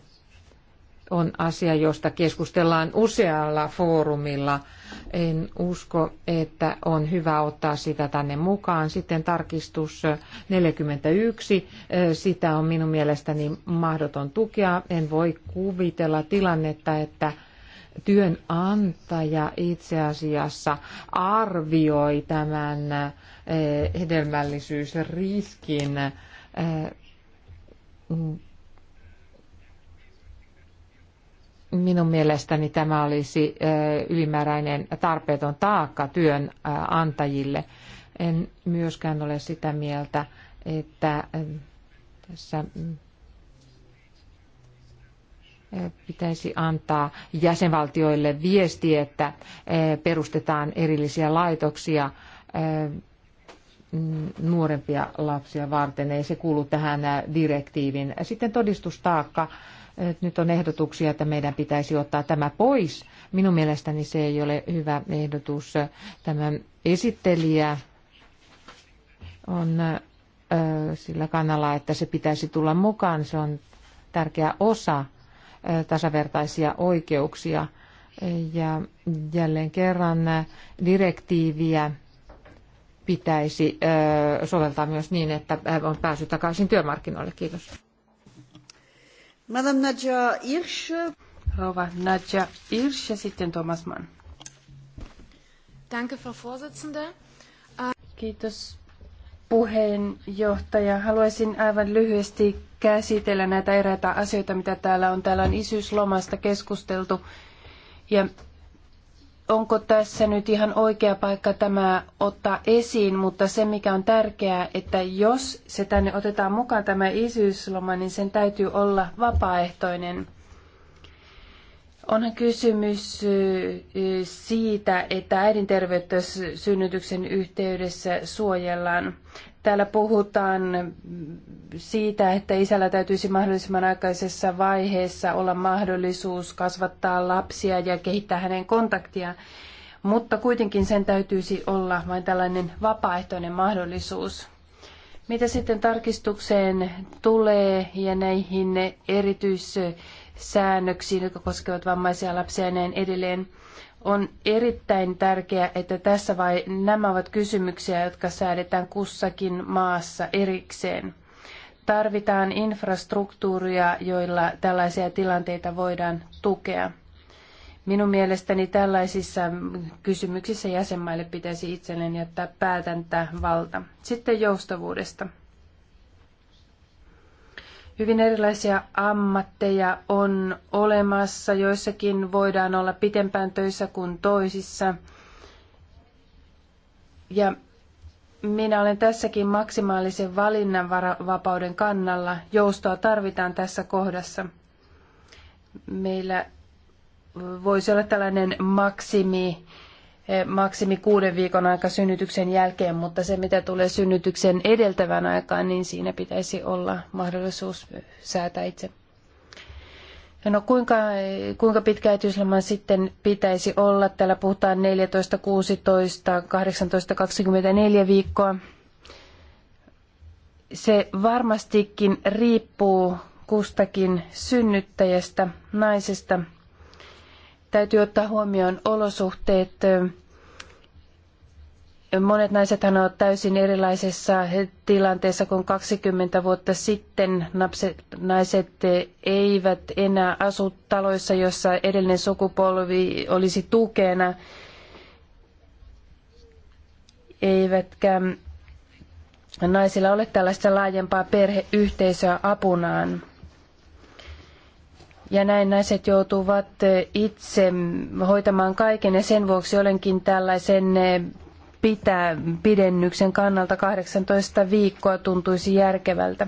on asia, josta keskustellaan usealla foorumilla – en usko, että on hyvä ottaa sitä tänne mukaan. Sitten tarkistus 41, sitä on minun mielestäni mahdoton tukea. En voi kuvitella tilannetta, että työnantaja itse asiassa arvioi tämän hedelmällisyysriskin minun mielestäni tämä olisi ylimääräinen tarpeeton taakka työnantajille. En myöskään ole sitä mieltä, että tässä mm, pitäisi antaa jäsenvaltioille viesti, että perustetaan erillisiä laitoksia mm, nuorempia lapsia varten. Ei se kuulu tähän direktiivin. Sitten todistustaakka nyt on ehdotuksia, että meidän pitäisi ottaa tämä pois. Minun mielestäni se ei ole hyvä ehdotus. Tämä esittelijä on sillä kannalla, että se pitäisi tulla mukaan. Se on tärkeä osa tasavertaisia oikeuksia. Ja jälleen kerran direktiiviä pitäisi soveltaa myös niin, että on pääsy takaisin työmarkkinoille. Kiitos. Madame Nadja Irsch. rova Nadja Irsch ja sitten Thomas Mann. Danke, Frau Vorsitzende. Kiitos puheenjohtaja. Haluaisin aivan lyhyesti käsitellä näitä eräitä asioita, mitä täällä on. Täällä on isyyslomasta keskusteltu ja onko tässä nyt ihan oikea paikka tämä ottaa esiin, mutta se mikä on tärkeää, että jos se tänne otetaan mukaan tämä isyysloma, niin sen täytyy olla vapaaehtoinen. Onhan kysymys siitä, että terveyttä synnytyksen yhteydessä suojellaan. Täällä puhutaan siitä, että isällä täytyisi mahdollisimman aikaisessa vaiheessa olla mahdollisuus kasvattaa lapsia ja kehittää hänen kontaktia, mutta kuitenkin sen täytyisi olla vain tällainen vapaaehtoinen mahdollisuus. Mitä sitten tarkistukseen tulee ja näihin erityis- säännöksiin, jotka koskevat vammaisia lapsia ja näin edelleen. On erittäin tärkeää, että tässä vai nämä ovat kysymyksiä, jotka säädetään kussakin maassa erikseen. Tarvitaan infrastruktuuria, joilla tällaisia tilanteita voidaan tukea. Minun mielestäni tällaisissa kysymyksissä jäsenmaille pitäisi itselleen jättää päätäntävalta. Sitten joustavuudesta. Hyvin erilaisia ammatteja on olemassa, joissakin voidaan olla pitempään töissä kuin toisissa. Ja minä olen tässäkin maksimaalisen valinnanvapauden kannalla. Joustoa tarvitaan tässä kohdassa. Meillä voisi olla tällainen maksimi Eh, maksimi kuuden viikon aika synnytyksen jälkeen, mutta se mitä tulee synnytyksen edeltävän aikaan, niin siinä pitäisi olla mahdollisuus säätää itse. No kuinka, kuinka pitkä äitiysloma sitten pitäisi olla? Täällä puhutaan 14, 16, 18, 24 viikkoa. Se varmastikin riippuu kustakin synnyttäjästä, naisesta – täytyy ottaa huomioon olosuhteet. Monet naisethan ovat täysin erilaisessa tilanteessa kuin 20 vuotta sitten. naiset eivät enää asu taloissa, jossa edellinen sukupolvi olisi tukena, eivätkä naisilla ole tällaista laajempaa perheyhteisöä apunaan. Ja näin naiset joutuvat eh, itse hoitamaan kaiken ja sen vuoksi olenkin tällaisen eh, pitää pidennyksen kannalta 18 viikkoa tuntuisi järkevältä.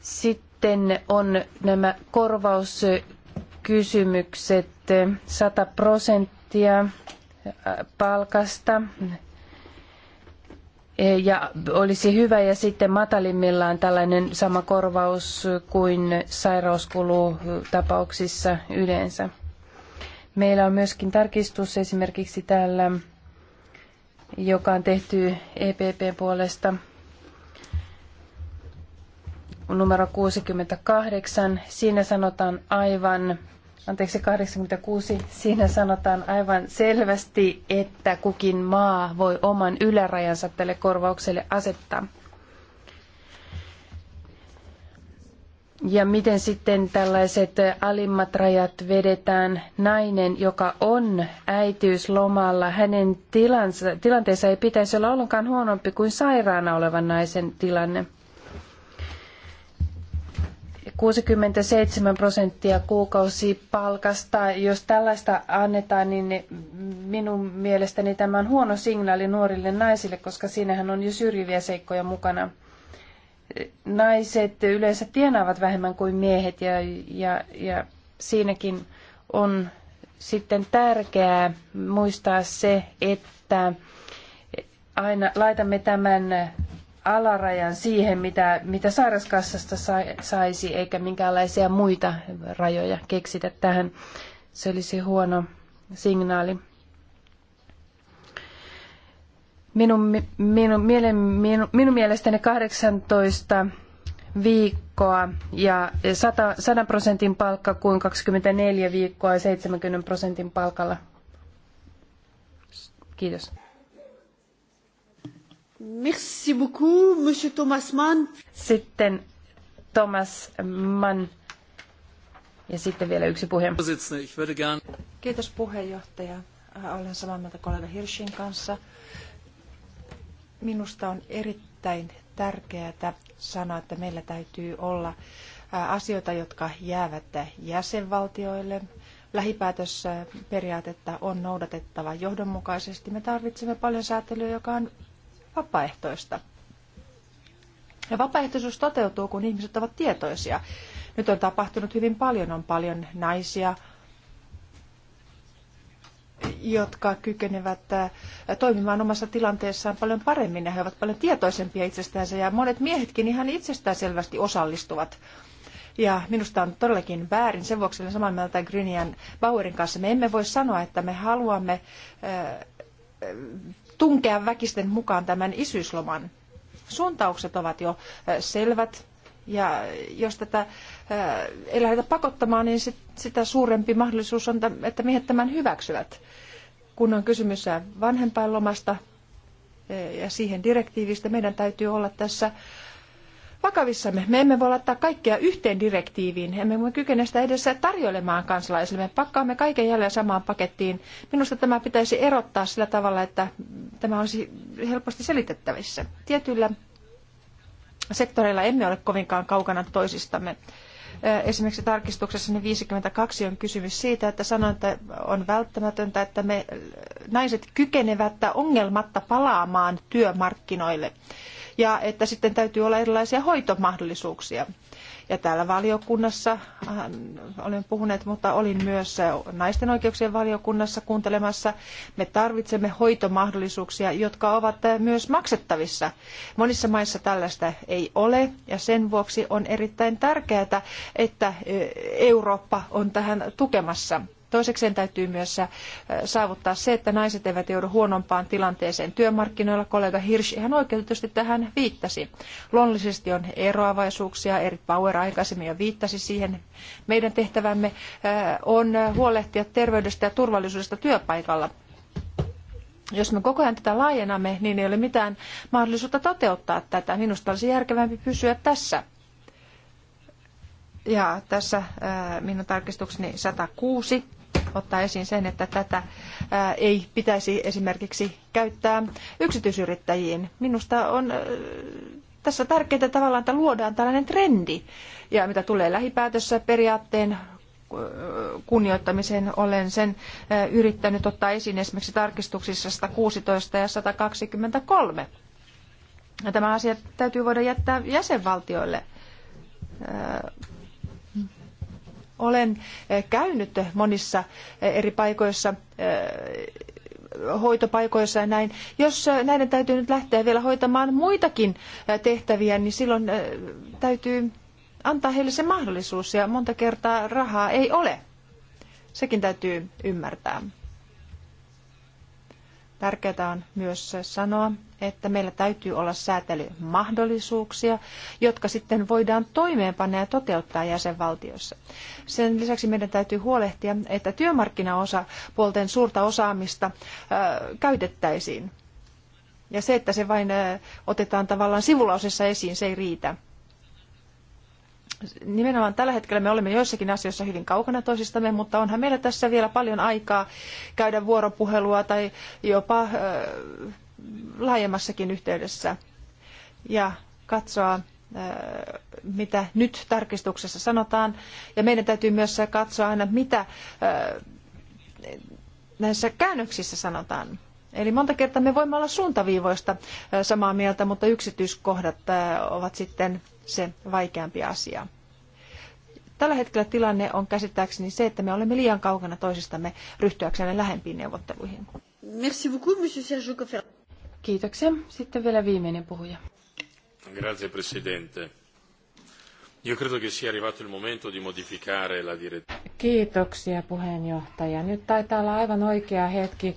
Sitten on nämä korvauskysymykset 100 eh, prosenttia palkasta ja olisi hyvä ja sitten matalimmillaan tällainen sama korvaus kuin sairauskulutapauksissa yleensä. Meillä on myöskin tarkistus esimerkiksi täällä, joka on tehty EPP-puolesta numero 68. Siinä sanotaan aivan anteeksi 86, siinä sanotaan aivan selvästi, että kukin maa voi oman ylärajansa tälle korvaukselle asettaa. Ja miten sitten tällaiset alimmat rajat vedetään? Nainen, joka on äitiyslomalla, hänen tilansa, tilanteensa ei pitäisi olla ollenkaan huonompi kuin sairaana olevan naisen tilanne. 67 prosenttia kuukausipalkasta. Jos tällaista annetaan, niin minun mielestäni tämä on huono signaali nuorille naisille, koska siinähän on jo syrjiviä seikkoja mukana. Naiset yleensä tienaavat vähemmän kuin miehet ja, ja, ja siinäkin on sitten tärkeää muistaa se, että aina laitamme tämän alarajan siihen, mitä, mitä sairaskassasta saisi, eikä minkäänlaisia muita rajoja keksitä tähän. Se olisi huono signaali. Minun, minun, minun, minun mielestäni 18 viikkoa ja 100, 100 prosentin palkka kuin 24 viikkoa ja 70 prosentin palkalla. Kiitos. Merci beaucoup, Monsieur Thomas Mann. Sitten Thomas Mann. Ja sitten vielä yksi puhe. Kiitos puheenjohtaja. Olen samaa mieltä kollega Hirschin kanssa. Minusta on erittäin tärkeää sanoa, että meillä täytyy olla asioita, jotka jäävät jäsenvaltioille. Lähipäätösperiaatetta on noudatettava johdonmukaisesti. Me tarvitsemme paljon säätelyä, joka on vapaaehtoista. Ja vapaaehtoisuus toteutuu, kun ihmiset ovat tietoisia. Nyt on tapahtunut hyvin paljon, on paljon naisia, jotka kykenevät äh, toimimaan omassa tilanteessaan paljon paremmin ja he ovat paljon tietoisempia itsestään. ja monet miehetkin ihan itsestään selvästi osallistuvat. Ja minusta on todellakin väärin, sen vuoksi olen samaa mieltä Grinian Bauerin kanssa. Me emme voi sanoa, että me haluamme äh, tunkea väkisten mukaan tämän isyysloman. Suuntaukset ovat jo selvät ja jos tätä ei lähdetä pakottamaan, niin sitä suurempi mahdollisuus on, että miehet tämän hyväksyvät. Kun on kysymys vanhempainlomasta ja siihen direktiivistä, meidän täytyy olla tässä vakavissamme. Me emme voi laittaa kaikkea yhteen direktiiviin. Emme voi kykene sitä edes tarjoilemaan kansalaisille. Me pakkaamme kaiken jälleen samaan pakettiin. Minusta tämä pitäisi erottaa sillä tavalla, että tämä olisi helposti selitettävissä. Tietyillä sektoreilla emme ole kovinkaan kaukana toisistamme. Esimerkiksi tarkistuksessa 52 niin on kysymys siitä, että sanon, että on välttämätöntä, että me naiset kykenevät ongelmatta palaamaan työmarkkinoille ja että sitten täytyy olla erilaisia hoitomahdollisuuksia. Ja täällä valiokunnassa äh, olen puhunut, mutta olin myös naisten oikeuksien valiokunnassa kuuntelemassa. Me tarvitsemme hoitomahdollisuuksia, jotka ovat myös maksettavissa. Monissa maissa tällaista ei ole ja sen vuoksi on erittäin tärkeää, että Eurooppa on tähän tukemassa. Toisekseen täytyy myös äh, saavuttaa se, että naiset eivät joudu huonompaan tilanteeseen työmarkkinoilla. Kollega Hirsch ihan oikeutetusti tähän viittasi. Luonnollisesti on eroavaisuuksia, Erik Bauer aikaisemmin jo viittasi siihen. Meidän tehtävämme äh, on huolehtia terveydestä ja turvallisuudesta työpaikalla. Jos me koko ajan tätä laajennamme, niin ei ole mitään mahdollisuutta toteuttaa tätä. Minusta olisi järkevämpi pysyä tässä ja tässä minun tarkistukseni 106 ottaa esiin sen, että tätä ei pitäisi esimerkiksi käyttää yksityisyrittäjiin. Minusta on tässä tärkeää tavallaan, että luodaan tällainen trendi. Ja mitä tulee lähipäätössä periaatteen kunnioittamisen olen sen yrittänyt ottaa esiin esimerkiksi tarkistuksissa 116 ja 123. Ja tämä asia täytyy voida jättää jäsenvaltioille olen eh, käynyt monissa eh, eri paikoissa eh, hoitopaikoissa ja näin. Jos näiden täytyy nyt lähteä vielä hoitamaan muitakin tehtäviä, niin silloin täytyy antaa heille se mahdollisuus ja monta kertaa rahaa ei ole. Sekin täytyy ymmärtää. Tärkeää on myös sanoa, että meillä täytyy olla säätelymahdollisuuksia, jotka sitten voidaan toimeenpanna ja toteuttaa jäsenvaltiossa. Sen lisäksi meidän täytyy huolehtia, että työmarkkinaosa puolten suurta osaamista käytettäisiin. Ja se, että se vain otetaan tavallaan sivulausessa esiin, se ei riitä nimenomaan tällä hetkellä me olemme joissakin asioissa hyvin kaukana toisistamme, mutta onhan meillä tässä vielä paljon aikaa käydä vuoropuhelua tai jopa äh, laajemmassakin yhteydessä ja katsoa, äh, mitä nyt tarkistuksessa sanotaan. Ja meidän täytyy myös katsoa aina, mitä äh, näissä käännöksissä sanotaan. Eli monta kertaa me voimme olla suuntaviivoista samaa mieltä, mutta yksityiskohdat ovat sitten se vaikeampi asia. Tällä hetkellä tilanne on käsittääkseni se, että me olemme liian kaukana toisistamme ryhtyäksemme lähempiin neuvotteluihin. Merci beaucoup, monsieur Sergio Kiitoksia. Sitten vielä viimeinen puhuja. Grazie, presidente. Io credo che sia arrivato il momento di modificare la direttiva. Kiitoksia, puheenjohtaja. Nyt taitaa olla aivan oikea hetki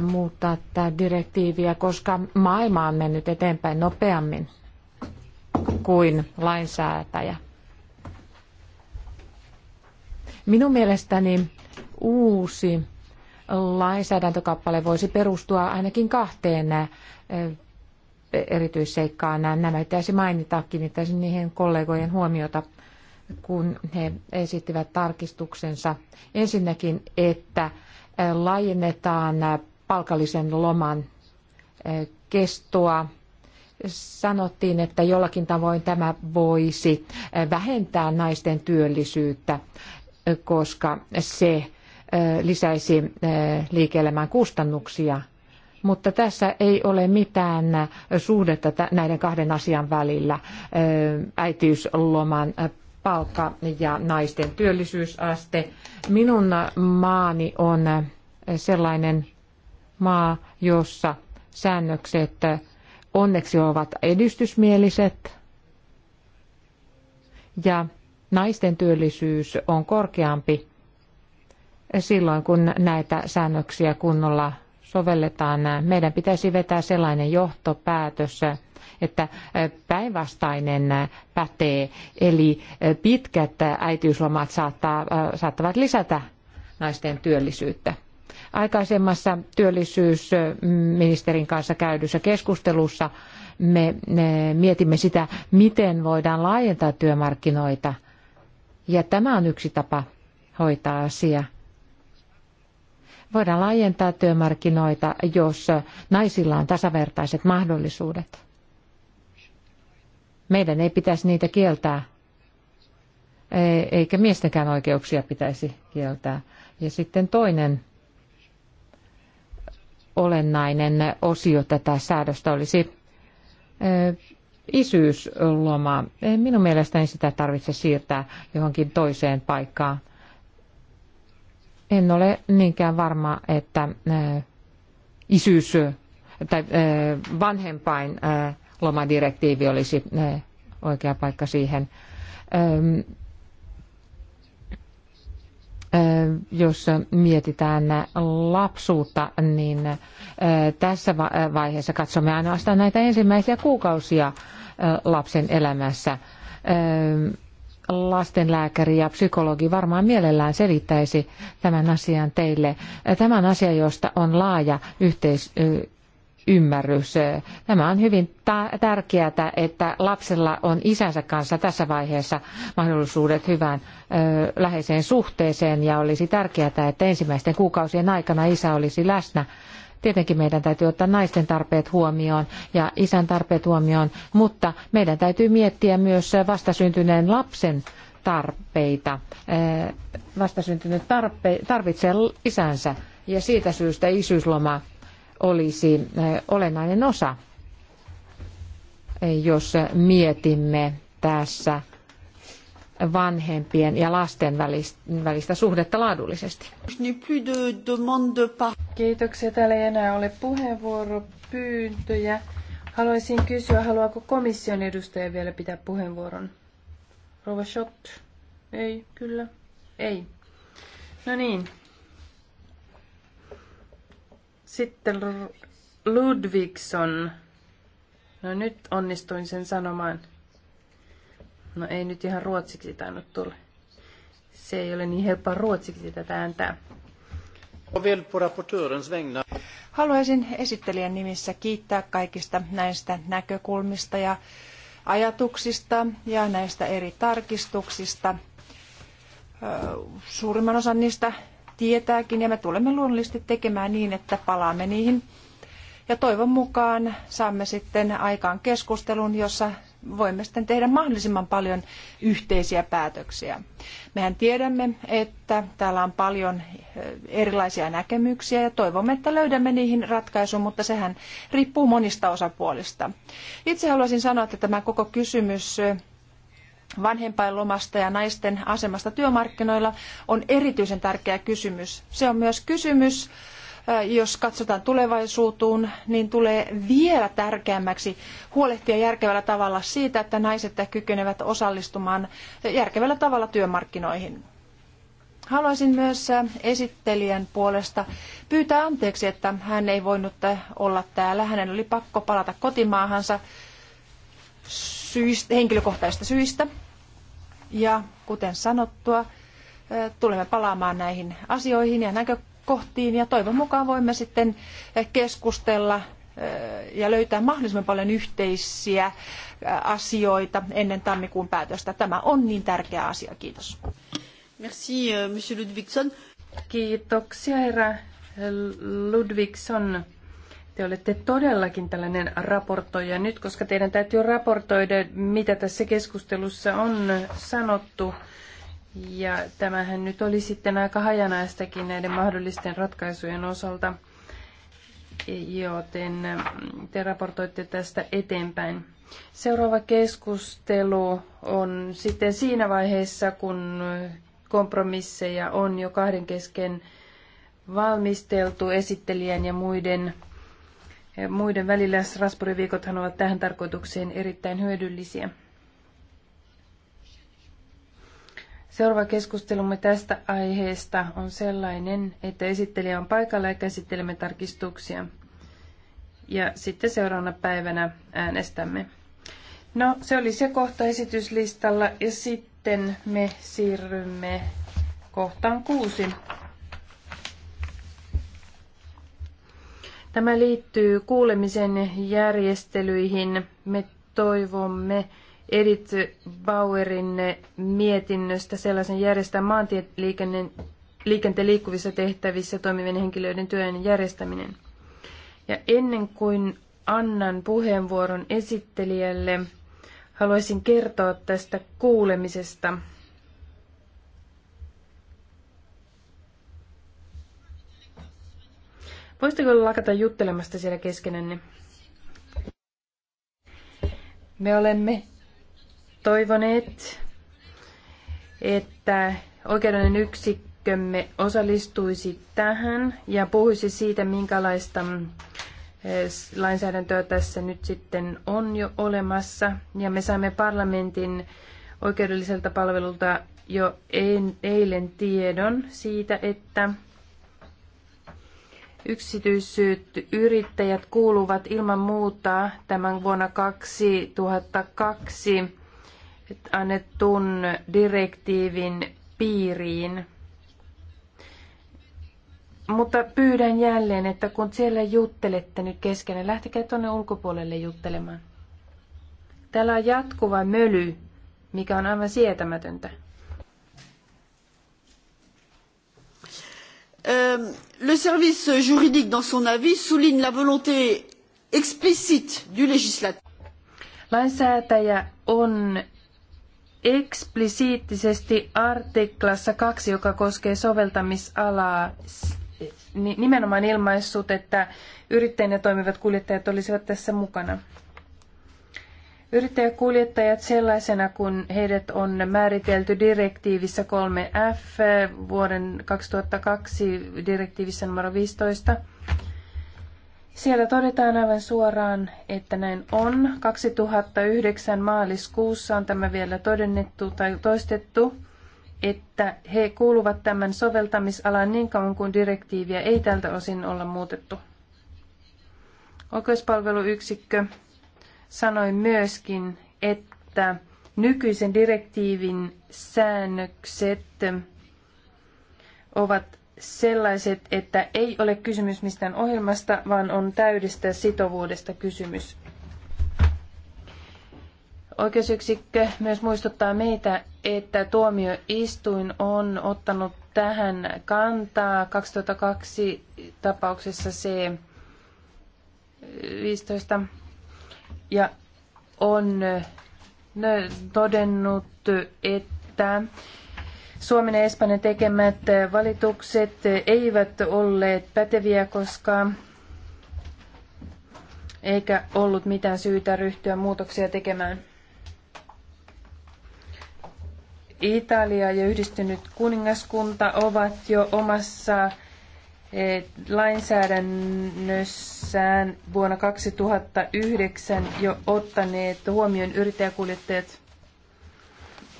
muuttaa tätä direktiiviä, koska maailma on mennyt eteenpäin nopeammin kuin lainsäätäjä. Minun mielestäni uusi lainsäädäntökappale voisi perustua ainakin kahteen erityisseikkaan. Nämä pitäisi mainita, kiinnittäisin niihin kollegojen huomiota, kun he esittivät tarkistuksensa. Ensinnäkin, että laajennetaan palkallisen loman e, kestoa. Sanottiin, että jollakin tavoin tämä voisi e, vähentää naisten työllisyyttä, e, koska se lisäisi liike-elämän kustannuksia. Mutta tässä ei ole mitään suhdetta näiden kahden asian välillä, äitiysloman palkka ja naisten työllisyysaste. Minun maani on sellainen maa, jossa säännökset onneksi ovat edistysmieliset ja naisten työllisyys on korkeampi silloin, kun näitä säännöksiä kunnolla sovelletaan. Meidän pitäisi vetää sellainen johtopäätös, että päinvastainen pätee, eli pitkät äitiyslomat saattaa, saattavat lisätä naisten työllisyyttä. Aikaisemmassa työllisyysministerin kanssa käydyssä keskustelussa me mietimme sitä, miten voidaan laajentaa työmarkkinoita. Ja tämä on yksi tapa hoitaa asia. Voidaan laajentaa työmarkkinoita, jos naisilla on tasavertaiset mahdollisuudet. Meidän ei pitäisi niitä kieltää, e, eikä miestenkään oikeuksia pitäisi kieltää. Ja sitten toinen olennainen osio tätä säädöstä olisi e, isyysloma. E, minun mielestäni sitä tarvitse siirtää johonkin toiseen paikkaan. En ole niinkään varma, että isyys tai vanhempain lomadirektiivi olisi eh, oikea paikka siihen. Eh, jos mietitään lapsuutta, niin eh, tässä vaiheessa katsomme ainoastaan näitä ensimmäisiä kuukausia lapsen elämässä lastenlääkäri ja psykologi varmaan mielellään selittäisi tämän asian teille. Tämän asian, josta on laaja yhteis- ymmärrys. Tämä on hyvin tärkeää, että lapsella on isänsä kanssa tässä vaiheessa mahdollisuudet hyvään läheiseen suhteeseen ja olisi tärkeää, että ensimmäisten kuukausien aikana isä olisi läsnä. Tietenkin meidän täytyy ottaa naisten tarpeet huomioon ja isän tarpeet huomioon, mutta meidän täytyy miettiä myös vastasyntyneen lapsen tarpeita. Vastasyntynyt tarpe- tarvitsee isänsä ja siitä syystä isyysloma olisi eh, olennainen osa, eh, jos mietimme tässä vanhempien ja lasten välistä suhdetta laadullisesti. Kiitoksia. Täällä ei enää ole puheenvuoropyyntöjä. Haluaisin kysyä, haluaako komission edustaja vielä pitää puheenvuoron? Rova Schott? Ei, kyllä. Ei. No niin, sitten Ludvigson. No nyt onnistuin sen sanomaan. No ei nyt ihan ruotsiksi tainnut tulla. Se ei ole niin helppoa ruotsiksi tätä ääntää. Haluaisin esittelijän nimissä kiittää kaikista näistä näkökulmista ja ajatuksista ja näistä eri tarkistuksista. Suurimman osan niistä tietääkin ja me tulemme luonnollisesti tekemään niin, että palaamme niihin. Ja toivon mukaan saamme sitten aikaan keskustelun, jossa voimme sitten tehdä mahdollisimman paljon yhteisiä päätöksiä. Mehän tiedämme, että täällä on paljon eh, erilaisia näkemyksiä ja toivomme, että löydämme niihin ratkaisun, mutta sehän riippuu monista osapuolista. Itse haluaisin sanoa, että tämä koko kysymys eh, vanhempainlomasta ja naisten asemasta työmarkkinoilla on erityisen tärkeä kysymys. Se on myös kysymys, jos katsotaan tulevaisuuteen, niin tulee vielä tärkeämmäksi huolehtia järkevällä tavalla siitä, että naiset kykenevät osallistumaan järkevällä tavalla työmarkkinoihin. Haluaisin myös esittelijän puolesta pyytää anteeksi, että hän ei voinut olla täällä. Hänen oli pakko palata kotimaahansa syistä, henkilökohtaisista syistä. Ja kuten sanottua, tulemme palaamaan näihin asioihin ja näkökohtiin ja toivon mukaan voimme sitten keskustella ja löytää mahdollisimman paljon yhteisiä asioita ennen tammikuun päätöstä. Tämä on niin tärkeä asia. Kiitos. Merci, Monsieur Ludvigson. Kiitoksia, herra Ludvigson. Te olette todellakin tällainen raportoija nyt, koska teidän täytyy raportoida, mitä tässä keskustelussa on sanottu. Ja tämähän nyt oli sitten aika hajanaistakin näiden mahdollisten ratkaisujen osalta, joten te raportoitte tästä eteenpäin. Seuraava keskustelu on sitten siinä vaiheessa, kun kompromisseja on jo kahden kesken valmisteltu esittelijän ja muiden muiden välillä. Strasbourgin viikothan ovat tähän tarkoitukseen erittäin hyödyllisiä. Seuraava keskustelumme tästä aiheesta on sellainen, että esittelijä on paikalla ja käsittelemme tarkistuksia. Ja sitten seuraavana päivänä äänestämme. No, se oli se kohta esityslistalla ja sitten me siirrymme kohtaan kuusi. Tämä liittyy kuulemisen järjestelyihin. Me toivomme Edith Bauerin mietinnöstä sellaisen järjestää maantieliikenteen liikkuvissa tehtävissä toimivien henkilöiden työn järjestäminen. Ja ennen kuin annan puheenvuoron esittelijälle, haluaisin kertoa tästä kuulemisesta. Voisitteko lakata juttelemasta siellä keskenänne? Me olemme toivoneet, että oikeudellinen yksikkömme osallistuisi tähän ja puhuisi siitä, minkälaista mm, eh, lainsäädäntöä tässä nyt sitten on jo olemassa. Ja me saimme parlamentin oikeudelliselta palvelulta jo eilen tiedon siitä, että yrittäjät kuuluvat ilman muuta tämän vuonna 2002 annetun direktiivin piiriin. Mutta pyydän jälleen, että kun siellä juttelette nyt keskenään, lähtekää tuonne ulkopuolelle juttelemaan. Täällä on jatkuva möly, mikä on aivan sietämätöntä. Euh, le service juridique dans son avis souligne la volonté explicite du législateur. Lainsäätäjä on eksplisiittisesti artiklassa kaksi, joka koskee soveltamisalaa, nimenomaan ilmaissut, että ja toimivat kuljettajat olisivat tässä mukana. Yrittäjäkuljettajat sellaisena, kun heidät on määritelty direktiivissä 3F vuoden 2002 direktiivissä numero 15, siellä todetaan aivan suoraan, että näin on. 2009 maaliskuussa on tämä vielä todennettu tai toistettu, että he kuuluvat tämän soveltamisalaan niin kauan kuin direktiiviä ei tältä osin olla muutettu. Oikeuspalveluyksikkö sanoi myöskin, että nykyisen direktiivin säännökset ovat sellaiset, että ei ole kysymys mistään ohjelmasta, vaan on täydestä sitovuudesta kysymys. Oikeusyksikkö myös muistuttaa meitä, että tuomioistuin on ottanut tähän kantaa 2002 tapauksessa C15 ja on todennut, että Suomen ja Espanjan tekemät valitukset eivät olleet päteviä, koska eikä ollut mitään syytä ryhtyä muutoksia tekemään. Italia ja yhdistynyt kuningaskunta ovat jo omassa Eh, lainsäädännössään vuonna 2009 jo ottaneet huomioon yrittäjäkuljettajat.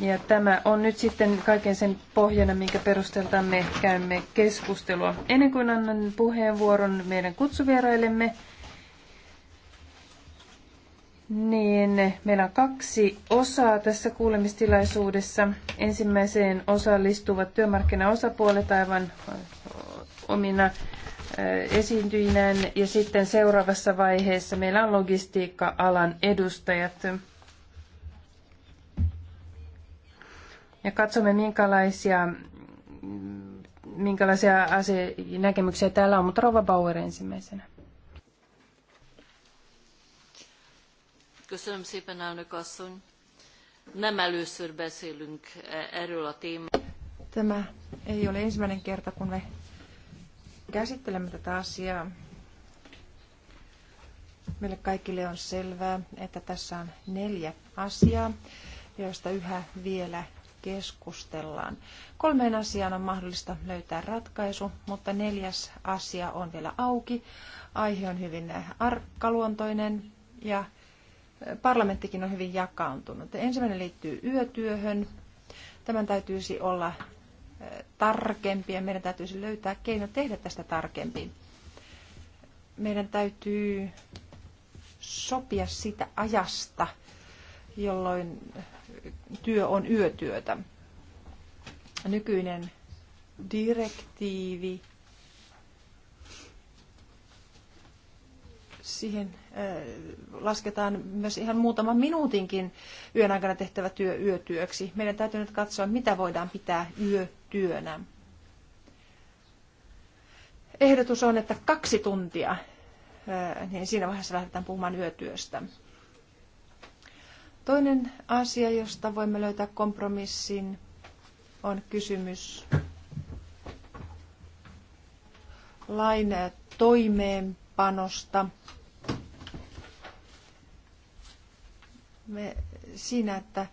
Ja tämä on nyt sitten kaiken sen pohjana, minkä perusteelta me käymme keskustelua. Ennen kuin annan puheenvuoron meidän kutsuvieraillemme, niin, meillä on kaksi osaa tässä kuulemistilaisuudessa. Ensimmäiseen osallistuvat työmarkkinaosapuolet aivan omina eh, esiintyjinään ja sitten seuraavassa vaiheessa meillä on logistiikka-alan edustajat. Ja katsomme, minkälaisia, minkälaisia ase- näkemyksiä täällä on, mutta Rova Bauer ensimmäisenä. Köszönöm szépen, elnök asszony. Nem először beszélünk e- erről a témáról. Tämä ei ole ensimmäinen kerta, kun me käsittelemme tätä asiaa. Meille kaikille on selvää, että tässä on neljä asiaa, joista yhä vielä keskustellaan. Kolmeen asiaan on mahdollista löytää ratkaisu, mutta neljäs asia on vielä auki. Aihe on hyvin arkkaluontoinen ja parlamenttikin on hyvin jakaantunut. Ensimmäinen liittyy yötyöhön. Tämän täytyisi olla tarkempi ja meidän täytyisi löytää keino tehdä tästä tarkempi. Meidän täytyy sopia sitä ajasta, jolloin työ on yötyötä. Nykyinen direktiivi siihen äh, lasketaan myös ihan muutaman minuutinkin yön aikana tehtävä työ yötyöksi. Meidän täytyy nyt katsoa, mitä voidaan pitää yötyönä. Ehdotus on, että kaksi tuntia, äh, niin siinä vaiheessa lähdetään puhumaan yötyöstä. Toinen asia, josta voimme löytää kompromissin, on kysymys lain toimeen panosta me, siinä, että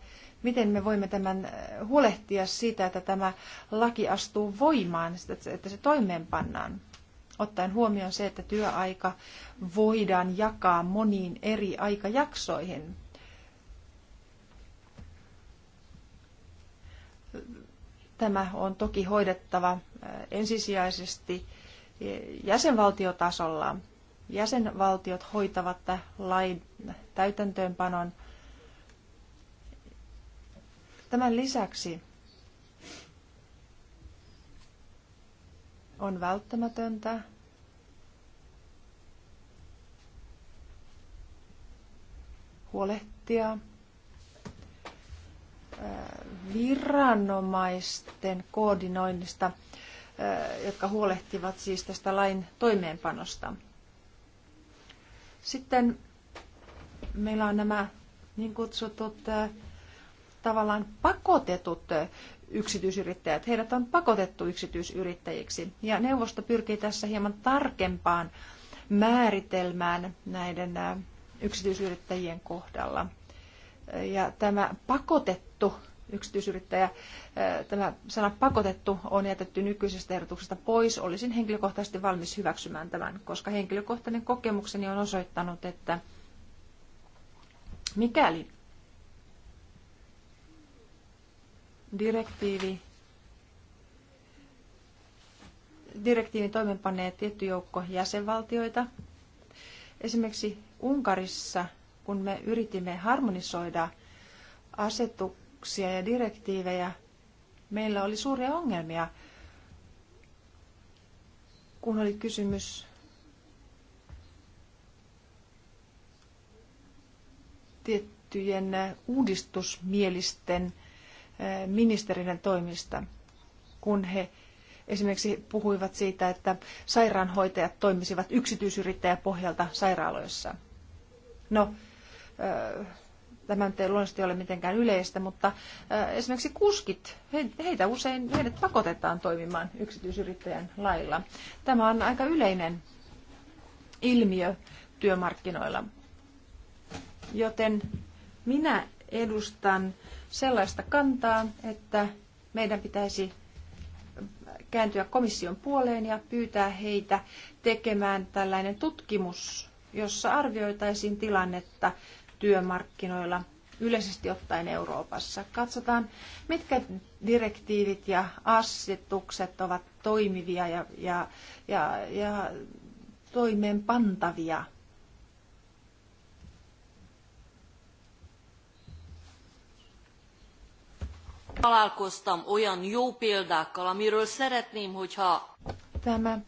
miten me voimme tämän äh, huolehtia siitä, että tämä laki astuu voimaan, että se toimeenpannaan. Ottaen huomioon se, että työaika voidaan jakaa moniin eri aikajaksoihin. Tämä on toki hoidettava äh, ensisijaisesti eh, jäsenvaltiotasolla, jäsenvaltiot hoitavat lain täytäntöönpanon. Tämän lisäksi on välttämätöntä huolehtia äh, viranomaisten koordinoinnista, äh, jotka huolehtivat siis tästä lain toimeenpanosta. Sitten meillä on nämä niin kutsutut tavallaan pakotetut yksityisyrittäjät. Heidät on pakotettu yksityisyrittäjiksi. Ja neuvosto pyrkii tässä hieman tarkempaan määritelmään näiden yksityisyrittäjien kohdalla. Ja tämä pakotettu yksityisyrittäjä, tämä sana pakotettu on jätetty nykyisestä ehdotuksesta pois. Olisin henkilökohtaisesti valmis hyväksymään tämän, koska henkilökohtainen kokemukseni on osoittanut, että mikäli direktiivi direktiivin toimenpanee tietty joukko jäsenvaltioita. Esimerkiksi Unkarissa, kun me yritimme harmonisoida asetu, asetuksia ja direktiivejä, meillä oli suuria ongelmia, kun oli kysymys tiettyjen uudistusmielisten ministerien toimista, kun he esimerkiksi puhuivat siitä, että sairaanhoitajat toimisivat yksityisyrittäjäpohjalta sairaaloissa. No, tämä nyt ei luonnollisesti ole mitenkään yleistä, mutta esimerkiksi kuskit, heitä usein, heidät pakotetaan toimimaan yksityisyrittäjän lailla. Tämä on aika yleinen ilmiö työmarkkinoilla. Joten minä edustan sellaista kantaa, että meidän pitäisi kääntyä komission puoleen ja pyytää heitä tekemään tällainen tutkimus, jossa arvioitaisiin tilannetta työmarkkinoilla yleisesti ottaen Euroopassa. Katsotaan, mitkä direktiivit ja asetukset ovat toimivia ja, ja, ja, ja toimeenpantavia. Találkoztam olyan jó példákkal, amiről szeretném, hogyha... Tämä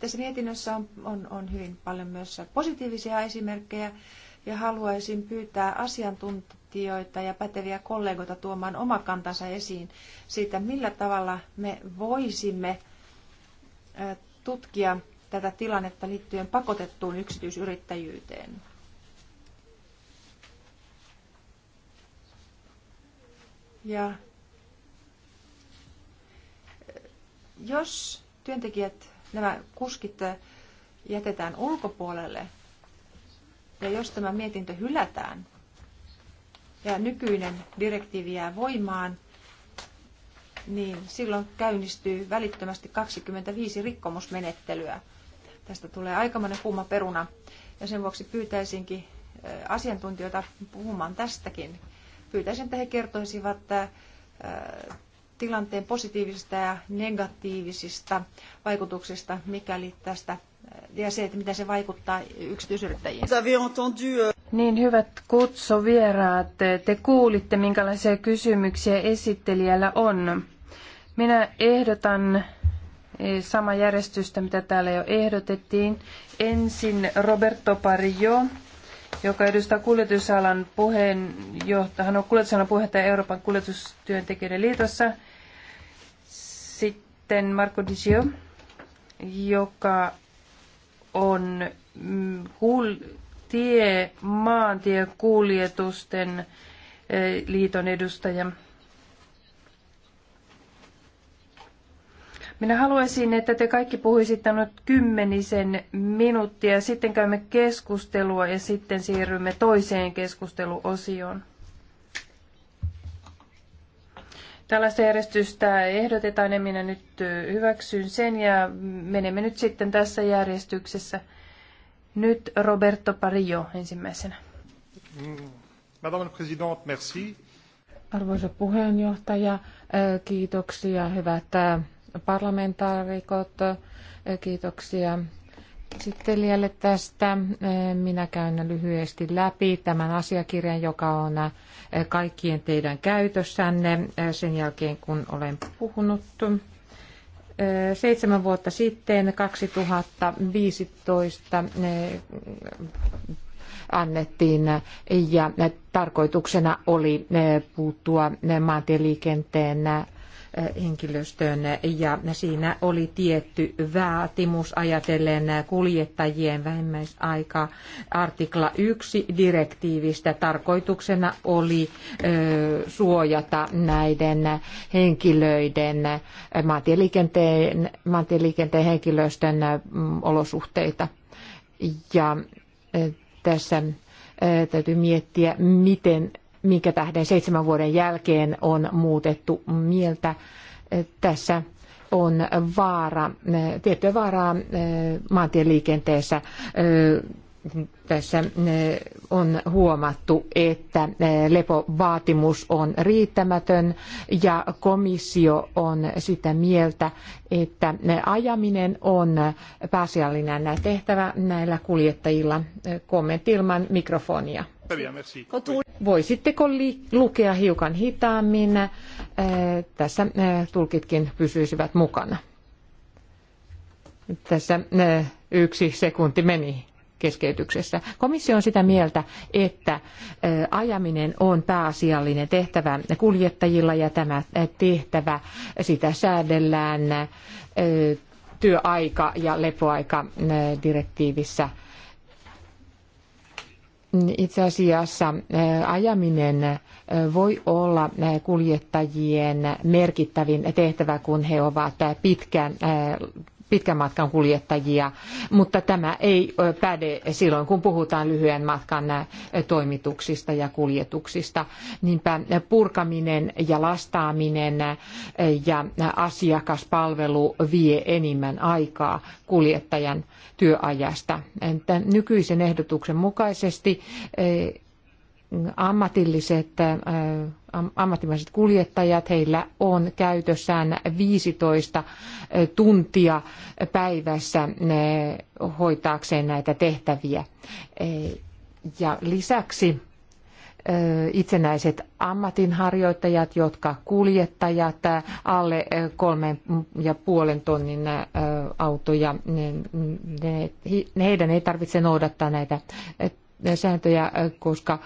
tässä mietinnössä on, on, on hyvin paljon myös positiivisia esimerkkejä ja haluaisin pyytää asiantuntijoita ja päteviä kollegoita tuomaan oma kantansa esiin siitä, millä tavalla me voisimme tutkia tätä tilannetta liittyen pakotettuun yksityisyrittäjyyteen. Ja jos työntekijät nämä kuskit äh, jätetään ulkopuolelle ja jos tämä mietintö hylätään ja nykyinen direktiivi jää voimaan, niin silloin käynnistyy välittömästi 25 rikkomusmenettelyä. Tästä tulee aikamoinen kuuma peruna ja sen vuoksi pyytäisinkin äh, asiantuntijoita puhumaan tästäkin. Pyytäisin, että he kertoisivat äh, tilanteen positiivisista ja negatiivisista vaikutuksista, mikäli tästä ja se, että miten se vaikuttaa yksityisyrittäjiin. Euh, niin hyvät kutsovieraat, te kuulitte minkälaisia kysymyksiä esittelijällä on. Minä ehdotan eh, sama järjestystä, mitä täällä jo ehdotettiin. Ensin Roberto Parillo, joka edustaa kuljetusalan puheenjohtaja, hän on kuljetusalan puheenjohtaja Euroopan kuljetustyöntekijöiden liitossa sitten Marco Dicio, joka on mm, kuul- tie, maantiekuljetusten eh, liiton edustaja. Minä haluaisin, että te kaikki puhuisitte nyt kymmenisen minuuttia, sitten käymme keskustelua ja sitten siirrymme toiseen keskusteluosioon. Tällaista järjestystä ehdotetaan ja minä nyt hyväksyn sen ja menemme nyt sitten tässä järjestyksessä. Nyt Roberto Parillo ensimmäisenä. Madame la Présidente, merci. Arvoisa puheenjohtaja, kiitoksia hyvät parlamentaarikot, kiitoksia esittelijälle tästä. Minä käyn lyhyesti läpi tämän asiakirjan, joka on kaikkien teidän käytössänne sen jälkeen, kun olen puhunut. Seitsemän vuotta sitten, 2015, annettiin ja tarkoituksena oli puuttua maantieliikenteen henkilöstöön ja siinä oli tietty vaatimus ajatellen kuljettajien vähimmäisaika artikla 1 direktiivistä. Tarkoituksena oli suojata näiden henkilöiden maantieliikenteen, maantieliikenteen henkilöstön olosuhteita. Ja tässä täytyy miettiä, miten minkä tähden seitsemän vuoden jälkeen on muutettu mieltä. Tässä on vaara, tiettyä vaaraa eh, maantieliikenteessä. Eh, tässä eh, on huomattu, että lepovaatimus on riittämätön ja komissio on sitä mieltä, että ajaminen on pääasiallinen tehtävä näillä kuljettajilla. Kommentti ilman mikrofonia. Voisitteko lukea hiukan hitaammin? Äh, tässä äh, tulkitkin pysyisivät mukana. Tässä äh, yksi sekunti meni keskeytyksessä. Komissio on sitä mieltä, että ajaminen on pääasiallinen tehtävä kuljettajilla ja tämä tehtävä, sitä säädellään työaika- ja lepoaikadirektiivissä direktiivissä itse asiassa ajaminen voi olla kuljettajien merkittävin tehtävä, kun he ovat pitkän pitkän matkan kuljettajia, mutta tämä ei päde silloin, kun puhutaan lyhyen matkan toimituksista ja kuljetuksista. Niinpä purkaminen ja lastaaminen ja asiakaspalvelu vie enimmän aikaa kuljettajan työajasta. Entä nykyisen ehdotuksen mukaisesti ammatilliset ammattimaiset kuljettajat, heillä on käytössään 15 tuntia päivässä hoitaakseen näitä tehtäviä. E, ja lisäksi itsenäiset ammatinharjoittajat, jotka kuljettajat alle kolmen ja puolen tonnin autoja, heidän ei tarvitse noudattaa näitä sääntöjä, koska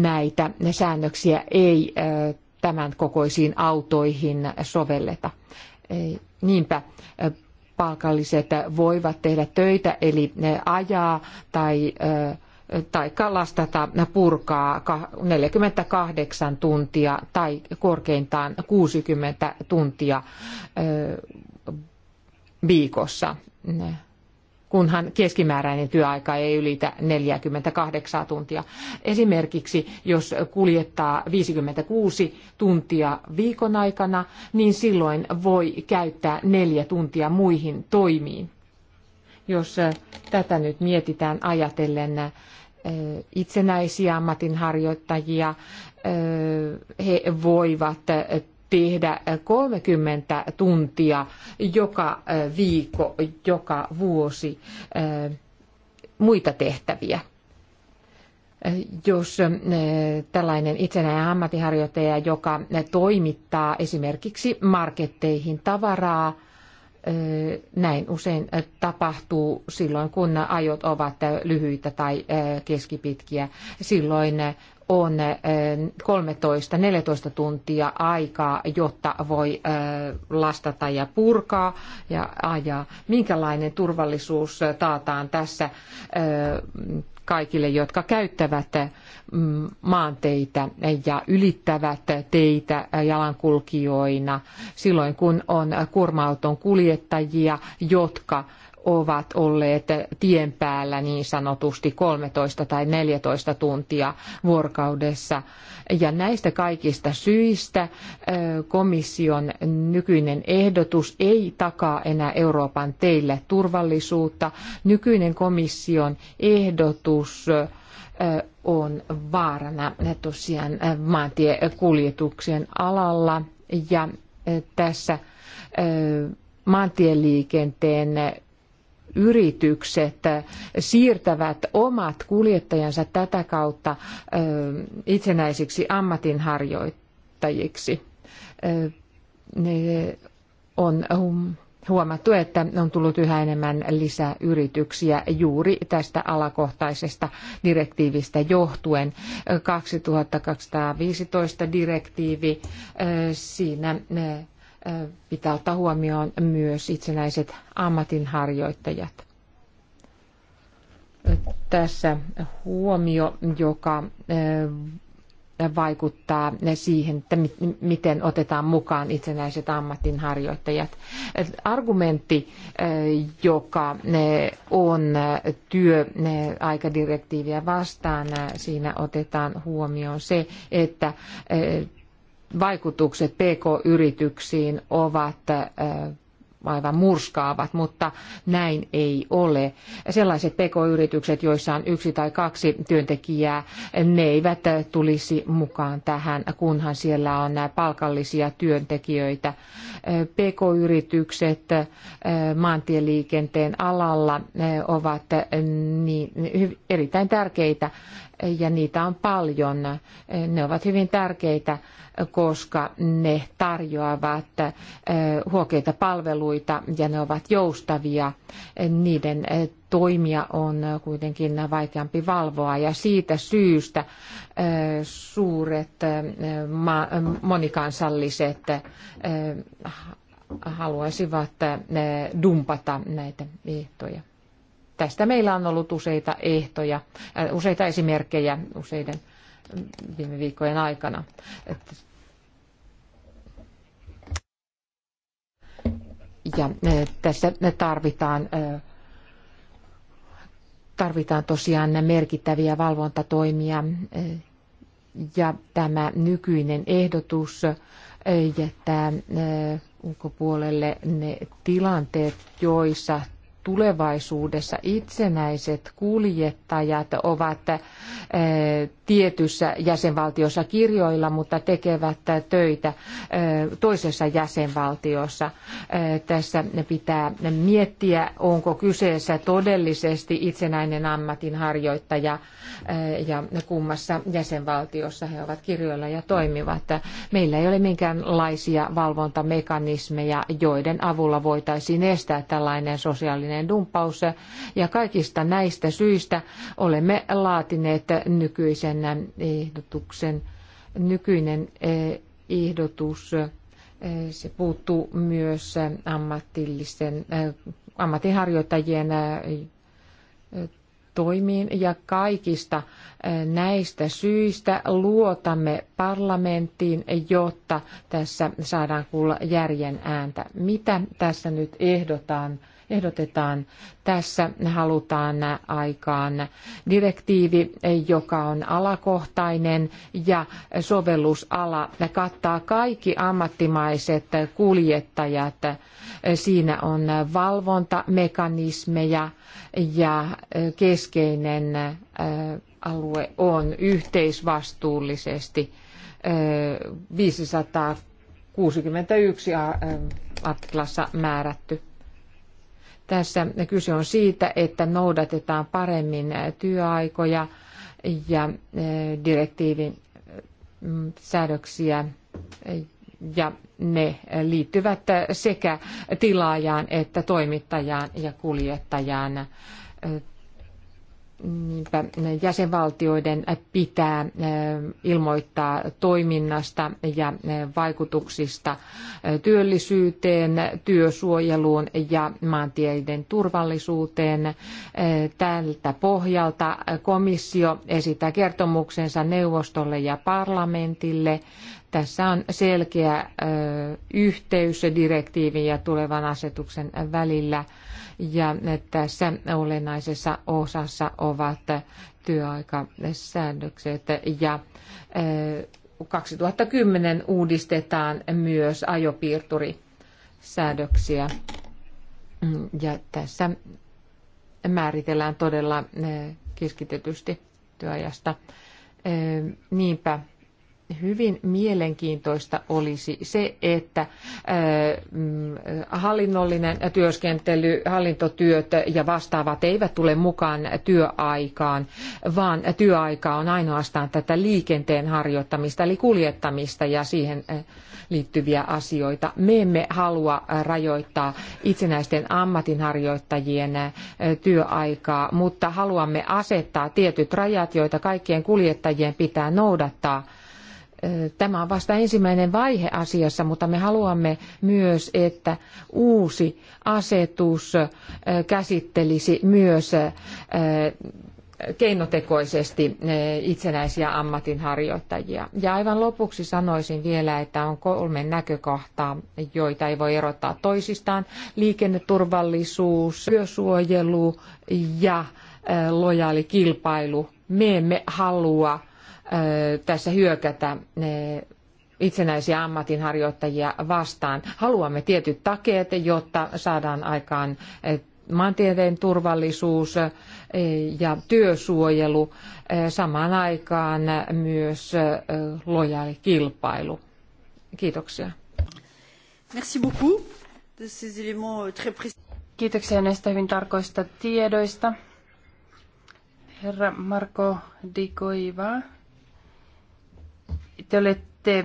näitä säännöksiä ei tämän kokoisiin autoihin sovelleta. Niinpä palkalliset voivat tehdä töitä, eli ne ajaa tai tai lastata purkaa 48 tuntia tai korkeintaan 60 tuntia viikossa kunhan keskimääräinen työaika ei ylitä 48 tuntia. Esimerkiksi jos kuljettaa 56 tuntia viikon aikana, niin silloin voi käyttää neljä tuntia muihin toimiin. Jos äh, tätä nyt mietitään ajatellen äh, itsenäisiä ammatinharjoittajia, äh, he voivat tehdä 30 tuntia joka viikko, joka vuosi muita tehtäviä. Jos tällainen itsenäinen ammattiharjoittaja, joka toimittaa esimerkiksi marketteihin tavaraa, näin usein tapahtuu silloin, kun ajot ovat lyhyitä tai keskipitkiä. Silloin on 13-14 tuntia aikaa, jotta voi lastata ja purkaa ja ajaa. Minkälainen turvallisuus taataan tässä kaikille, jotka käyttävät maanteitä ja ylittävät teitä jalankulkijoina silloin, kun on kuorma-auton kuljettajia, jotka ovat olleet tien päällä niin sanotusti 13 tai 14 tuntia vuorokaudessa. Ja näistä kaikista syistä komission nykyinen ehdotus ei takaa enää Euroopan teille turvallisuutta. Nykyinen komission ehdotus on vaarana tosiaan maantiekuljetuksien alalla ja tässä maantieliikenteen yritykset siirtävät omat kuljettajansa tätä kautta itsenäisiksi ammatinharjoittajiksi. On huomattu, että on tullut yhä enemmän lisää yrityksiä juuri tästä alakohtaisesta direktiivistä johtuen. 2215 direktiivi, siinä pitää ottaa huomioon myös itsenäiset ammatinharjoittajat. Tässä huomio, joka vaikuttaa siihen, että miten otetaan mukaan itsenäiset ammatinharjoittajat. Argumentti, joka on työaikadirektiiviä vastaan, siinä otetaan huomioon se, että vaikutukset PK-yrityksiin ovat aivan murskaavat, mutta näin ei ole. Sellaiset PK-yritykset, joissa on yksi tai kaksi työntekijää, ne eivät tulisi mukaan tähän, kunhan siellä on palkallisia työntekijöitä. PK-yritykset maantieliikenteen alalla ovat niin erittäin tärkeitä ja niitä on paljon. Ne ovat hyvin tärkeitä, koska ne tarjoavat huokeita palveluita ja ne ovat joustavia. Niiden toimia on kuitenkin vaikeampi valvoa ja siitä syystä suuret monikansalliset haluaisivat dumpata näitä ehtoja. Tästä meillä on ollut useita ehtoja, äh, useita esimerkkejä useiden mm, viime viikkojen aikana. Ja äh, tässä tarvitaan, äh, tarvitaan tosiaan merkittäviä valvontatoimia ja tämä nykyinen ehdotus jättää ulkopuolelle ne tilanteet, joissa tulevaisuudessa itsenäiset kuljettajat ovat eh, tietyssä jäsenvaltiossa kirjoilla, mutta tekevät töitä eh, toisessa jäsenvaltiossa. Eh, tässä pitää miettiä, onko kyseessä todellisesti itsenäinen ammatinharjoittaja ja kummassa jäsenvaltiossa he ovat kirjoilla ja toimivat. Meillä ei ole minkäänlaisia valvontamekanismeja, joiden avulla voitaisiin estää tällainen sosiaalinen seksuaalinen dumppaus. Ja kaikista näistä syistä olemme laatineet nykyisen ehdotuksen. Nykyinen eh, ehdotus eh, se puuttuu myös ammatillisten eh, ammattiharjoittajien toimiin ja kaikista näistä syistä luotamme parlamenttiin, jotta tässä saadaan kuulla järjen ääntä. Mitä tässä nyt ehdotaan? ehdotetaan. Tässä halutaan aikaan direktiivi, joka on alakohtainen ja sovellusala kattaa kaikki ammattimaiset kuljettajat. Siinä on valvontamekanismeja ja keskeinen äh, alue on yhteisvastuullisesti 561 äh, äh, artiklassa määrätty. Tässä kyse on siitä, että noudatetaan paremmin työaikoja ja eh, direktiivin mm, säädöksiä eh, ja ne liittyvät sekä tilaajaan että toimittajaan ja kuljettajaan. Eh, jäsenvaltioiden pitää ilmoittaa toiminnasta ja vaikutuksista työllisyyteen, työsuojeluun ja maantieiden turvallisuuteen. Tältä pohjalta komissio esittää kertomuksensa neuvostolle ja parlamentille. Tässä on selkeä yhteys direktiivin ja tulevan asetuksen välillä ja tässä olennaisessa osassa ovat työaikasäännökset ja 2010 uudistetaan myös ajopiirturisäädöksiä ja tässä määritellään todella keskitetysti työajasta. Niinpä hyvin mielenkiintoista olisi se, että äh, mm, hallinnollinen työskentely, hallintotyöt ja vastaavat eivät tule mukaan työaikaan, vaan työaika on ainoastaan tätä liikenteen harjoittamista eli kuljettamista ja siihen äh, liittyviä asioita. Me emme halua rajoittaa itsenäisten ammatinharjoittajien äh, työaikaa, mutta haluamme asettaa tietyt rajat, joita kaikkien kuljettajien pitää noudattaa Tämä on vasta ensimmäinen vaihe asiassa, mutta me haluamme myös, että uusi asetus käsittelisi myös keinotekoisesti itsenäisiä ammatinharjoittajia. Ja aivan lopuksi sanoisin vielä, että on kolme näkökohtaa, joita ei voi erottaa toisistaan. Liikenneturvallisuus, työsuojelu ja lojaali kilpailu. Me emme halua tässä hyökätä itsenäisiä ammatinharjoittajia vastaan. Haluamme tietyt takeet, jotta saadaan aikaan maantieteen turvallisuus ja työsuojelu, samaan aikaan myös lojaali kilpailu. Kiitoksia. Merci beaucoup euh, Kiitoksia näistä hyvin tarkoista tiedoista. Herra Marko Dikoiva te olette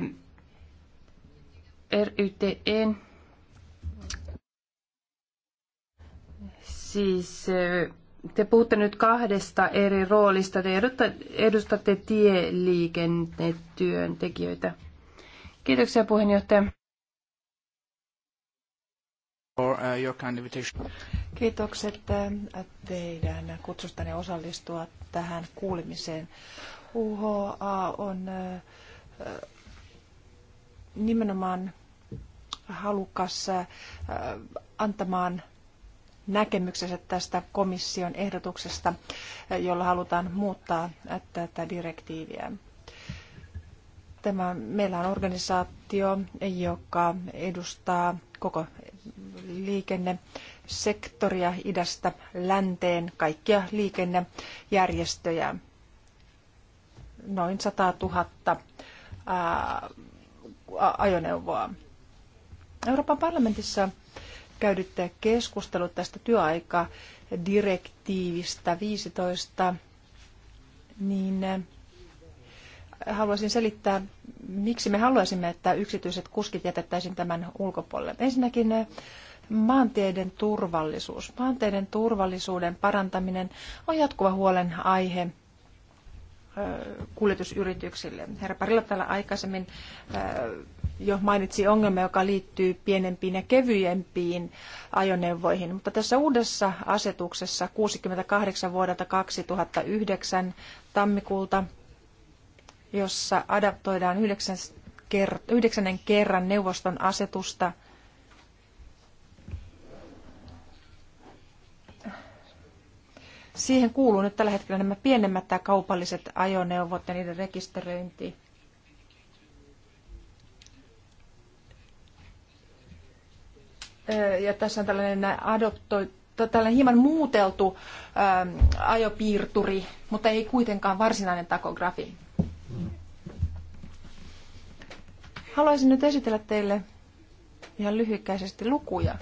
RYTEn, siis eh, te puhutte nyt kahdesta eri roolista. Te edustatte tieliikennetyöntekijöitä. Kiitoksia puheenjohtaja. Eh, Kiitokset eh, teidän kutsustanne osallistua tähän kuulemiseen. UHA on nimenomaan halukas äh, antamaan näkemyksensä tästä komission ehdotuksesta, äh, jolla halutaan muuttaa äh, tätä direktiiviä. Tämä, meillä on organisaatio, joka edustaa koko liikennesektoria idästä länteen, kaikkia liikennejärjestöjä, noin 100 000 ajoneuvoa. Euroopan parlamentissa käydyt keskustelut tästä työaikadirektiivistä 15, niin haluaisin selittää, miksi me haluaisimme, että yksityiset kuskit jätettäisiin tämän ulkopuolelle. Ensinnäkin maanteiden turvallisuus. Maanteiden turvallisuuden parantaminen on jatkuva huolen aihe Äh, kuljetusyrityksille. Herra Parilla täällä aikaisemmin äh, jo mainitsi ongelma, joka liittyy pienempiin ja kevyempiin ajoneuvoihin, mutta tässä uudessa asetuksessa 68 vuodelta 2009 tammikuulta, jossa adaptoidaan yhdeksännen kerran neuvoston asetusta Siihen kuuluu nyt tällä hetkellä nämä pienemmät tämä kaupalliset ajoneuvot ja niiden rekisteröinti. Ja tässä on tällainen adoptoi, tällainen hieman muuteltu ää, ähm, ajopiirturi, mutta ei kuitenkaan varsinainen takografi. Haluaisin nyt esitellä teille ihan lyhykäisesti lukuja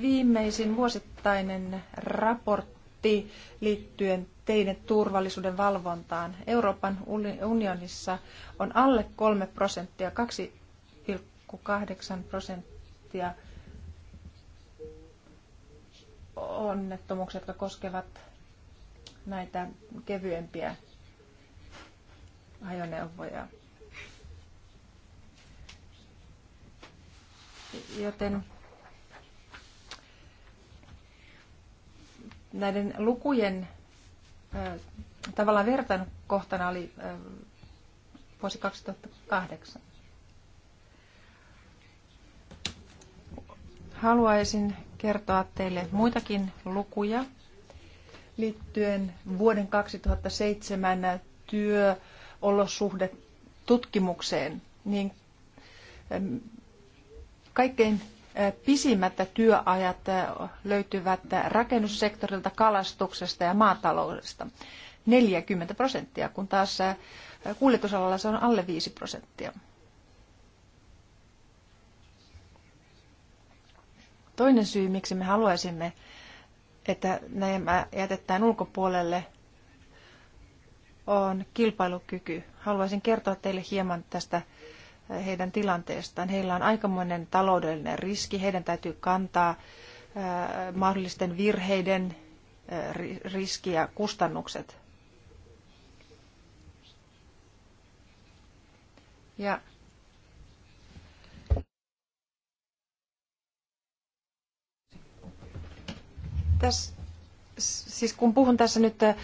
Viimeisin vuosittainen raportti liittyen teiden turvallisuuden valvontaan Euroopan unionissa on alle 3 prosenttia, 2,8 prosenttia onnettomuuksia, jotka koskevat näitä kevyempiä ajoneuvoja. Joten näiden lukujen tavallaan vertaan kohtana oli vuosi 2008. Haluaisin kertoa teille muitakin lukuja liittyen vuoden 2007 työolosuhdetutkimukseen. Niin kaikkein pisimmät työajat löytyvät rakennussektorilta, kalastuksesta ja maataloudesta. 40 prosenttia, kun taas kuljetusalalla se on alle 5 prosenttia. Toinen syy, miksi me haluaisimme, että nämä jätetään ulkopuolelle, on kilpailukyky. Haluaisin kertoa teille hieman tästä heidän tilanteestaan. Heillä on aikamoinen taloudellinen riski, heidän täytyy kantaa mahdollisten virheiden riski ja kustannukset. Ja tässä, siis kun puhun tässä nyt ähm,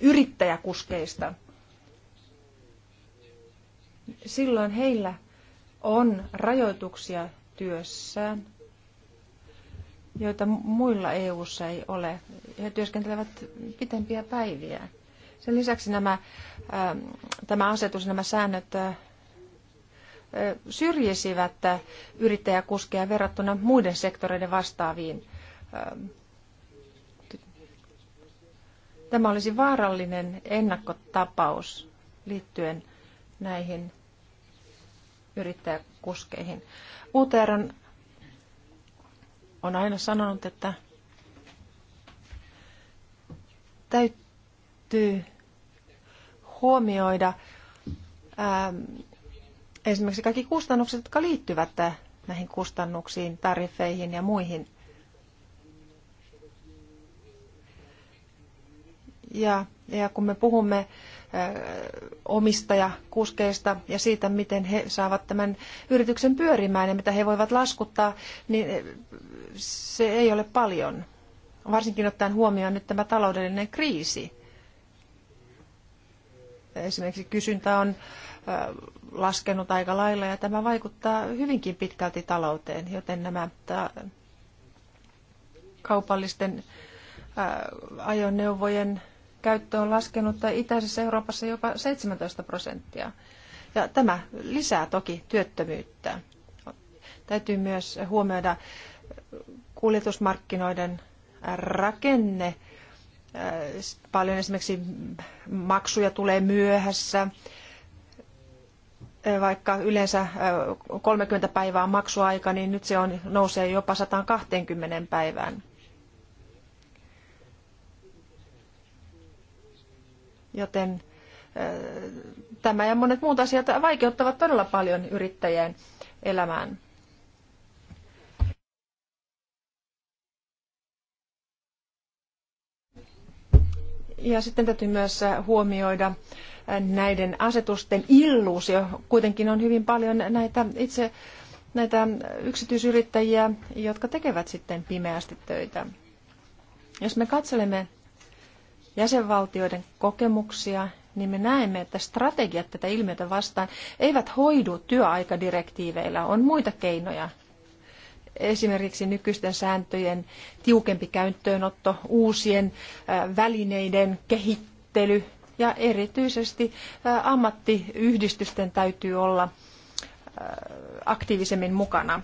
yrittäjäkuskeista, silloin heillä on rajoituksia työssään, joita muilla EU:ssa ei ole. He työskentelevät pitempiä päiviä. Sen lisäksi nämä, ähm, tämä asetus, nämä säännöt äh, syrjisivät yrittäjäkuskeja verrattuna muiden sektoreiden vastaaviin. Ähm, tämä olisi vaarallinen ennakkotapaus liittyen näihin yrittäjäkuskeihin. UTR on aina sanonut, että täytyy huomioida ää, ähm, esimerkiksi kaikki kustannukset, jotka liittyvät näihin kustannuksiin, tariffeihin ja muihin. Ja, ja kun me puhumme omistajakuskeista ja siitä, miten he saavat tämän yrityksen pyörimään ja mitä he voivat laskuttaa, niin se ei ole paljon. Varsinkin ottaen huomioon nyt tämä taloudellinen kriisi. Esimerkiksi kysyntä on laskenut aika lailla ja tämä vaikuttaa hyvinkin pitkälti talouteen, joten nämä kaupallisten ajoneuvojen käyttö on laskenut itäisessä Euroopassa jopa 17 prosenttia. Ja tämä lisää toki työttömyyttä. Täytyy myös huomioida kuljetusmarkkinoiden rakenne. Paljon esimerkiksi maksuja tulee myöhässä, vaikka yleensä 30 päivää on maksuaika, niin nyt se on, nousee jopa 120 päivään. Joten tämä ja monet muut asiat vaikeuttavat todella paljon yrittäjien elämään. Ja sitten täytyy myös huomioida näiden asetusten illuusio. Kuitenkin on hyvin paljon näitä itse näitä yksityisyrittäjiä, jotka tekevät sitten pimeästi töitä. Jos me katselemme jäsenvaltioiden kokemuksia, niin me näemme, että strategiat tätä ilmiötä vastaan eivät hoidu työaikadirektiiveillä. On muita keinoja, esimerkiksi nykyisten sääntöjen tiukempi käyttöönotto, uusien välineiden kehittely ja erityisesti ammattiyhdistysten täytyy olla aktiivisemmin mukana.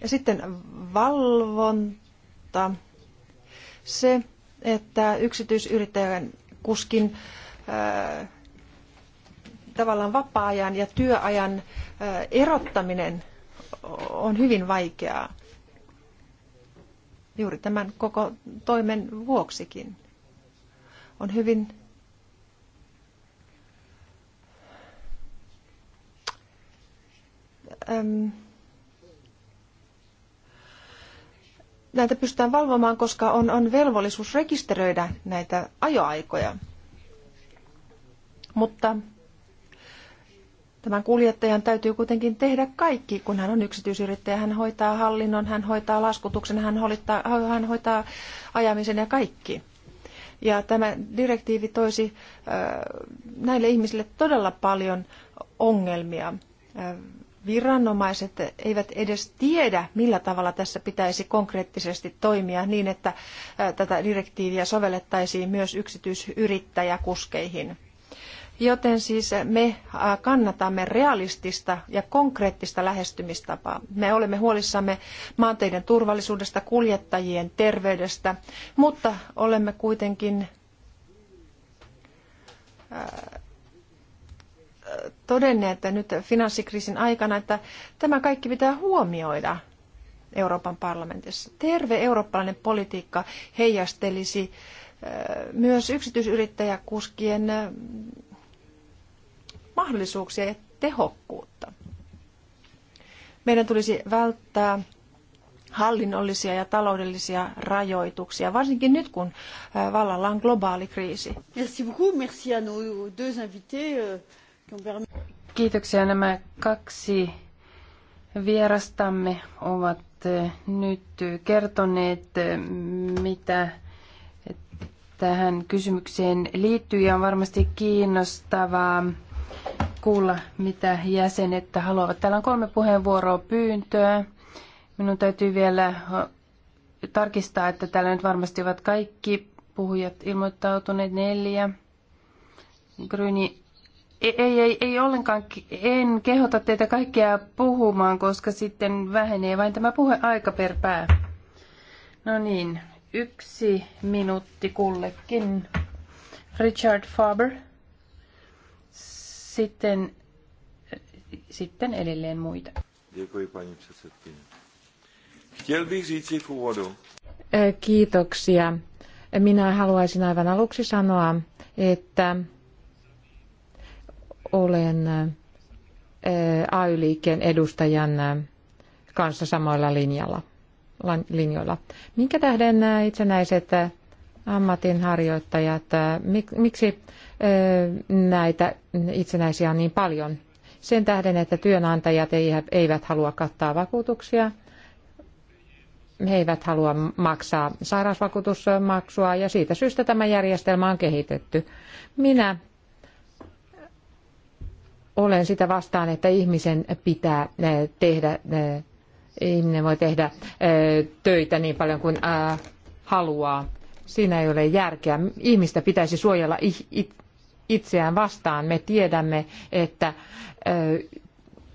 Ja sitten valvonta se, että yksityisyrittäjän kuskin tavallaan vapaa-ajan ja työajan erottaminen on hyvin vaikeaa juuri tämän koko toimen vuoksikin. On hyvin näitä pystytään valvomaan, koska on, on velvollisuus rekisteröidä näitä ajoaikoja. Mutta tämän kuljettajan täytyy kuitenkin tehdä kaikki, kun hän on yksityisyrittäjä. Hän hoitaa hallinnon, hän hoitaa laskutuksen, hän, hoitaa, hän hoitaa ajamisen ja kaikki. Ja tämä direktiivi toisi äh, näille ihmisille todella paljon ongelmia äh, viranomaiset eivät edes tiedä, millä tavalla tässä pitäisi konkreettisesti toimia niin, että tätä direktiiviä sovellettaisiin myös yksityisyrittäjäkuskeihin. Joten siis me kannatamme realistista ja konkreettista lähestymistapaa. Me olemme huolissamme maanteiden turvallisuudesta, kuljettajien terveydestä, mutta olemme kuitenkin todenneet nyt finanssikriisin aikana, että tämä kaikki pitää huomioida Euroopan parlamentissa. Terve eurooppalainen politiikka heijastelisi myös yksityisyrittäjäkuskien mahdollisuuksia ja tehokkuutta. Meidän tulisi välttää hallinnollisia ja taloudellisia rajoituksia, varsinkin nyt kun vallalla on globaali kriisi. Merci beaucoup, merci à nos deux invités. Kiitoksia. Nämä kaksi vierastamme ovat eh, nyt kertoneet, eh, mitä tähän kysymykseen liittyy ja on varmasti kiinnostavaa kuulla, mitä jäsenet haluavat. Täällä on kolme puheenvuoroa pyyntöä. Minun täytyy vielä eh, tarkistaa, että täällä nyt varmasti ovat kaikki puhujat ilmoittautuneet neljä. Gryni ei, ei, ei ollenkaan, en kehota teitä kaikkia puhumaan, koska sitten vähenee vain tämä aika per pää. No niin, yksi minuutti kullekin. Richard Faber. Sitten, sitten edelleen muita. Kiitoksia. Minä haluaisin aivan aluksi sanoa, että olen AY-liikkeen edustajan kanssa samoilla linjalla, linjoilla. Minkä tähden nämä itsenäiset ammatinharjoittajat, miksi näitä itsenäisiä on niin paljon? Sen tähden, että työnantajat eivät halua kattaa vakuutuksia, he eivät halua maksaa sairausvakuutusmaksua ja siitä syystä tämä järjestelmä on kehitetty. Minä olen sitä vastaan, että ihmisen pitää eh, tehdä, eh, ihminen voi tehdä eh, töitä niin paljon kuin haluaa. Siinä ei ole järkeä. Ihmistä pitäisi suojella itseään vastaan. Me tiedämme, että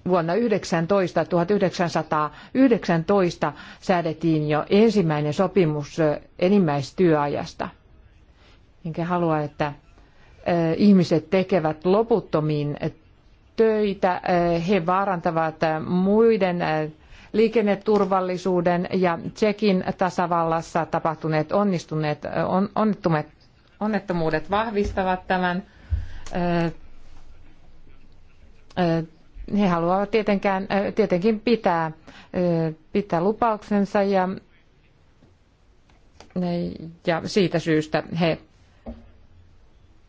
vuonna 19, 1919 säädettiin jo ensimmäinen sopimus enimmäistyöajasta. Enkä halua, että ihmiset tekevät loputtomiin töitä, eh, he vaarantavat eh, muiden eh, liikenneturvallisuuden ja Tsekin tasavallassa tapahtuneet onnistuneet onnettomuudet, onnettomuudet vahvistavat tämän. He haluavat tietenkään, tietenkin pitää, pitää lupauksensa ja, ja siitä syystä he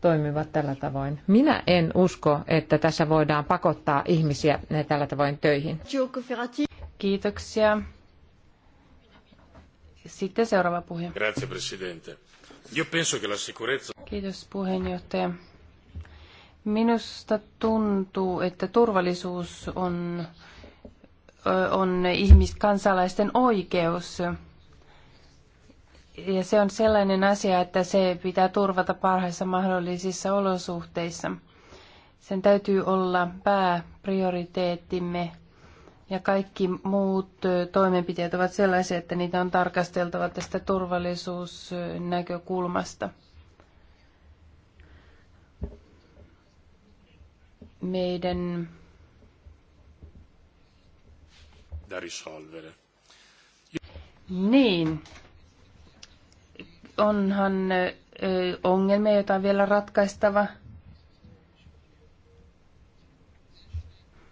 toimivat tällä tavoin. Minä en usko, että tässä voidaan pakottaa ihmisiä tällä tavoin töihin. Kiitoksia. Sitten seuraava puhe. Grazie, Presidente. Io penso che la sicurezza... Kiitos puheenjohtaja. Minusta tuntuu, että turvallisuus on, on ihmis, kansalaisten oikeus ja se on sellainen asia, että se pitää turvata parhaissa mahdollisissa olosuhteissa. Sen täytyy olla pääprioriteettimme ja kaikki muut toimenpiteet ovat sellaisia, että niitä on tarkasteltava tästä turvallisuusnäkökulmasta. Meidän Niin, onhan ongelmia, joita on vielä ratkaistava.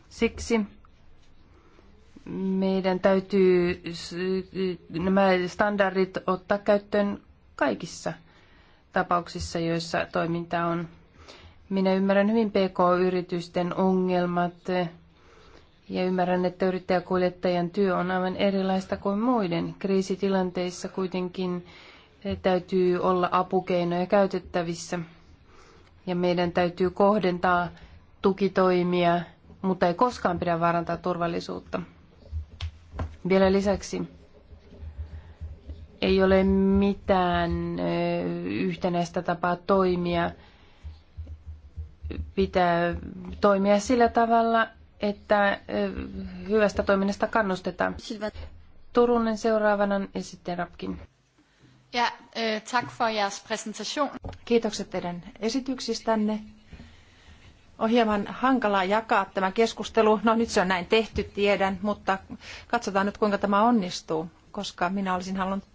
Siksi meidän täytyy nämä standardit ottaa käyttöön kaikissa tapauksissa, joissa toiminta on. Minä ymmärrän hyvin PK-yritysten ongelmat ja ymmärrän, että yrittäjäkuljettajan työ on aivan erilaista kuin muiden. Kriisitilanteissa kuitenkin täytyy olla apukeinoja käytettävissä ja meidän täytyy kohdentaa tukitoimia, mutta ei koskaan pidä vaarantaa turvallisuutta. Vielä lisäksi ei ole mitään yhtenäistä tapaa toimia. Pitää toimia sillä tavalla, että hyvästä toiminnasta kannustetaan. Turunen seuraavana ja sitten Rapkin. Ja, øh, tack för jeres presentation. Kiitokset teidän esityksistänne. On hieman hankalaa jakaa tämä keskustelu. No nyt se on näin tehty, tiedän, mutta katsotaan nyt kuinka tämä onnistuu, koska minä olisin halunnut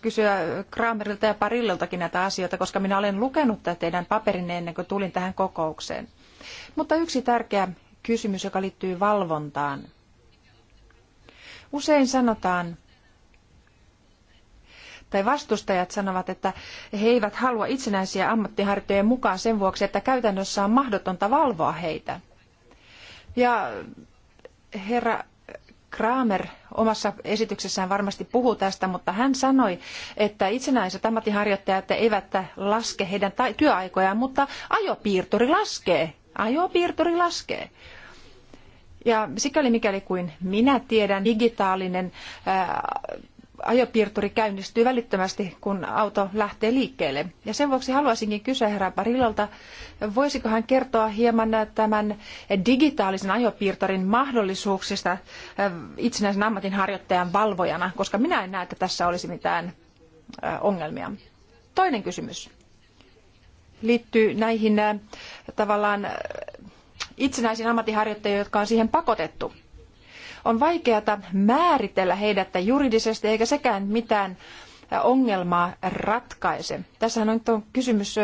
kysyä Kramerilta ja Parilleltakin näitä asioita, koska minä olen lukenut tätä teidän paperinne ennen kuin tulin tähän kokoukseen. Mutta yksi tärkeä kysymys, joka liittyy valvontaan. Usein sanotaan, tai vastustajat sanovat, että he eivät halua itsenäisiä ammattiharjoittajia mukaan sen vuoksi, että käytännössä on mahdotonta valvoa heitä. Ja herra Kramer omassa esityksessään varmasti puhuu tästä, mutta hän sanoi, että itsenäiset ammattiharjoittajat eivät laske heidän työaikojaan, mutta ajopiirturi laskee. Ajopiirturi laskee. Ja sikäli mikäli kuin minä tiedän, digitaalinen ajopiirturi käynnistyy välittömästi, kun auto lähtee liikkeelle. Ja sen vuoksi haluaisinkin kysyä herra Parilolta, voisiko hän kertoa hieman tämän digitaalisen ajopiirturin mahdollisuuksista äh, itsenäisen ammatinharjoittajan valvojana, koska minä en näe, että tässä olisi mitään äh, ongelmia. Toinen kysymys liittyy näihin äh, tavallaan itsenäisiin ammatinharjoittajiin, jotka on siihen pakotettu on vaikeata määritellä heidät juridisesti, eikä sekään mitään ongelmaa ratkaise. Tässähän on nyt on kysymys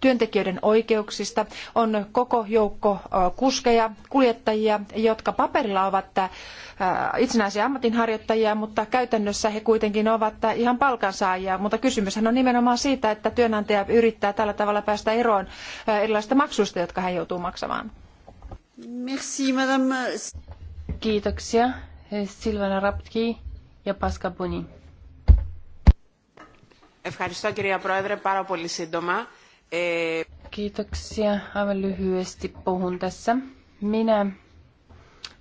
työntekijöiden oikeuksista. On koko joukko kuskeja, kuljettajia, jotka paperilla ovat itsenäisiä ammatinharjoittajia, mutta käytännössä he kuitenkin ovat ihan palkansaajia. Mutta kysymyshän on nimenomaan siitä, että työnantaja yrittää tällä tavalla päästä eroon erilaisista maksuista, jotka hän joutuu maksamaan. Merci, madame. Kiitoksia Silvana Raptki ja Paska Buni. Ευχαριστώ κυρία Πρόεδρε, πάρα πολύ σύντομα. Ε... Kiitoksia. Aivan lyhyesti puhun tässä. Minä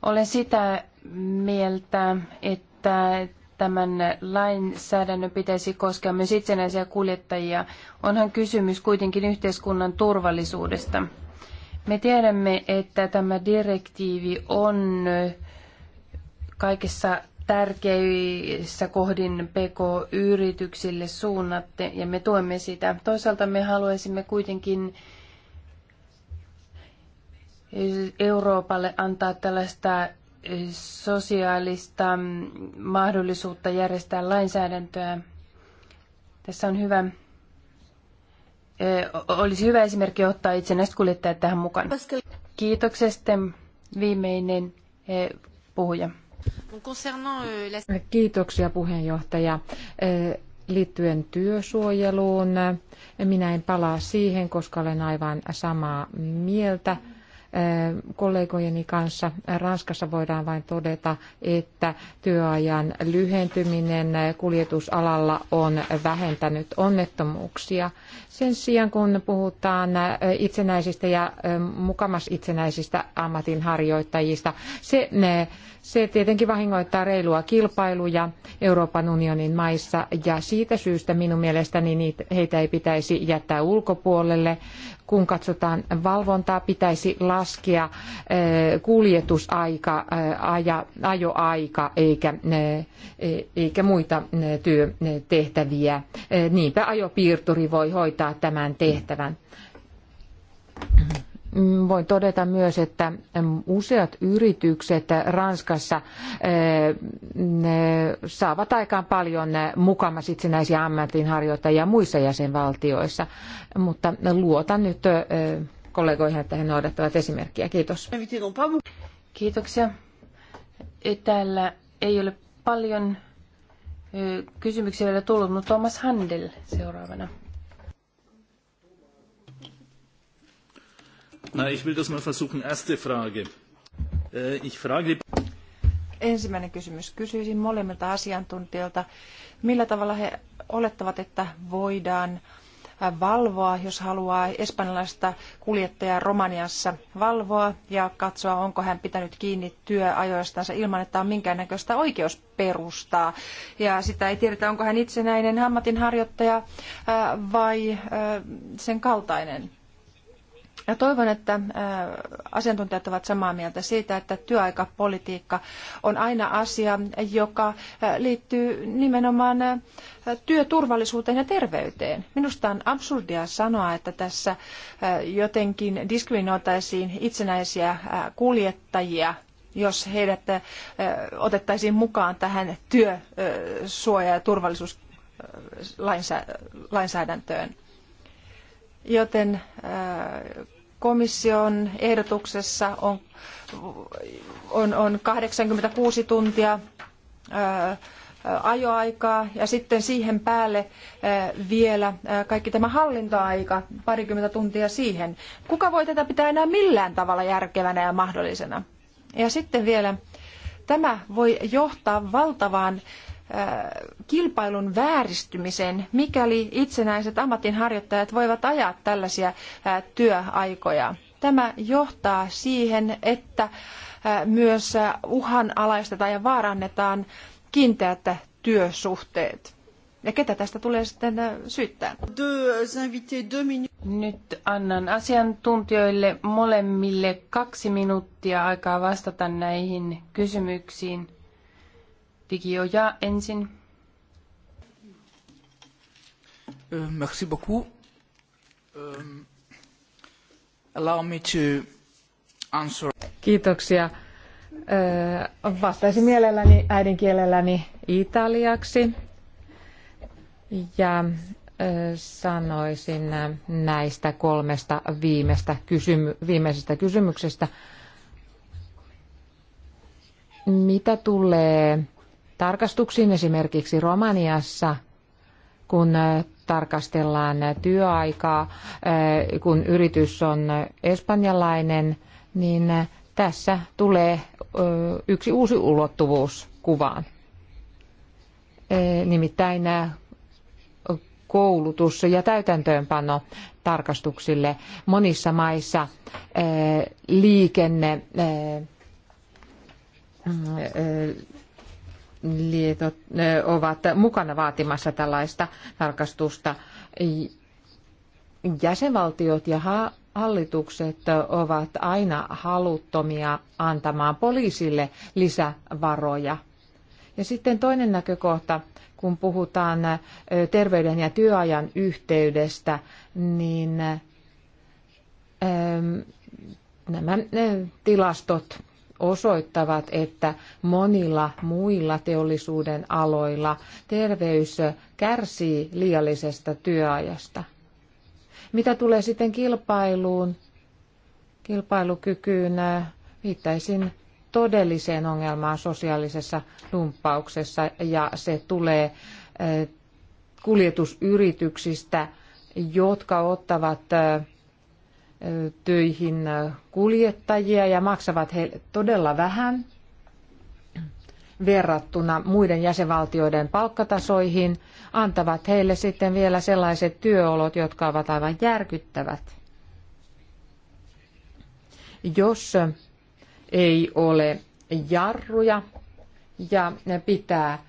olen sitä mieltä, että tämän lainsäädännön pitäisi koskea myös itsenäisiä kuljettajia. Onhan kysymys kuitenkin yhteiskunnan turvallisuudesta. Me tiedämme, että tämä direktiivi on kaikissa tärkeissä kohdin PK-yrityksille suunnatte ja me tuemme sitä. Toisaalta me haluaisimme kuitenkin Euroopalle antaa tällaista sosiaalista mahdollisuutta järjestää lainsäädäntöä. Tässä on hyvä olisi hyvä esimerkki ottaa itsenäiset kuljettajat tähän mukaan. Kiitoksia viimeinen puhuja. Kiitoksia puheenjohtaja. Liittyen työsuojeluun, minä en palaa siihen, koska olen aivan samaa mieltä kollegojeni kanssa. Ranskassa voidaan vain todeta, että työajan lyhentyminen kuljetusalalla on vähentänyt onnettomuuksia sen sijaan, kun puhutaan itsenäisistä ja mukamas itsenäisistä ammatinharjoittajista, se, se tietenkin vahingoittaa reilua kilpailuja Euroopan unionin maissa ja siitä syystä minun mielestäni niitä, heitä ei pitäisi jättää ulkopuolelle. Kun katsotaan valvontaa, pitäisi laskea kuljetusaika, aja, ajoaika eikä, e, eikä muita työtehtäviä. Niinpä ajopiirturi voi hoitaa hoitaa tämän tehtävän. Voin todeta myös, että useat yritykset Ranskassa eh, saavat aikaan paljon mukamas itsenäisiä ammatinharjoittajia muissa jäsenvaltioissa, mutta luotan nyt eh, kollegoihin, että he noudattavat esimerkkiä. Kiitos. Kiitoksia. Eh, täällä ei ole paljon kysymyksiä vielä tullut, mutta Thomas Handel seuraavana. Na, ich will das mal versuchen. Erste Frage. Äh, ich frage... Ensimmäinen kysymys. Kysyisin molemmilta asiantuntijoilta, millä tavalla he olettavat, että voidaan äh, valvoa, jos haluaa espanjalaista kuljettajaa Romaniassa valvoa ja katsoa, onko hän pitänyt kiinni työajoistansa ilman, että on minkäännäköistä oikeusperustaa. Ja sitä ei tiedetä, onko hän itsenäinen ammatinharjoittaja äh, vai sen kaltainen. Ja toivon, että äh, asiantuntijat ovat samaa mieltä siitä, että työaikapolitiikka on aina asia, joka äh, liittyy nimenomaan äh, työturvallisuuteen ja terveyteen. Minusta on absurdia sanoa, että tässä jotenkin diskriminoitaisiin itsenäisiä kuljettajia jos heidät otettaisiin mukaan tähän työsuoja- ja turvallisuuslainsäädäntöön. Joten komission ehdotuksessa on, on, on 86 tuntia ää, ajoaikaa ja sitten siihen päälle vielä kaikki tämä hallintoaika, parikymmentä tuntia siihen. Kuka voi tätä pitää enää millään tavalla järkevänä ja mahdollisena? Ja sitten vielä tämä voi johtaa valtavaan kilpailun vääristymisen, mikäli itsenäiset ammatinharjoittajat voivat ajaa tällaisia työaikoja. Tämä johtaa siihen, että myös uhanalaistetaan ja vaarannetaan kiinteät työsuhteet. Ja ketä tästä tulee sitten syyttää? Nyt annan asiantuntijoille molemmille kaksi minuuttia aikaa vastata näihin kysymyksiin. Digioja ensin. Merci beaucoup. Um, allow me to answer. Kiitoksia. Vastaisin mielelläni äidinkielelläni italiaksi ja sanoisin näistä kolmesta viimeistä kysymy- viimeisestä kysymyksestä. Mitä tulee tarkastuksiin esimerkiksi Romaniassa, kun äh, tarkastellaan työaikaa, äh, kun yritys on espanjalainen, niin äh, tässä tulee yksi uusi ulottuvuus kuvaan. Nimittäin koulutus ja täytäntöönpano tarkastuksille monissa maissa liikenne liitot ovat mukana vaatimassa tällaista tarkastusta. Jäsenvaltiot ja hallitukset ovat aina haluttomia antamaan poliisille lisävaroja. Ja sitten toinen näkökohta, kun puhutaan terveyden ja työajan yhteydestä, niin nämä tilastot osoittavat, että monilla muilla teollisuuden aloilla terveys kärsii liiallisesta työajasta. Mitä tulee sitten kilpailuun, kilpailukykyyn, viittaisin todelliseen ongelmaan sosiaalisessa lumppauksessa ja se tulee eh, kuljetusyrityksistä, jotka ottavat eh, töihin kuljettajia ja maksavat he todella vähän verrattuna muiden jäsenvaltioiden palkkatasoihin, antavat heille sitten vielä sellaiset työolot, jotka ovat aivan järkyttävät. Jos ei ole jarruja ja pitää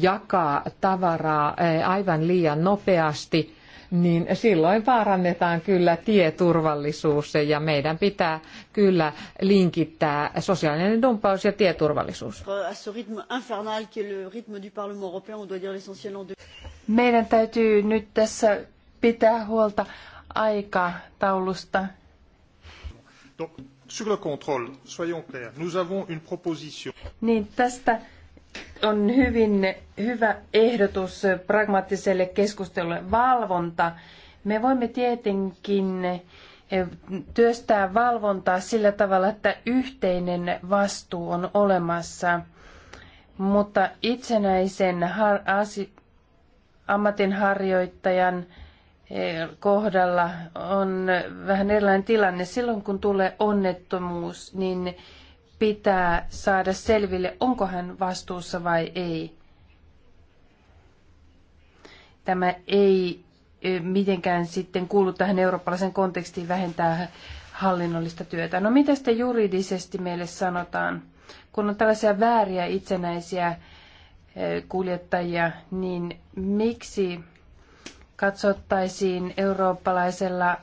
jakaa tavaraa aivan liian nopeasti, niin silloin vaarannetaan kyllä tieturvallisuus ja meidän pitää kyllä linkittää sosiaalinen dumppaus ja tieturvallisuus. Meidän täytyy nyt tässä pitää huolta aikataulusta. sur le contrôle, soyons clairs, nous avons une proposition. Niin tästä on hyvin hyvä ehdotus pragmaattiselle keskustelulle valvonta. Me voimme tietenkin eh, työstää valvontaa sillä tavalla, että yhteinen vastuu on olemassa, mutta itsenäisen har- asi- ammatinharjoittajan eh, kohdalla on vähän erilainen tilanne. Silloin kun tulee onnettomuus, niin pitää saada selville, onko hän vastuussa vai ei. Tämä ei eh, mitenkään sitten kuulu tähän eurooppalaisen kontekstiin vähentää hallinnollista työtä. No mitä sitten juridisesti meille sanotaan? Kun on tällaisia vääriä itsenäisiä eh, kuljettajia, niin miksi katsottaisiin eurooppalaisella eh,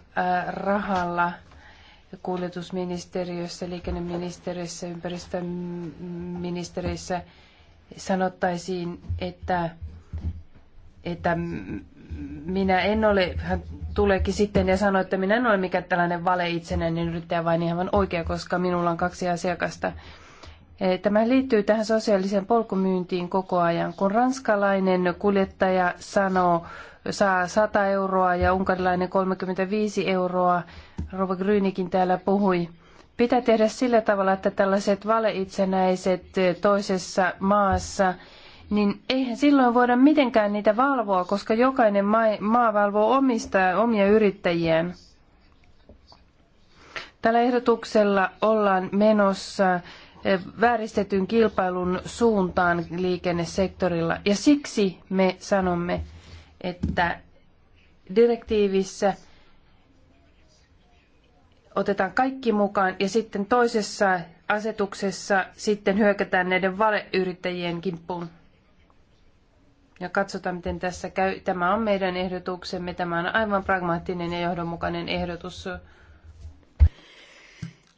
rahalla – kuljetusministeriössä, liikenneministeriössä, ympäristöministeriössä sanottaisiin, että, että minä en ole, hän tuleekin sitten ja sanoi, että minä en ole mikään tällainen vale itsenäinen yrittäjä, vaan ihan oikea, koska minulla on kaksi asiakasta. Eh, tämä liittyy tähän sosiaaliseen polkumyyntiin koko ajan. Kun ranskalainen kuljettaja sanoo saa 100 euroa ja unkarilainen 35 euroa. Rova Grynikin täällä puhui. Pitää tehdä sillä tavalla, että tällaiset valeitsenäiset eh, toisessa maassa, niin eihän silloin voida mitenkään niitä valvoa, koska jokainen maa, maa valvoo omista, omia yrittäjiään. Tällä ehdotuksella ollaan menossa eh, vääristetyn kilpailun suuntaan liikennesektorilla ja siksi me sanomme, että direktiivissä otetaan kaikki mukaan ja sitten toisessa asetuksessa sitten hyökätään näiden valeyrittäjien kimppuun. Ja katsotaan, miten tässä käy. Tämä on meidän ehdotuksemme. Tämä on aivan pragmaattinen ja johdonmukainen ehdotus.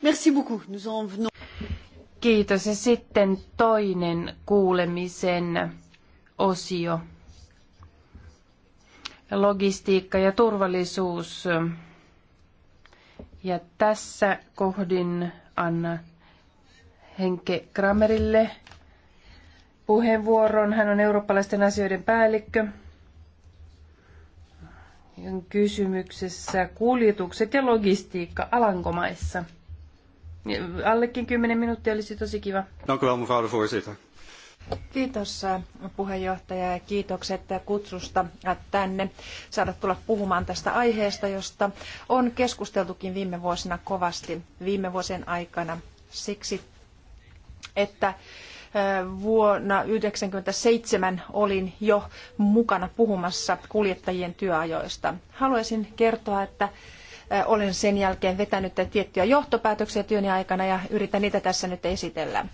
Merci beaucoup. Nous en venons... Kiitos. Ja sitten toinen kuulemisen osio logistiikka ja turvallisuus. Ja tässä kohdin Anna Henke Kramerille puheenvuoron. Hän on eurooppalaisten asioiden päällikkö. kysymyksessä kuljetukset ja logistiikka Alankomaissa. Allekin 10 minuuttia olisi tosi kiva. Dank u wel, mevrouw de voorzitter. Kiitos äh, puheenjohtaja ja kiitokset kutsusta äh, tänne saada tulla puhumaan tästä aiheesta, josta on keskusteltukin viime vuosina kovasti viime vuosien aikana siksi, että äh, vuonna 1997 olin jo mukana puhumassa kuljettajien työajoista. Haluaisin kertoa, että olen sen jälkeen vetänyt tiettyjä johtopäätöksiä työni aikana ja yritän niitä tässä nyt esitellä.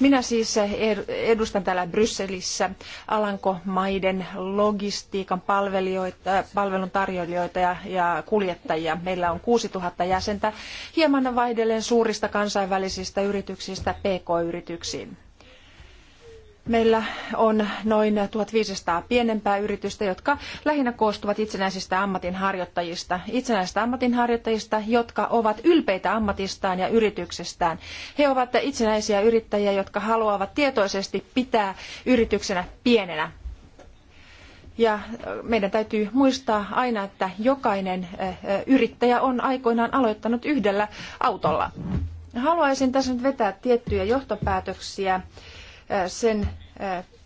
Minä siis edustan täällä Brysselissä Alankomaiden logistiikan palveluntarjoilijoita ja, kuljettajia. Meillä on 6000 jäsentä hieman vaihdellen suurista kansainvälisistä yrityksistä pk-yrityksiin. Meillä on noin 1500 pienempää yritystä, jotka lähinnä koostuvat itsenäisistä ammatinharjoittajista. Itsenäisistä ammatinharjoittajista, jotka ovat ylpeitä ammatistaan ja yrityksestään. He ovat itsenäisiä yrittäjiä, jotka haluavat tietoisesti pitää yrityksenä pienenä. Ja meidän täytyy muistaa aina, että jokainen yrittäjä on aikoinaan aloittanut yhdellä autolla. Haluaisin tässä nyt vetää tiettyjä johtopäätöksiä sen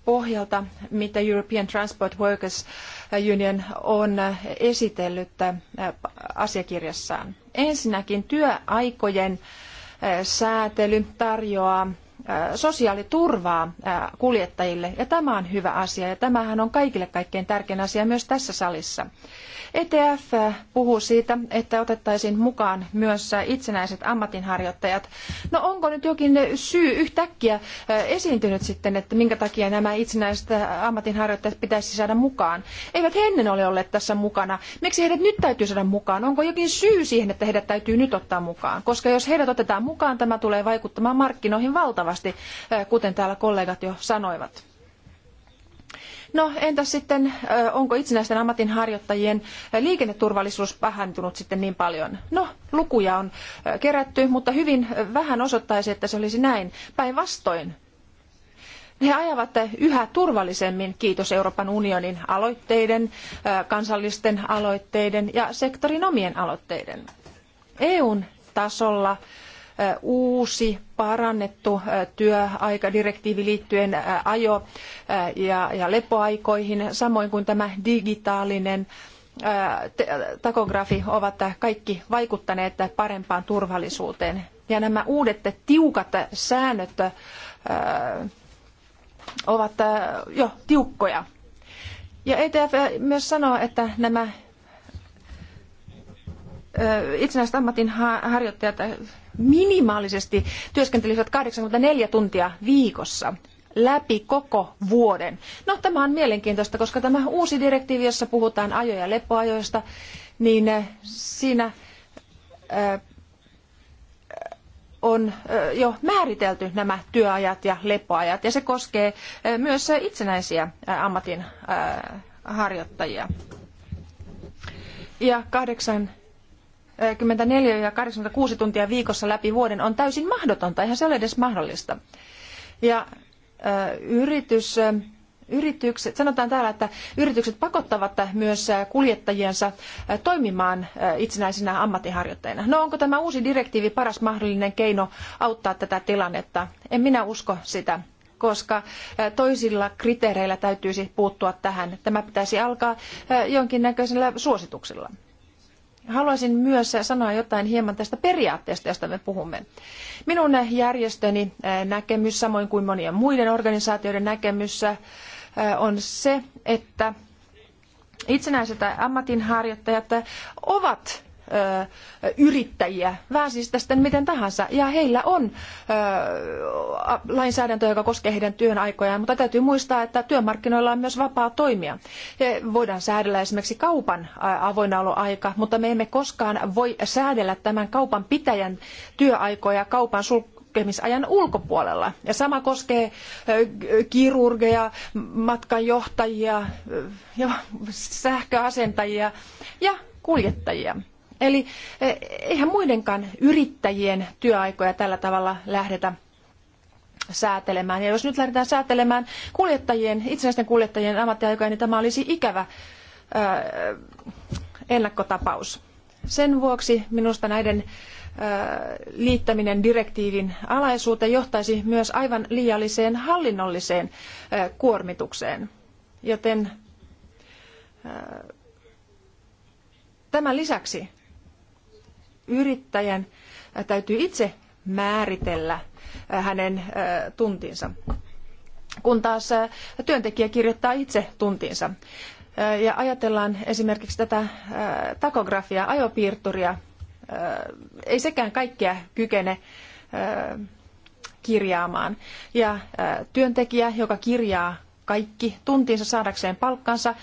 pohjalta, mitä European Transport Workers Union on esitellyt äh, asiakirjassaan. Ensinnäkin työaikojen äh, säätely tarjoaa äh, sosiaaliturvaa kuljettajille ja tämä on hyvä asia ja tämähän on kaikille kaikkein tärkein asia myös tässä salissa. ETF puhuu siitä, että otettaisiin mukaan myös itsenäiset ammatinharjoittajat. No onko nyt jokin syy yhtäkkiä äh, esiintynyt sitten, että minkä takia nämä itsenäiset äh, ammatinharjoittajat pitäisi saada mukaan? Eivät he ennen ole olleet tässä mukana. Miksi heidät nyt täytyy saada mukaan? Onko jokin syy siihen, että heidät täytyy nyt ottaa mukaan? Koska jos heidät otetaan mukaan, tämä tulee vaikuttamaan markkinoihin valtavasti, äh, kuten täällä kollegat jo sanoivat. No entäs sitten, onko itsenäisten ammatinharjoittajien liikenneturvallisuus pahentunut sitten niin paljon? No, lukuja on kerätty, mutta hyvin vähän osoittaisi, että se olisi näin. Päinvastoin he ajavat yhä turvallisemmin, kiitos Euroopan unionin aloitteiden, kansallisten aloitteiden ja sektorin omien aloitteiden. EUn tasolla uusi parannettu työaikadirektiivi liittyen ajo- ja lepoaikoihin, samoin kuin tämä digitaalinen takografi ovat kaikki vaikuttaneet parempaan turvallisuuteen. Ja nämä uudet tiukat säännöt ovat jo tiukkoja. Ja ETF myös sanoo, että nämä itsenäiset ammatin harjoittajat minimaalisesti työskentelisivät 84 tuntia viikossa läpi koko vuoden. No tämä on mielenkiintoista, koska tämä uusi direktiivi, jossa puhutaan ajo- ja lepoajoista, niin eh, siinä eh, on eh, jo määritelty nämä työajat ja lepoajat ja se koskee myös itsenäisiä ammatin harjoittajia. Ja kahdeksan 24 ja 86 tuntia viikossa läpi vuoden on täysin mahdotonta, eihän se ole edes mahdollista. Ja yritys, yritykset, sanotaan täällä, että yritykset pakottavat myös kuljettajiensa toimimaan itsenäisinä ammattiharjoittajina. No onko tämä uusi direktiivi paras mahdollinen keino auttaa tätä tilannetta? En minä usko sitä koska toisilla kriteereillä täytyisi puuttua tähän. Tämä pitäisi alkaa jonkinnäköisellä suosituksella. Haluaisin myös sanoa jotain hieman tästä periaatteesta, josta me puhumme. Minun järjestöni näkemys, samoin kuin monien muiden organisaatioiden näkemys, on se, että itsenäiset ammatinharjoittajat ovat yrittäjiä, väänsi sitten siis miten tahansa. Ja heillä on lainsäädäntö, joka koskee heidän työnaikojaan, mutta täytyy muistaa, että työmarkkinoilla on myös vapaa toimia. Voidaan säädellä esimerkiksi kaupan avoinnaoloaika, mutta me emme koskaan voi säädellä tämän kaupan pitäjän työaikoja kaupan sul- sulkemisajan ulkopuolella. Ja sama koskee kirurgeja, matkanjohtajia, sähköasentajia ja kuljettajia. Eli eh, eihän muidenkaan yrittäjien työaikoja tällä tavalla lähdetä säätelemään. Ja jos nyt lähdetään säätelemään kuljettajien, itsenäisten kuljettajien ammattiaikoja, niin tämä olisi ikävä eh, ennakkotapaus. Sen vuoksi minusta näiden eh, liittäminen direktiivin alaisuuteen johtaisi myös aivan liialliseen hallinnolliseen kuormitukseen. Joten tämän lisäksi yrittäjän täytyy itse määritellä hänen tuntinsa, kun taas työntekijä kirjoittaa itse tuntinsa. Ja ajatellaan esimerkiksi tätä takografia, ajopiirturia, ei sekään kaikkea kykene kirjaamaan. Ja työntekijä, joka kirjaa kaikki tuntinsa saadakseen palkkansa.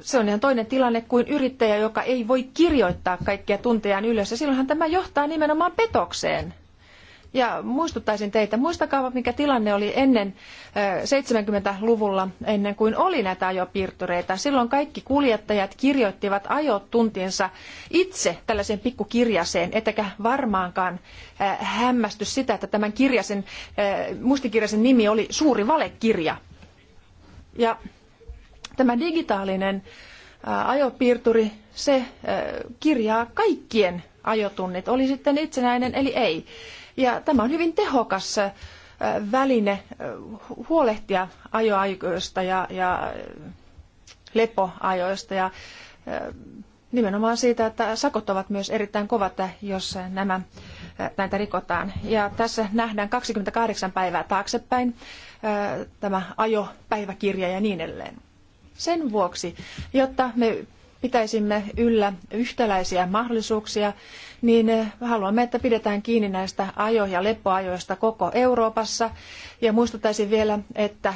Se on ihan toinen tilanne kuin yrittäjä, joka ei voi kirjoittaa kaikkia tuntejaan ylös. Ja silloinhan tämä johtaa nimenomaan petokseen. Ja muistuttaisin teitä, muistakaa mikä tilanne oli ennen 70-luvulla, ennen kuin oli näitä ajopiirtureita. Silloin kaikki kuljettajat kirjoittivat ajotuntinsa itse tällaiseen pikkukirjaseen, ettekä varmaankaan hämmästy sitä, että tämän kirjasen, mustikirjasen nimi oli Suuri valekirja. Ja tämä digitaalinen ajopiirturi, se kirjaa kaikkien ajotunnit, oli sitten itsenäinen eli ei. Ja tämä on hyvin tehokas väline huolehtia ajoaikoista ja, ja lepoajoista ja nimenomaan siitä, että sakot ovat myös erittäin kovat, jos nämä näitä rikotaan. Ja tässä nähdään 28 päivää taaksepäin tämä ajopäiväkirja ja niin edelleen. Sen vuoksi, jotta me pitäisimme yllä yhtäläisiä mahdollisuuksia, niin haluamme, että pidetään kiinni näistä ajo- ja lepoajoista koko Euroopassa. Ja muistuttaisin vielä, että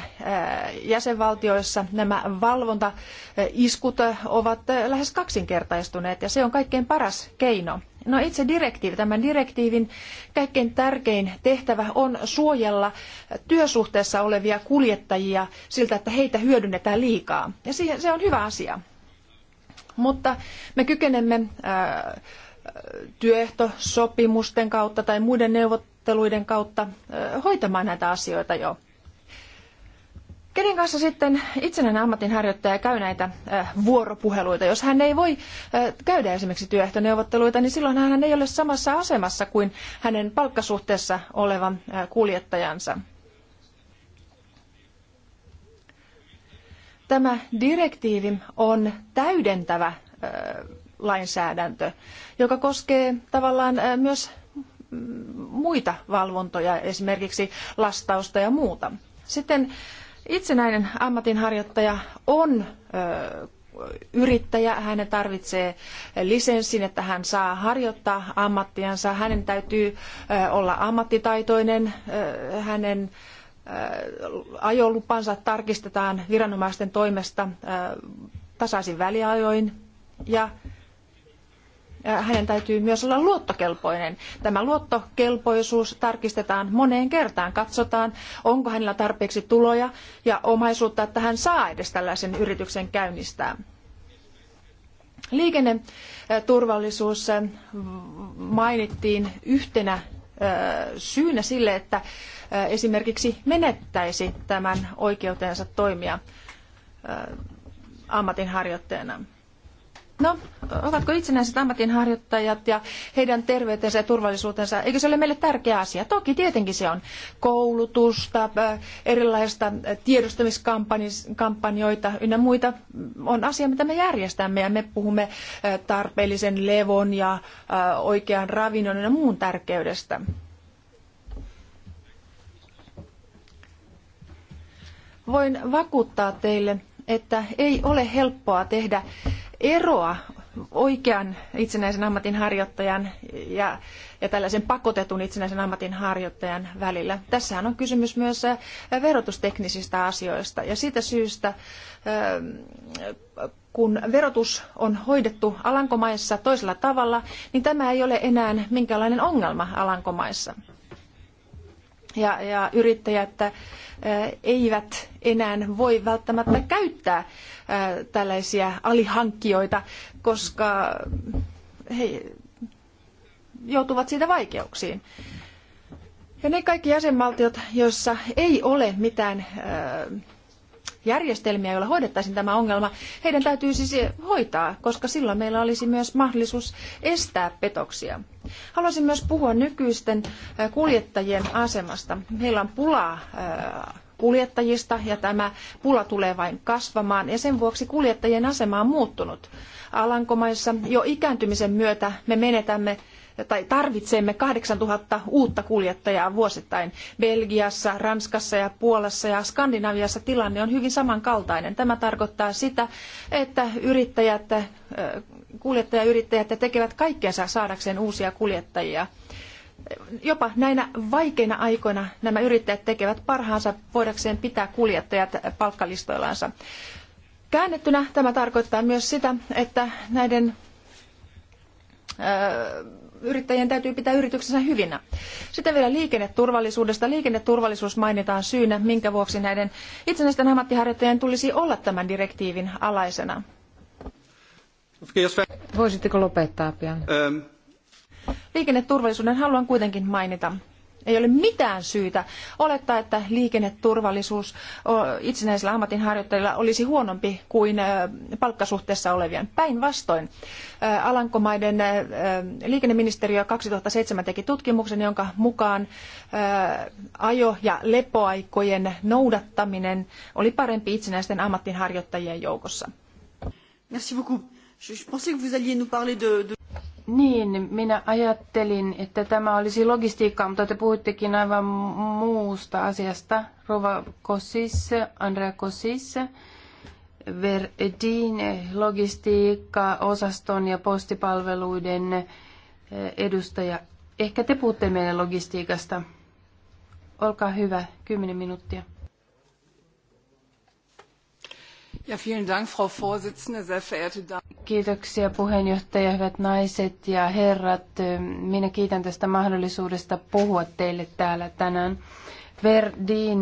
jäsenvaltioissa nämä valvontaiskut ovat lähes kaksinkertaistuneet ja se on kaikkein paras keino No itse direktiivi, tämän direktiivin kaikkein tärkein tehtävä on suojella työsuhteessa olevia kuljettajia siltä, että heitä hyödynnetään liikaa. Ja siihen, se on hyvä asia. Mutta me kykenemme ää, työehtosopimusten kautta tai muiden neuvotteluiden kautta hoitamaan näitä asioita jo. Kenen kanssa sitten itsenäinen ammatinharjoittaja käy näitä äh, vuoropuheluita? Jos hän ei voi äh, käydä esimerkiksi työehtoneuvotteluita, niin silloin hän ei ole samassa asemassa kuin hänen palkkasuhteessa olevan äh, kuljettajansa. Tämä direktiivi on täydentävä lainsäädäntö, joka koskee tavallaan myös mm, muita valvontoja, esimerkiksi lastausta ja muuta. Sitten Itsenäinen ammatinharjoittaja on ö, yrittäjä, hän tarvitsee lisenssin, että hän saa harjoittaa ammattiansa, hänen täytyy olla ammattitaitoinen, hänen ajolupansa tarkistetaan viranomaisten toimesta tasaisin väliajoin ja Äh, hänen täytyy myös olla luottokelpoinen. Tämä luottokelpoisuus tarkistetaan moneen kertaan. Katsotaan, onko hänellä tarpeeksi tuloja ja omaisuutta, että hän saa edes tällaisen yrityksen käynnistää. Liikenneturvallisuus äh, äh, mainittiin yhtenä syynä sille, että esimerkiksi menettäisi tämän oikeutensa toimia ammatinharjoittajana. No, ovatko itsenäiset ammatinharjoittajat ja heidän terveytensä ja turvallisuutensa, eikö se ole meille tärkeä asia? Toki tietenkin se on koulutusta, erilaista tiedostamiskampanjoita ynnä muita on asia, mitä me järjestämme ja me puhumme tarpeellisen levon ja oikean ravinnon ja muun tärkeydestä. Voin vakuuttaa teille, että ei ole helppoa tehdä eroa oikean itsenäisen ammatin harjoittajan ja, ja tällaisen pakotetun itsenäisen ammatin harjoittajan välillä. Tässähän on kysymys myös äh, verotusteknisistä asioista ja siitä syystä äh, kun verotus on hoidettu Alankomaissa toisella tavalla, niin tämä ei ole enää minkäänlainen ongelma Alankomaissa. Ja, ja yrittäjät äh, eivät enää voi välttämättä käyttää tällaisia alihankkijoita, koska he joutuvat siitä vaikeuksiin. Ja ne kaikki jäsenvaltiot, joissa ei ole mitään järjestelmiä, joilla hoidettaisiin tämä ongelma, heidän täytyy siis hoitaa, koska silloin meillä olisi myös mahdollisuus estää petoksia. Haluaisin myös puhua nykyisten kuljettajien asemasta. Heillä on pulaa kuljettajista ja tämä pula tulee vain kasvamaan ja sen vuoksi kuljettajien asema on muuttunut. Alankomaissa jo ikääntymisen myötä me menetämme tai tarvitsemme 8000 uutta kuljettajaa vuosittain. Belgiassa, Ranskassa ja Puolassa ja Skandinaviassa tilanne on hyvin samankaltainen. Tämä tarkoittaa sitä, että yrittäjät, kuljettajayrittäjät tekevät kaikkensa saadakseen uusia kuljettajia jopa näinä vaikeina aikoina nämä yrittäjät tekevät parhaansa voidakseen pitää kuljettajat palkkalistoillansa. Käännettynä tämä tarkoittaa myös sitä, että näiden yrittäjien täytyy pitää yrityksensä hyvinä. Sitten vielä liikenneturvallisuudesta. Liikenneturvallisuus mainitaan syynä, minkä vuoksi näiden itsenäisten ammattiharjoittajien tulisi olla tämän direktiivin alaisena. Voisitteko lopettaa pian? Ähm, Liikenneturvallisuuden haluan kuitenkin mainita. Ei ole mitään syytä olettaa, että liikenneturvallisuus itsenäisillä ammatinharjoittajilla olisi huonompi kuin palkkasuhteessa olevien. Päinvastoin Alankomaiden liikenneministeriö 2007 teki tutkimuksen, jonka mukaan ajo- ja lepoaikojen noudattaminen oli parempi itsenäisten ammatinharjoittajien joukossa. Merci beaucoup. Je, pensais que vous alliez nous parler de, de... Niin, minä ajattelin, että tämä olisi logistiikkaa, mutta te puhuittekin aivan muusta asiasta. Rova Kossis, Andrea Kossis, Verdin logistiikka, osaston ja postipalveluiden eh, edustaja. Ehkä te puhutte meille logistiikasta. Olkaa hyvä, kymmenen minuuttia. Ja, vielen Dank, Frau Vorsitzende, sehr verehrte Damen. Kiitoksia puheenjohtaja, hyvät naiset ja herrat. Minä kiitän tästä mahdollisuudesta puhua teille täällä tänään. Verdin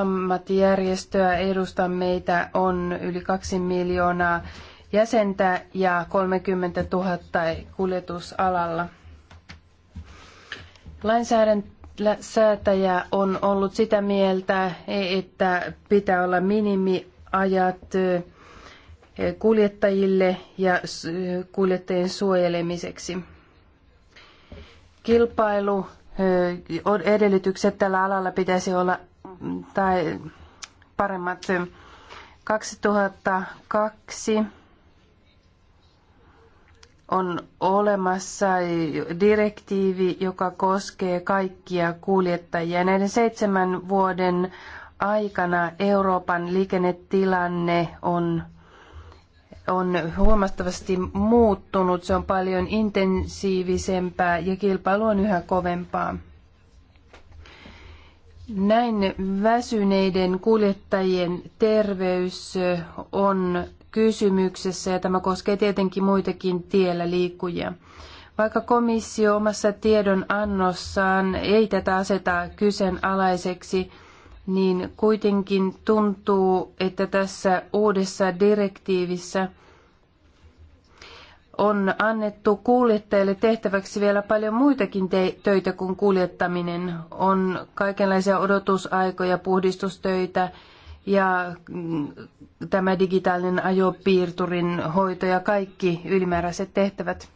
ammattijärjestöä edustan meitä on yli kaksi miljoonaa jäsentä ja 30 000 kuljetusalalla. Lainsäätäjä on ollut sitä mieltä, että pitää olla minimi ajat kuljettajille ja kuljettajien suojelemiseksi. Kilpailu edellytykset tällä alalla pitäisi olla mm, tai paremmat 2002 on olemassa direktiivi, joka koskee kaikkia kuljettajia. Näiden seitsemän vuoden aikana Euroopan liikennetilanne on, on huomattavasti muuttunut. Se on paljon intensiivisempää ja kilpailu on yhä kovempaa. Näin väsyneiden kuljettajien terveys on kysymyksessä ja tämä koskee tietenkin muitakin tiellä liikkujia. Vaikka komissio omassa tiedonannossaan ei tätä aseta kyseenalaiseksi, niin kuitenkin tuntuu, että tässä uudessa direktiivissä on annettu kuljettajille tehtäväksi vielä paljon muitakin töitä kuin kuljettaminen. On kaikenlaisia odotusaikoja, puhdistustöitä ja mm, tämä digitaalinen ajopiirturin hoito ja kaikki ylimääräiset tehtävät.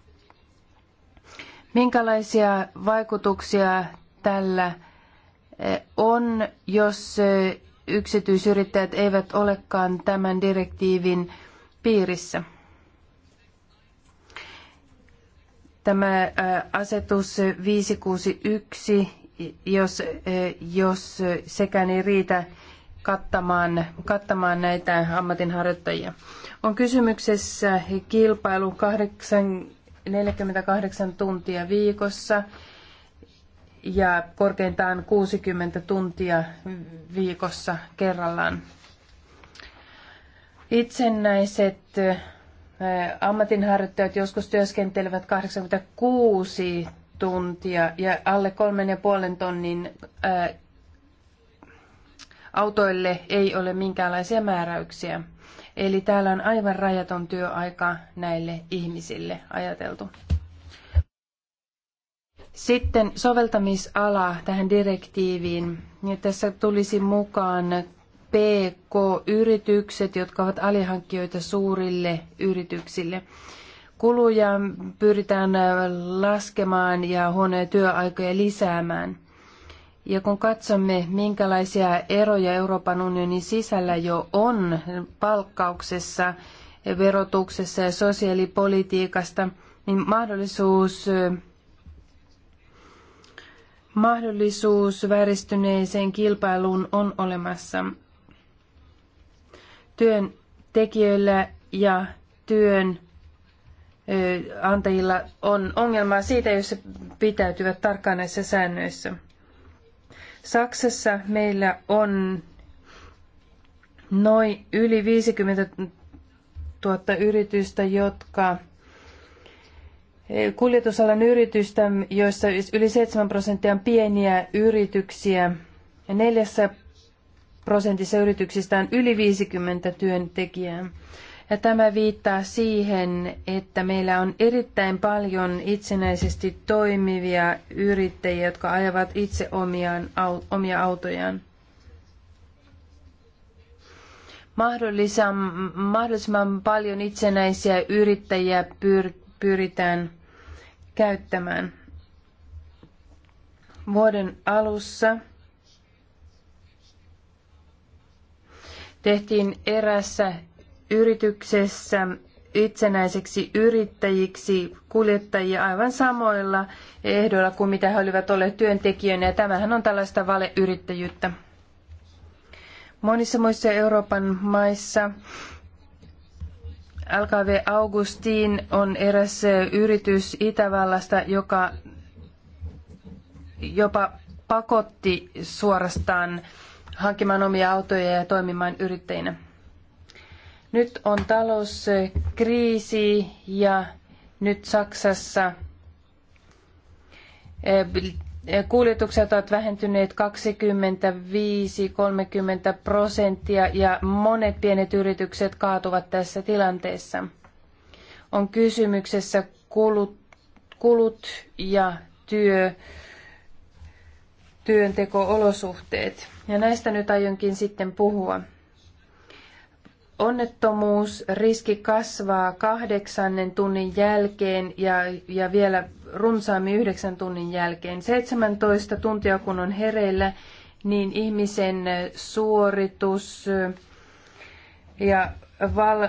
Minkälaisia vaikutuksia tällä on, jos yksityisyrittäjät eivät olekaan tämän direktiivin piirissä. Tämä asetus 561, jos, jos sekään ei riitä kattamaan, kattamaan näitä ammatinharjoittajia. On kysymyksessä kilpailu 8, 48 tuntia viikossa ja korkeintaan 60 tuntia viikossa kerrallaan. Itsenäiset ammatinharjoittajat joskus työskentelevät 86 tuntia ja alle kolmen ja puolen tonnin autoille ei ole minkäänlaisia määräyksiä. Eli täällä on aivan rajaton työaika näille ihmisille ajateltu. Sitten soveltamisala tähän direktiiviin. Ja tässä tulisi mukaan PK-yritykset, jotka ovat alihankkijoita suurille yrityksille. Kuluja pyritään laskemaan ja huonoja työaikoja lisäämään. Ja kun katsomme, minkälaisia eroja Euroopan unionin sisällä jo on palkkauksessa, verotuksessa ja sosiaalipolitiikasta, niin mahdollisuus Mahdollisuus vääristyneeseen kilpailuun on olemassa. Työntekijöillä ja työn antajilla on ongelmaa siitä, jos he pitäytyvät tarkkaan näissä säännöissä. Saksassa meillä on noin yli 50 000 yritystä, jotka kuljetusalan yritystä, joissa yli 7 prosenttia on pieniä yrityksiä. Neljässä prosentissa yrityksistä on yli 50 työntekijää. Ja tämä viittaa siihen, että meillä on erittäin paljon itsenäisesti toimivia yrittäjiä, jotka ajavat itse omiaan, omia autojaan. Mahdollisimman, mahdollisimman paljon itsenäisiä yrittäjiä pyritään käyttämään. Vuoden alussa tehtiin erässä yrityksessä itsenäiseksi yrittäjiksi kuljettajia aivan samoilla ehdoilla kuin mitä he olivat olleet työntekijöinä. Ja tämähän on tällaista valeyrittäjyyttä. Monissa muissa Euroopan maissa LKV Augustin on eräs eh, yritys Itävallasta, joka jopa pakotti suorastaan hankkimaan omia autoja ja toimimaan yrittäjinä. Nyt on talouskriisi eh, ja nyt Saksassa eh, Kuljetukset ovat vähentyneet 25-30 prosenttia ja monet pienet yritykset kaatuvat tässä tilanteessa. On kysymyksessä kulut, kulut ja työ, työnteko-olosuhteet. Ja näistä nyt aionkin sitten puhua. Onnettomuusriski kasvaa kahdeksannen tunnin jälkeen ja, ja vielä runsaammin yhdeksän tunnin jälkeen. 17 tuntia kun on hereillä, niin ihmisen suoritus ja val,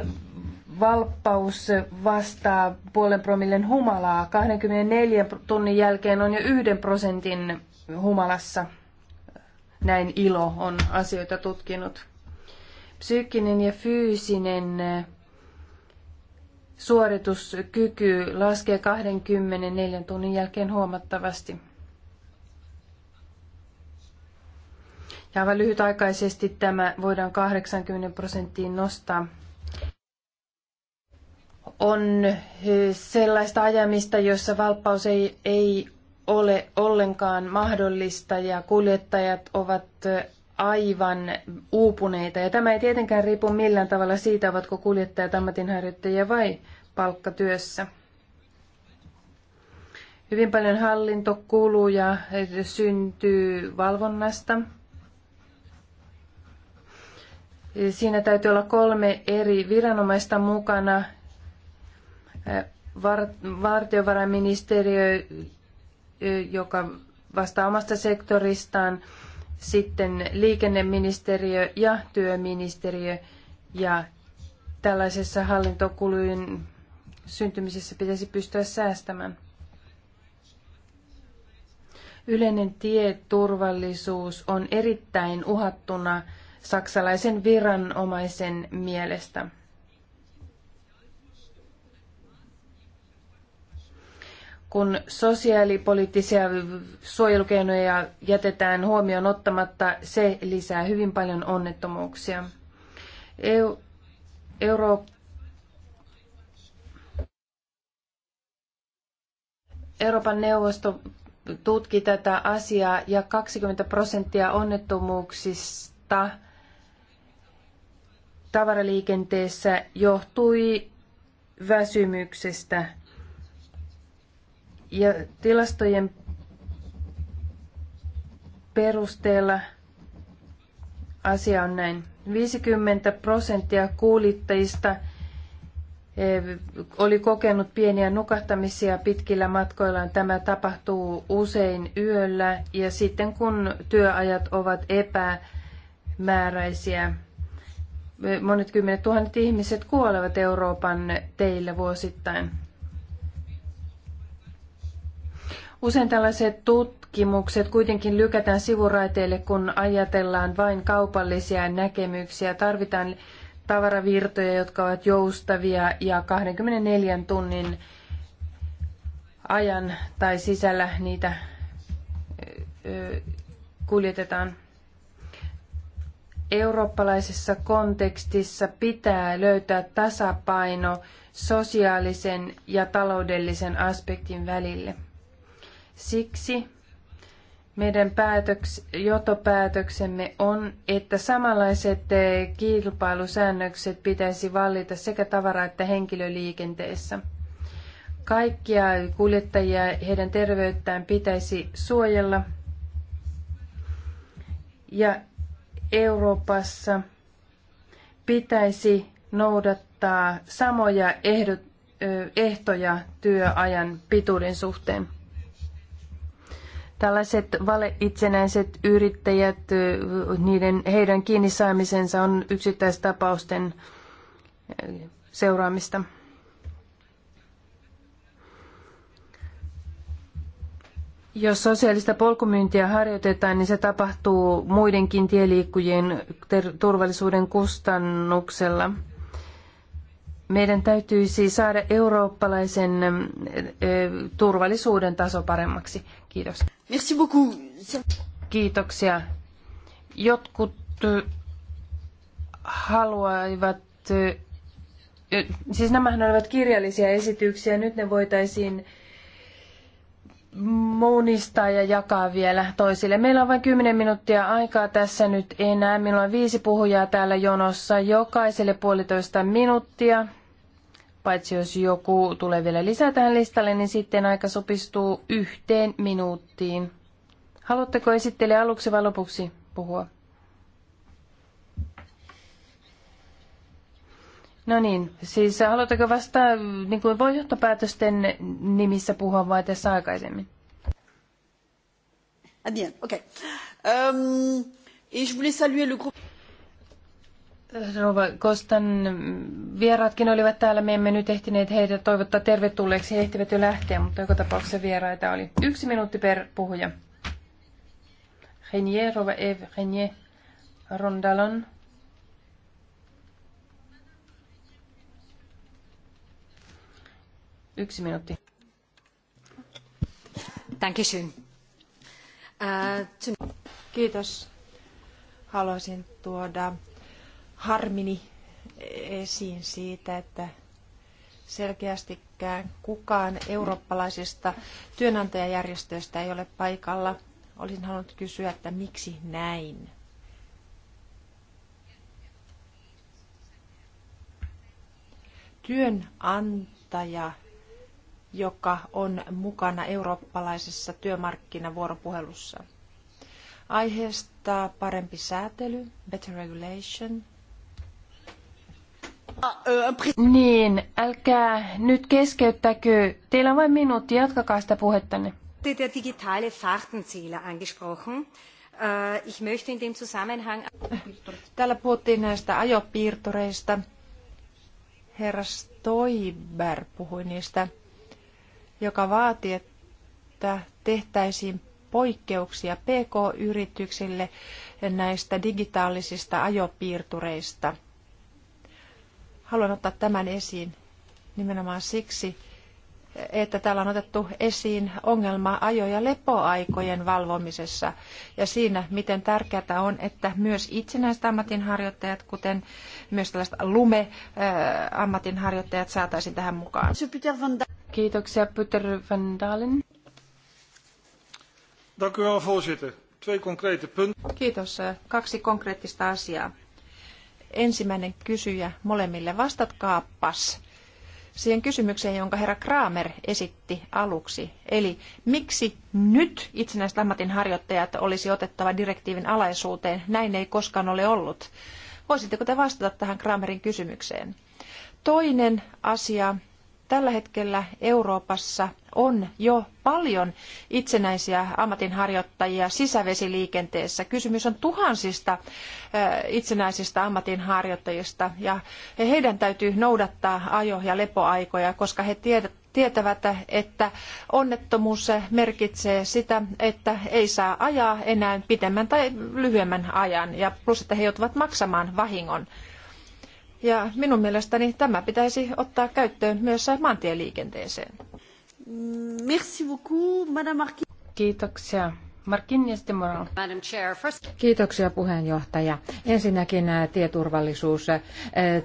valppaus vastaa puolen promillen humalaa. 24 tunnin jälkeen on jo yhden prosentin humalassa. Näin ilo on asioita tutkinut. Psyykkinen ja fyysinen suorituskyky laskee 24 tunnin jälkeen huomattavasti. Ja aivan lyhytaikaisesti tämä voidaan 80 prosenttiin nostaa. On eh, sellaista ajamista, jossa valppaus ei, ei ole ollenkaan mahdollista ja kuljettajat ovat eh, aivan uupuneita. Ja tämä ei tietenkään riipu millään tavalla siitä, ovatko kuljettajat ammatinharjoittajia vai palkkatyössä. Hyvin paljon hallintokuluja syntyy valvonnasta. Siinä täytyy olla kolme eri viranomaista mukana. Vartiovarainministeriö, joka vastaa omasta sektoristaan, sitten liikenneministeriö ja työministeriö ja tällaisessa hallintokulujen syntymisessä pitäisi pystyä säästämään. Yleinen tieturvallisuus on erittäin uhattuna saksalaisen viranomaisen mielestä. kun sosiaalipoliittisia suojelukeinoja jätetään huomioon ottamatta, se lisää hyvin paljon onnettomuuksia. EU, Euro, Euroopan neuvosto tutki tätä asiaa ja 20 prosenttia onnettomuuksista tavaraliikenteessä johtui väsymyksestä ja tilastojen perusteella asia on näin. 50 prosenttia kuulittajista eh, oli kokenut pieniä nukahtamisia pitkillä matkoillaan. Tämä tapahtuu usein yöllä ja sitten kun työajat ovat epämääräisiä. Eh, monet kymmenet tuhannet ihmiset kuolevat Euroopan teillä vuosittain. Usein tällaiset tutkimukset kuitenkin lykätään sivuraiteille, kun ajatellaan vain kaupallisia näkemyksiä. Tarvitaan tavaravirtoja, jotka ovat joustavia ja 24 tunnin ajan tai sisällä niitä kuljetetaan. Eurooppalaisessa kontekstissa pitää löytää tasapaino sosiaalisen ja taloudellisen aspektin välille. Siksi meidän päätöks, johtopäätöksemme on, että samanlaiset eh, kilpailusäännökset pitäisi vallita sekä tavara- että henkilöliikenteessä. Kaikkia kuljettajia heidän terveyttään pitäisi suojella. Ja Euroopassa pitäisi noudattaa samoja ehdot, eh, ehtoja työajan pituuden suhteen. Tällaiset valeitsenäiset yrittäjät, niiden, heidän kiinni saamisensa on yksittäistapausten eh, seuraamista. Jos sosiaalista polkumyyntiä harjoitetaan, niin se tapahtuu muidenkin tieliikkujien turvallisuuden kustannuksella. Meidän täytyisi saada eurooppalaisen mm, e, turvallisuuden taso paremmaksi. Kiitos. Merci beaucoup. Kiitoksia. Jotkut e, haluavat, e, siis nämähän olivat kirjallisia esityksiä, nyt ne voitaisiin monistaa ja jakaa vielä toisille. Meillä on vain kymmenen minuuttia aikaa tässä nyt enää. Meillä on viisi puhujaa täällä jonossa, jokaiselle puolitoista minuuttia. Paitsi jos joku tulee vielä lisää tähän listalle, niin sitten aika sopistuu yhteen minuuttiin. Haluatteko esittele aluksi vai lopuksi puhua? No niin, siis haluatteko vasta niin kuin voi johtopäätösten nimissä puhua vai tässä aikaisemmin? Ah bien, ok. Um, et je voulais saluer le groupe... Rova Kostan vieraatkin olivat täällä. Me emme nyt ehtineet heitä toivottaa tervetulleeksi. He ehtivät jo lähteä, mutta joka tapauksessa vieraita oli. Yksi minuutti per puhuja. Renier, Rova Eve, Renier, Rondalon. Yksi minuutti. Uh, Kiitos. Haluaisin tuoda harmini esiin siitä, että selkeästikään kukaan eurooppalaisista työnantajajärjestöistä ei ole paikalla. Olisin halunnut kysyä, että miksi näin? Työnantaja joka on mukana eurooppalaisessa työmarkkinavuoropuhelussa. Aiheesta parempi säätely, better regulation. Niin, älkää nyt keskeyttäkö. Teillä on vain minuutti, jatkakaa sitä puhettanne. Äh, Täällä puhuttiin näistä ajopiirtureista. Herra Stoiber puhui niistä joka vaati, että tehtäisiin poikkeuksia PK-yrityksille näistä digitaalisista ajopiirtureista. Haluan ottaa tämän esiin nimenomaan siksi, että täällä on otettu esiin ongelma ajo- ja lepoaikojen valvomisessa ja siinä, miten tärkeää on, että myös itsenäiset ammatinharjoittajat, kuten myös tällaiset lume-ammatinharjoittajat saataisiin tähän mukaan. Kiitoksia, Peter van Dalen. Dank u wel, voorzitter. Twee concrete punten. Kiitos. Kaksi konkreettista asiaa. Ensimmäinen kysyjä molemmille. Vastatkaapas siihen kysymykseen, jonka herra Kramer esitti aluksi. Eli miksi nyt itsenäiset ammatinharjoittajat olisi otettava direktiivin alaisuuteen? Näin ei koskaan ole ollut. Voisitteko te vastata tähän Kramerin kysymykseen? Toinen asia Tällä hetkellä Euroopassa on jo paljon itsenäisiä ammatinharjoittajia sisävesiliikenteessä. Kysymys on tuhansista itsenäisistä ammatinharjoittajista ja heidän täytyy noudattaa ajo- ja lepoaikoja, koska he tietävät, että onnettomuus merkitsee sitä, että ei saa ajaa enää pitemmän tai lyhyemmän ajan ja plus, että he joutuvat maksamaan vahingon. Ja minun mielestäni tämä pitäisi ottaa käyttöön myös maantieliikenteeseen. Merci beaucoup, Madame Marquis. Kiitoksia. Markin ja sitten Moral. Kiitoksia puheenjohtaja. Ensinnäkin äh, tieturvallisuus. Äh,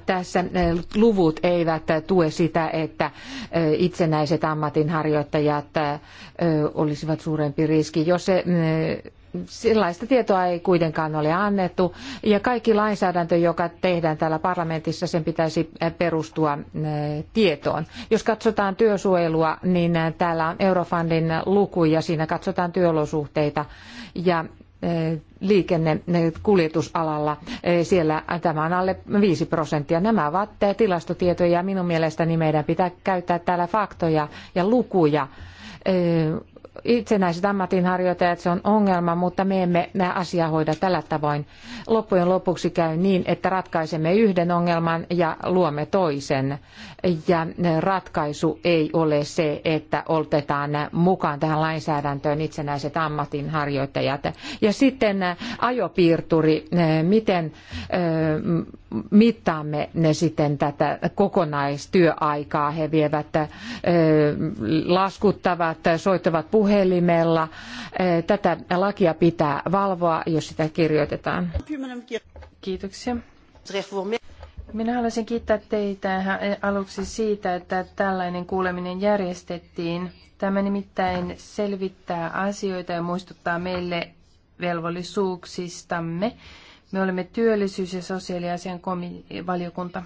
tässä äh, luvut eivät tue sitä, että itsenäiset ammatinharjoittajat olisivat suurempi riski. Jos se sellaista tietoa ei kuitenkaan ole annettu. Ja kaikki lainsäädäntö, joka tehdään täällä parlamentissa, sen pitäisi perustua eh, tietoon. Jos katsotaan työsuojelua, niin eh, täällä on Eurofundin luku ja siinä katsotaan työolosuhteita ja eh, liikennekuljetusalalla. Siellä tämä on alle 5 prosenttia. Nämä ovat tilastotietoja ja minun mielestäni meidän pitää käyttää täällä faktoja ja lukuja itsenäiset ammatinharjoittajat, se on ongelma, mutta me emme nämä asiaa hoida tällä tavoin. Loppujen lopuksi käy niin, että ratkaisemme yhden ongelman ja luomme toisen. Ja ratkaisu ei ole se, että otetaan mukaan tähän lainsäädäntöön itsenäiset ammatinharjoittajat. Ja sitten äh, ajopiirturi, äh, miten äh, mittaamme ne sitten tätä kokonaistyöaikaa. He vievät, laskuttavat, soittavat puhelimia puhelimella. Tätä lakia pitää valvoa, jos sitä kirjoitetaan. Kiitoksia. Minä haluaisin kiittää teitä aluksi siitä, että tällainen kuuleminen järjestettiin. Tämä nimittäin selvittää asioita ja muistuttaa meille velvollisuuksistamme. Me olemme työllisyys- ja sosiaaliasian valiokunta.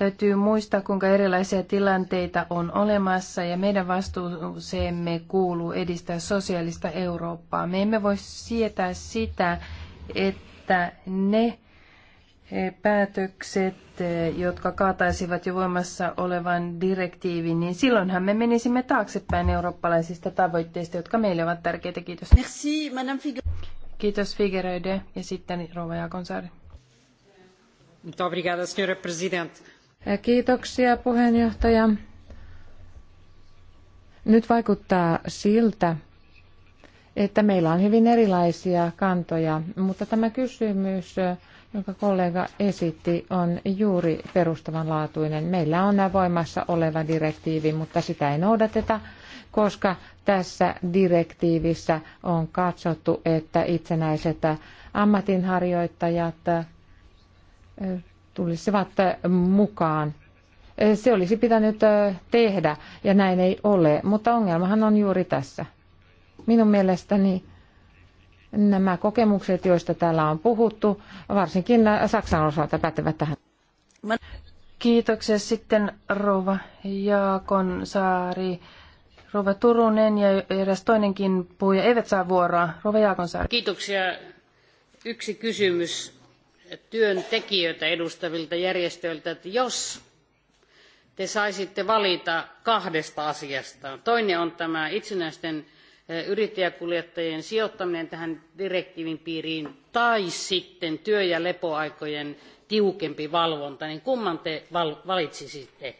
Täytyy muistaa, kuinka erilaisia tilanteita on olemassa ja meidän vastuuseemme kuuluu edistää sosiaalista Eurooppaa. Me emme voi sietää sitä, että ne eh, päätökset, eh, jotka kaataisivat jo voimassa olevan direktiivin, niin silloinhan me menisimme taaksepäin eurooppalaisista tavoitteista, jotka meille ovat tärkeitä. Kiitos. Merci, Madame Figu- Kiitos Figueroide ja sitten Rova Jaakonsaari. Muito obrigada, senhora Presidente Kiitoksia puheenjohtaja. Nyt vaikuttaa siltä, että meillä on hyvin erilaisia kantoja, mutta tämä kysymys, jonka kollega esitti, on juuri perustavanlaatuinen. Meillä on voimassa oleva direktiivi, mutta sitä ei noudateta, koska tässä direktiivissä on katsottu, että itsenäiset ammatinharjoittajat tulisivat mukaan. Se olisi pitänyt tehdä ja näin ei ole, mutta ongelmahan on juuri tässä. Minun mielestäni nämä kokemukset, joista täällä on puhuttu, varsinkin Saksan osalta pätevät tähän. Kiitoksia sitten Rova Jaakon Saari. Rova Turunen ja eräs toinenkin puhuja eivät saa vuoroa. Rova Jaakonsaari. Kiitoksia. Yksi kysymys työntekijöitä edustavilta järjestöiltä, että jos te saisitte valita kahdesta asiasta. Toinen on tämä itsenäisten yrittäjäkuljettajien sijoittaminen tähän direktiivin piiriin tai sitten työ- ja lepoaikojen tiukempi valvonta, niin kumman te val- valitsisitte?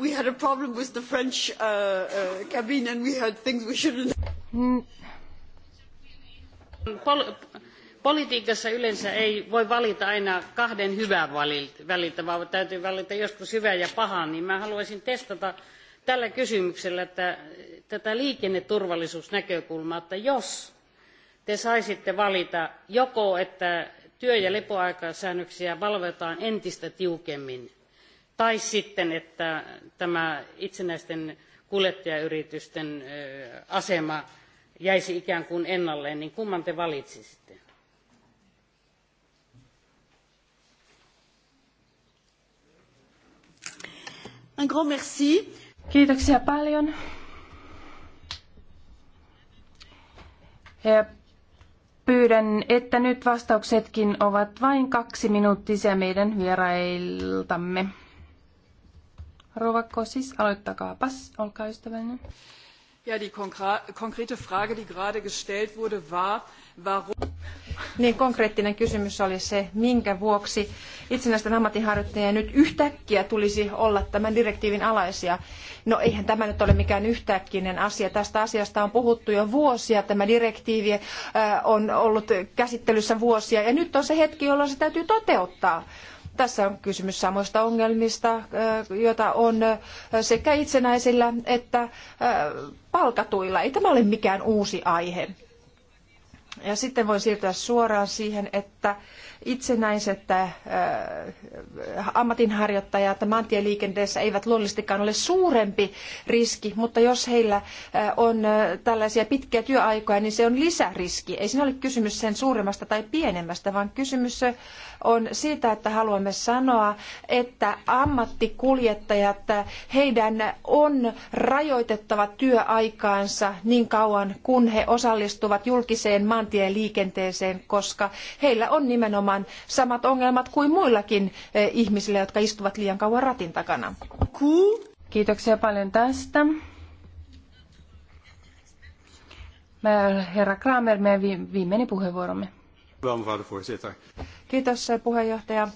we had a problem with the French uh, uh, cabin and we had things we shouldn't. Pol politiikassa yleensä ei voi valita aina kahden hyvän väliltä, vaan täytyy valita joskus hyvä ja pahaa. niin mä haluaisin testata tällä kysymyksellä että, tätä liikenneturvallisuusnäkökulmaa, että jos te saisitte valita joko, että työ- ja lepoaikasäännöksiä valvotaan entistä tiukemmin tai sitten, että tämä itsenäisten kuljettajayritysten asema jäisi ikään kuin ennalleen, niin kumman te valitsisitte? Un grand merci. Kiitoksia paljon. Ja pyydän, että nyt vastauksetkin ovat vain kaksi minuuttisia meidän vierailtamme. Rova Kosis, aloittakaapas, olkaa ystävällinen. Ja, die konkrete Frage, die gerade gestellt wurde, war, warum... Niin, konkreettinen kysymys oli se, minkä vuoksi itsenäisten ammatinharjoittajien nyt yhtäkkiä tulisi olla tämän direktiivin alaisia. No eihän tämä nyt ole mikään yhtäkkinen asia. Tästä asiasta on puhuttu jo vuosia. Tämä direktiivi äh, on ollut käsittelyssä vuosia ja nyt on se hetki, jolloin se täytyy toteuttaa. Tässä on kysymys samoista ongelmista, joita on sekä itsenäisillä että palkatuilla. Ei tämä ole mikään uusi aihe. Ja sitten voin siirtyä suoraan siihen, että itsenäiset äh, äh, ammatinharjoittajat maantieliikenteessä eivät luonnollisestikaan ole suurempi riski, mutta jos heillä äh, on tällaisia pitkiä työaikoja, niin se on lisäriski. Ei siinä ole kysymys sen suuremmasta tai pienemmästä, vaan kysymys on siitä, että haluamme sanoa, että ammattikuljettajat, heidän on rajoitettava työaikaansa niin kauan, kun he osallistuvat julkiseen maantieliikenteeseen, koska heillä on nimenomaan kohtaamaan samat ongelmat kuin muillakin eh, ihmisillä, jotka istuvat liian kauan ratin takana. Kiitoksia paljon tästä. Herra Kramer, meidän viimeinen puheenvuoromme. Kiitos eh, puheenjohtaja.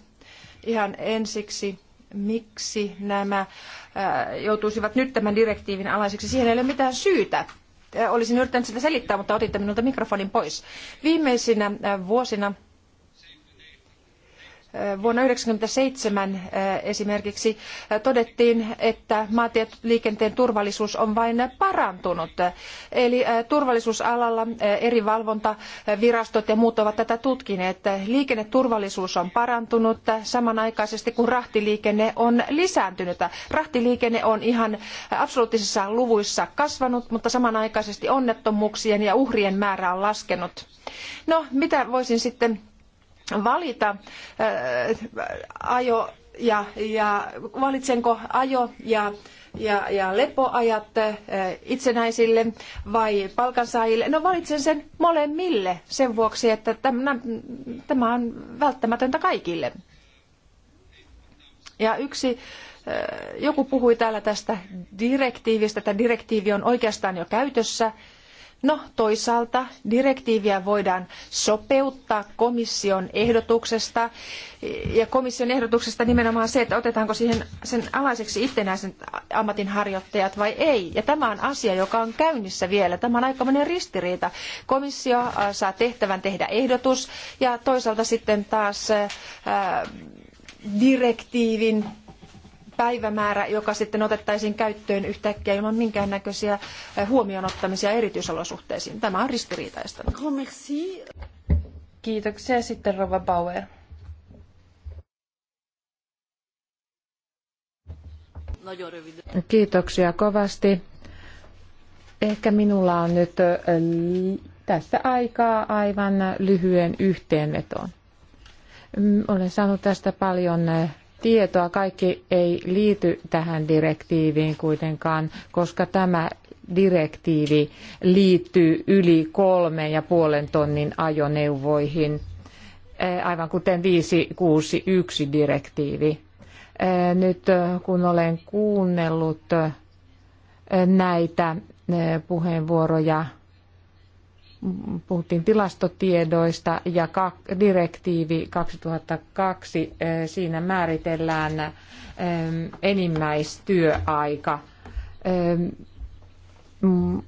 Ihan ensiksi, miksi nämä eh, joutuisivat nyt tämän direktiivin alaiseksi? Siihen ei ole mitään syytä. Olisin yrittänyt sitä selittää, mutta otitte minulta mikrofonin pois. Viimeisinä vuosina Vuonna 1997 eh, esimerkiksi eh, todettiin, että maatieliikenteen turvallisuus on vain parantunut. Eli eh, turvallisuusalalla eri valvontavirastot ja muut ovat tätä tutkineet. Liikenneturvallisuus on parantunut samanaikaisesti kun rahtiliikenne on lisääntynyt. Rahtiliikenne on ihan absoluuttisissa luvuissa kasvanut, mutta samanaikaisesti onnettomuuksien ja uhrien määrä on laskenut. No, mitä voisin sitten valita äh, ajo ja, ja valitsenko ajo ja ja, ja lepoajat äh, itsenäisille vai palkansaajille. No valitsen sen molemmille sen vuoksi, että tämä, tämä on välttämätöntä kaikille. Ja yksi, äh, joku puhui täällä tästä direktiivistä, että direktiivi on oikeastaan jo käytössä – No toisaalta direktiiviä voidaan sopeuttaa komission ehdotuksesta ja komission ehdotuksesta nimenomaan se, että otetaanko siihen sen alaiseksi itsenäisen ammatinharjoittajat vai ei. Ja tämä on asia, joka on käynnissä vielä. Tämä on aikamoinen ristiriita. Komissio äh, saa tehtävän tehdä ehdotus ja toisaalta sitten taas äh, direktiivin päivämäärä, joka sitten otettaisiin käyttöön yhtäkkiä ilman minkäännäköisiä eh, huomioon ottamisia erityisolosuhteisiin. Tämä on ristiriitaista. Kiitoksia. Sitten Rova Bauer. No Kiitoksia kovasti. Ehkä minulla on nyt eh, tässä aikaa aivan lyhyen yhteenvetoon. Mm, olen saanut tästä paljon eh, tietoa. Kaikki ei liity tähän direktiiviin kuitenkaan, koska tämä direktiivi liittyy yli kolme ja puolen tonnin ajoneuvoihin, eh, aivan kuten 561 direktiivi. Eh, nyt eh, kun olen kuunnellut näitä puheenvuoroja, puhuttiin tilastotiedoista ja direktiivi 2002, eh, siinä määritellään eh, enimmäistyöaika. Eh, mm,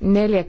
Neljä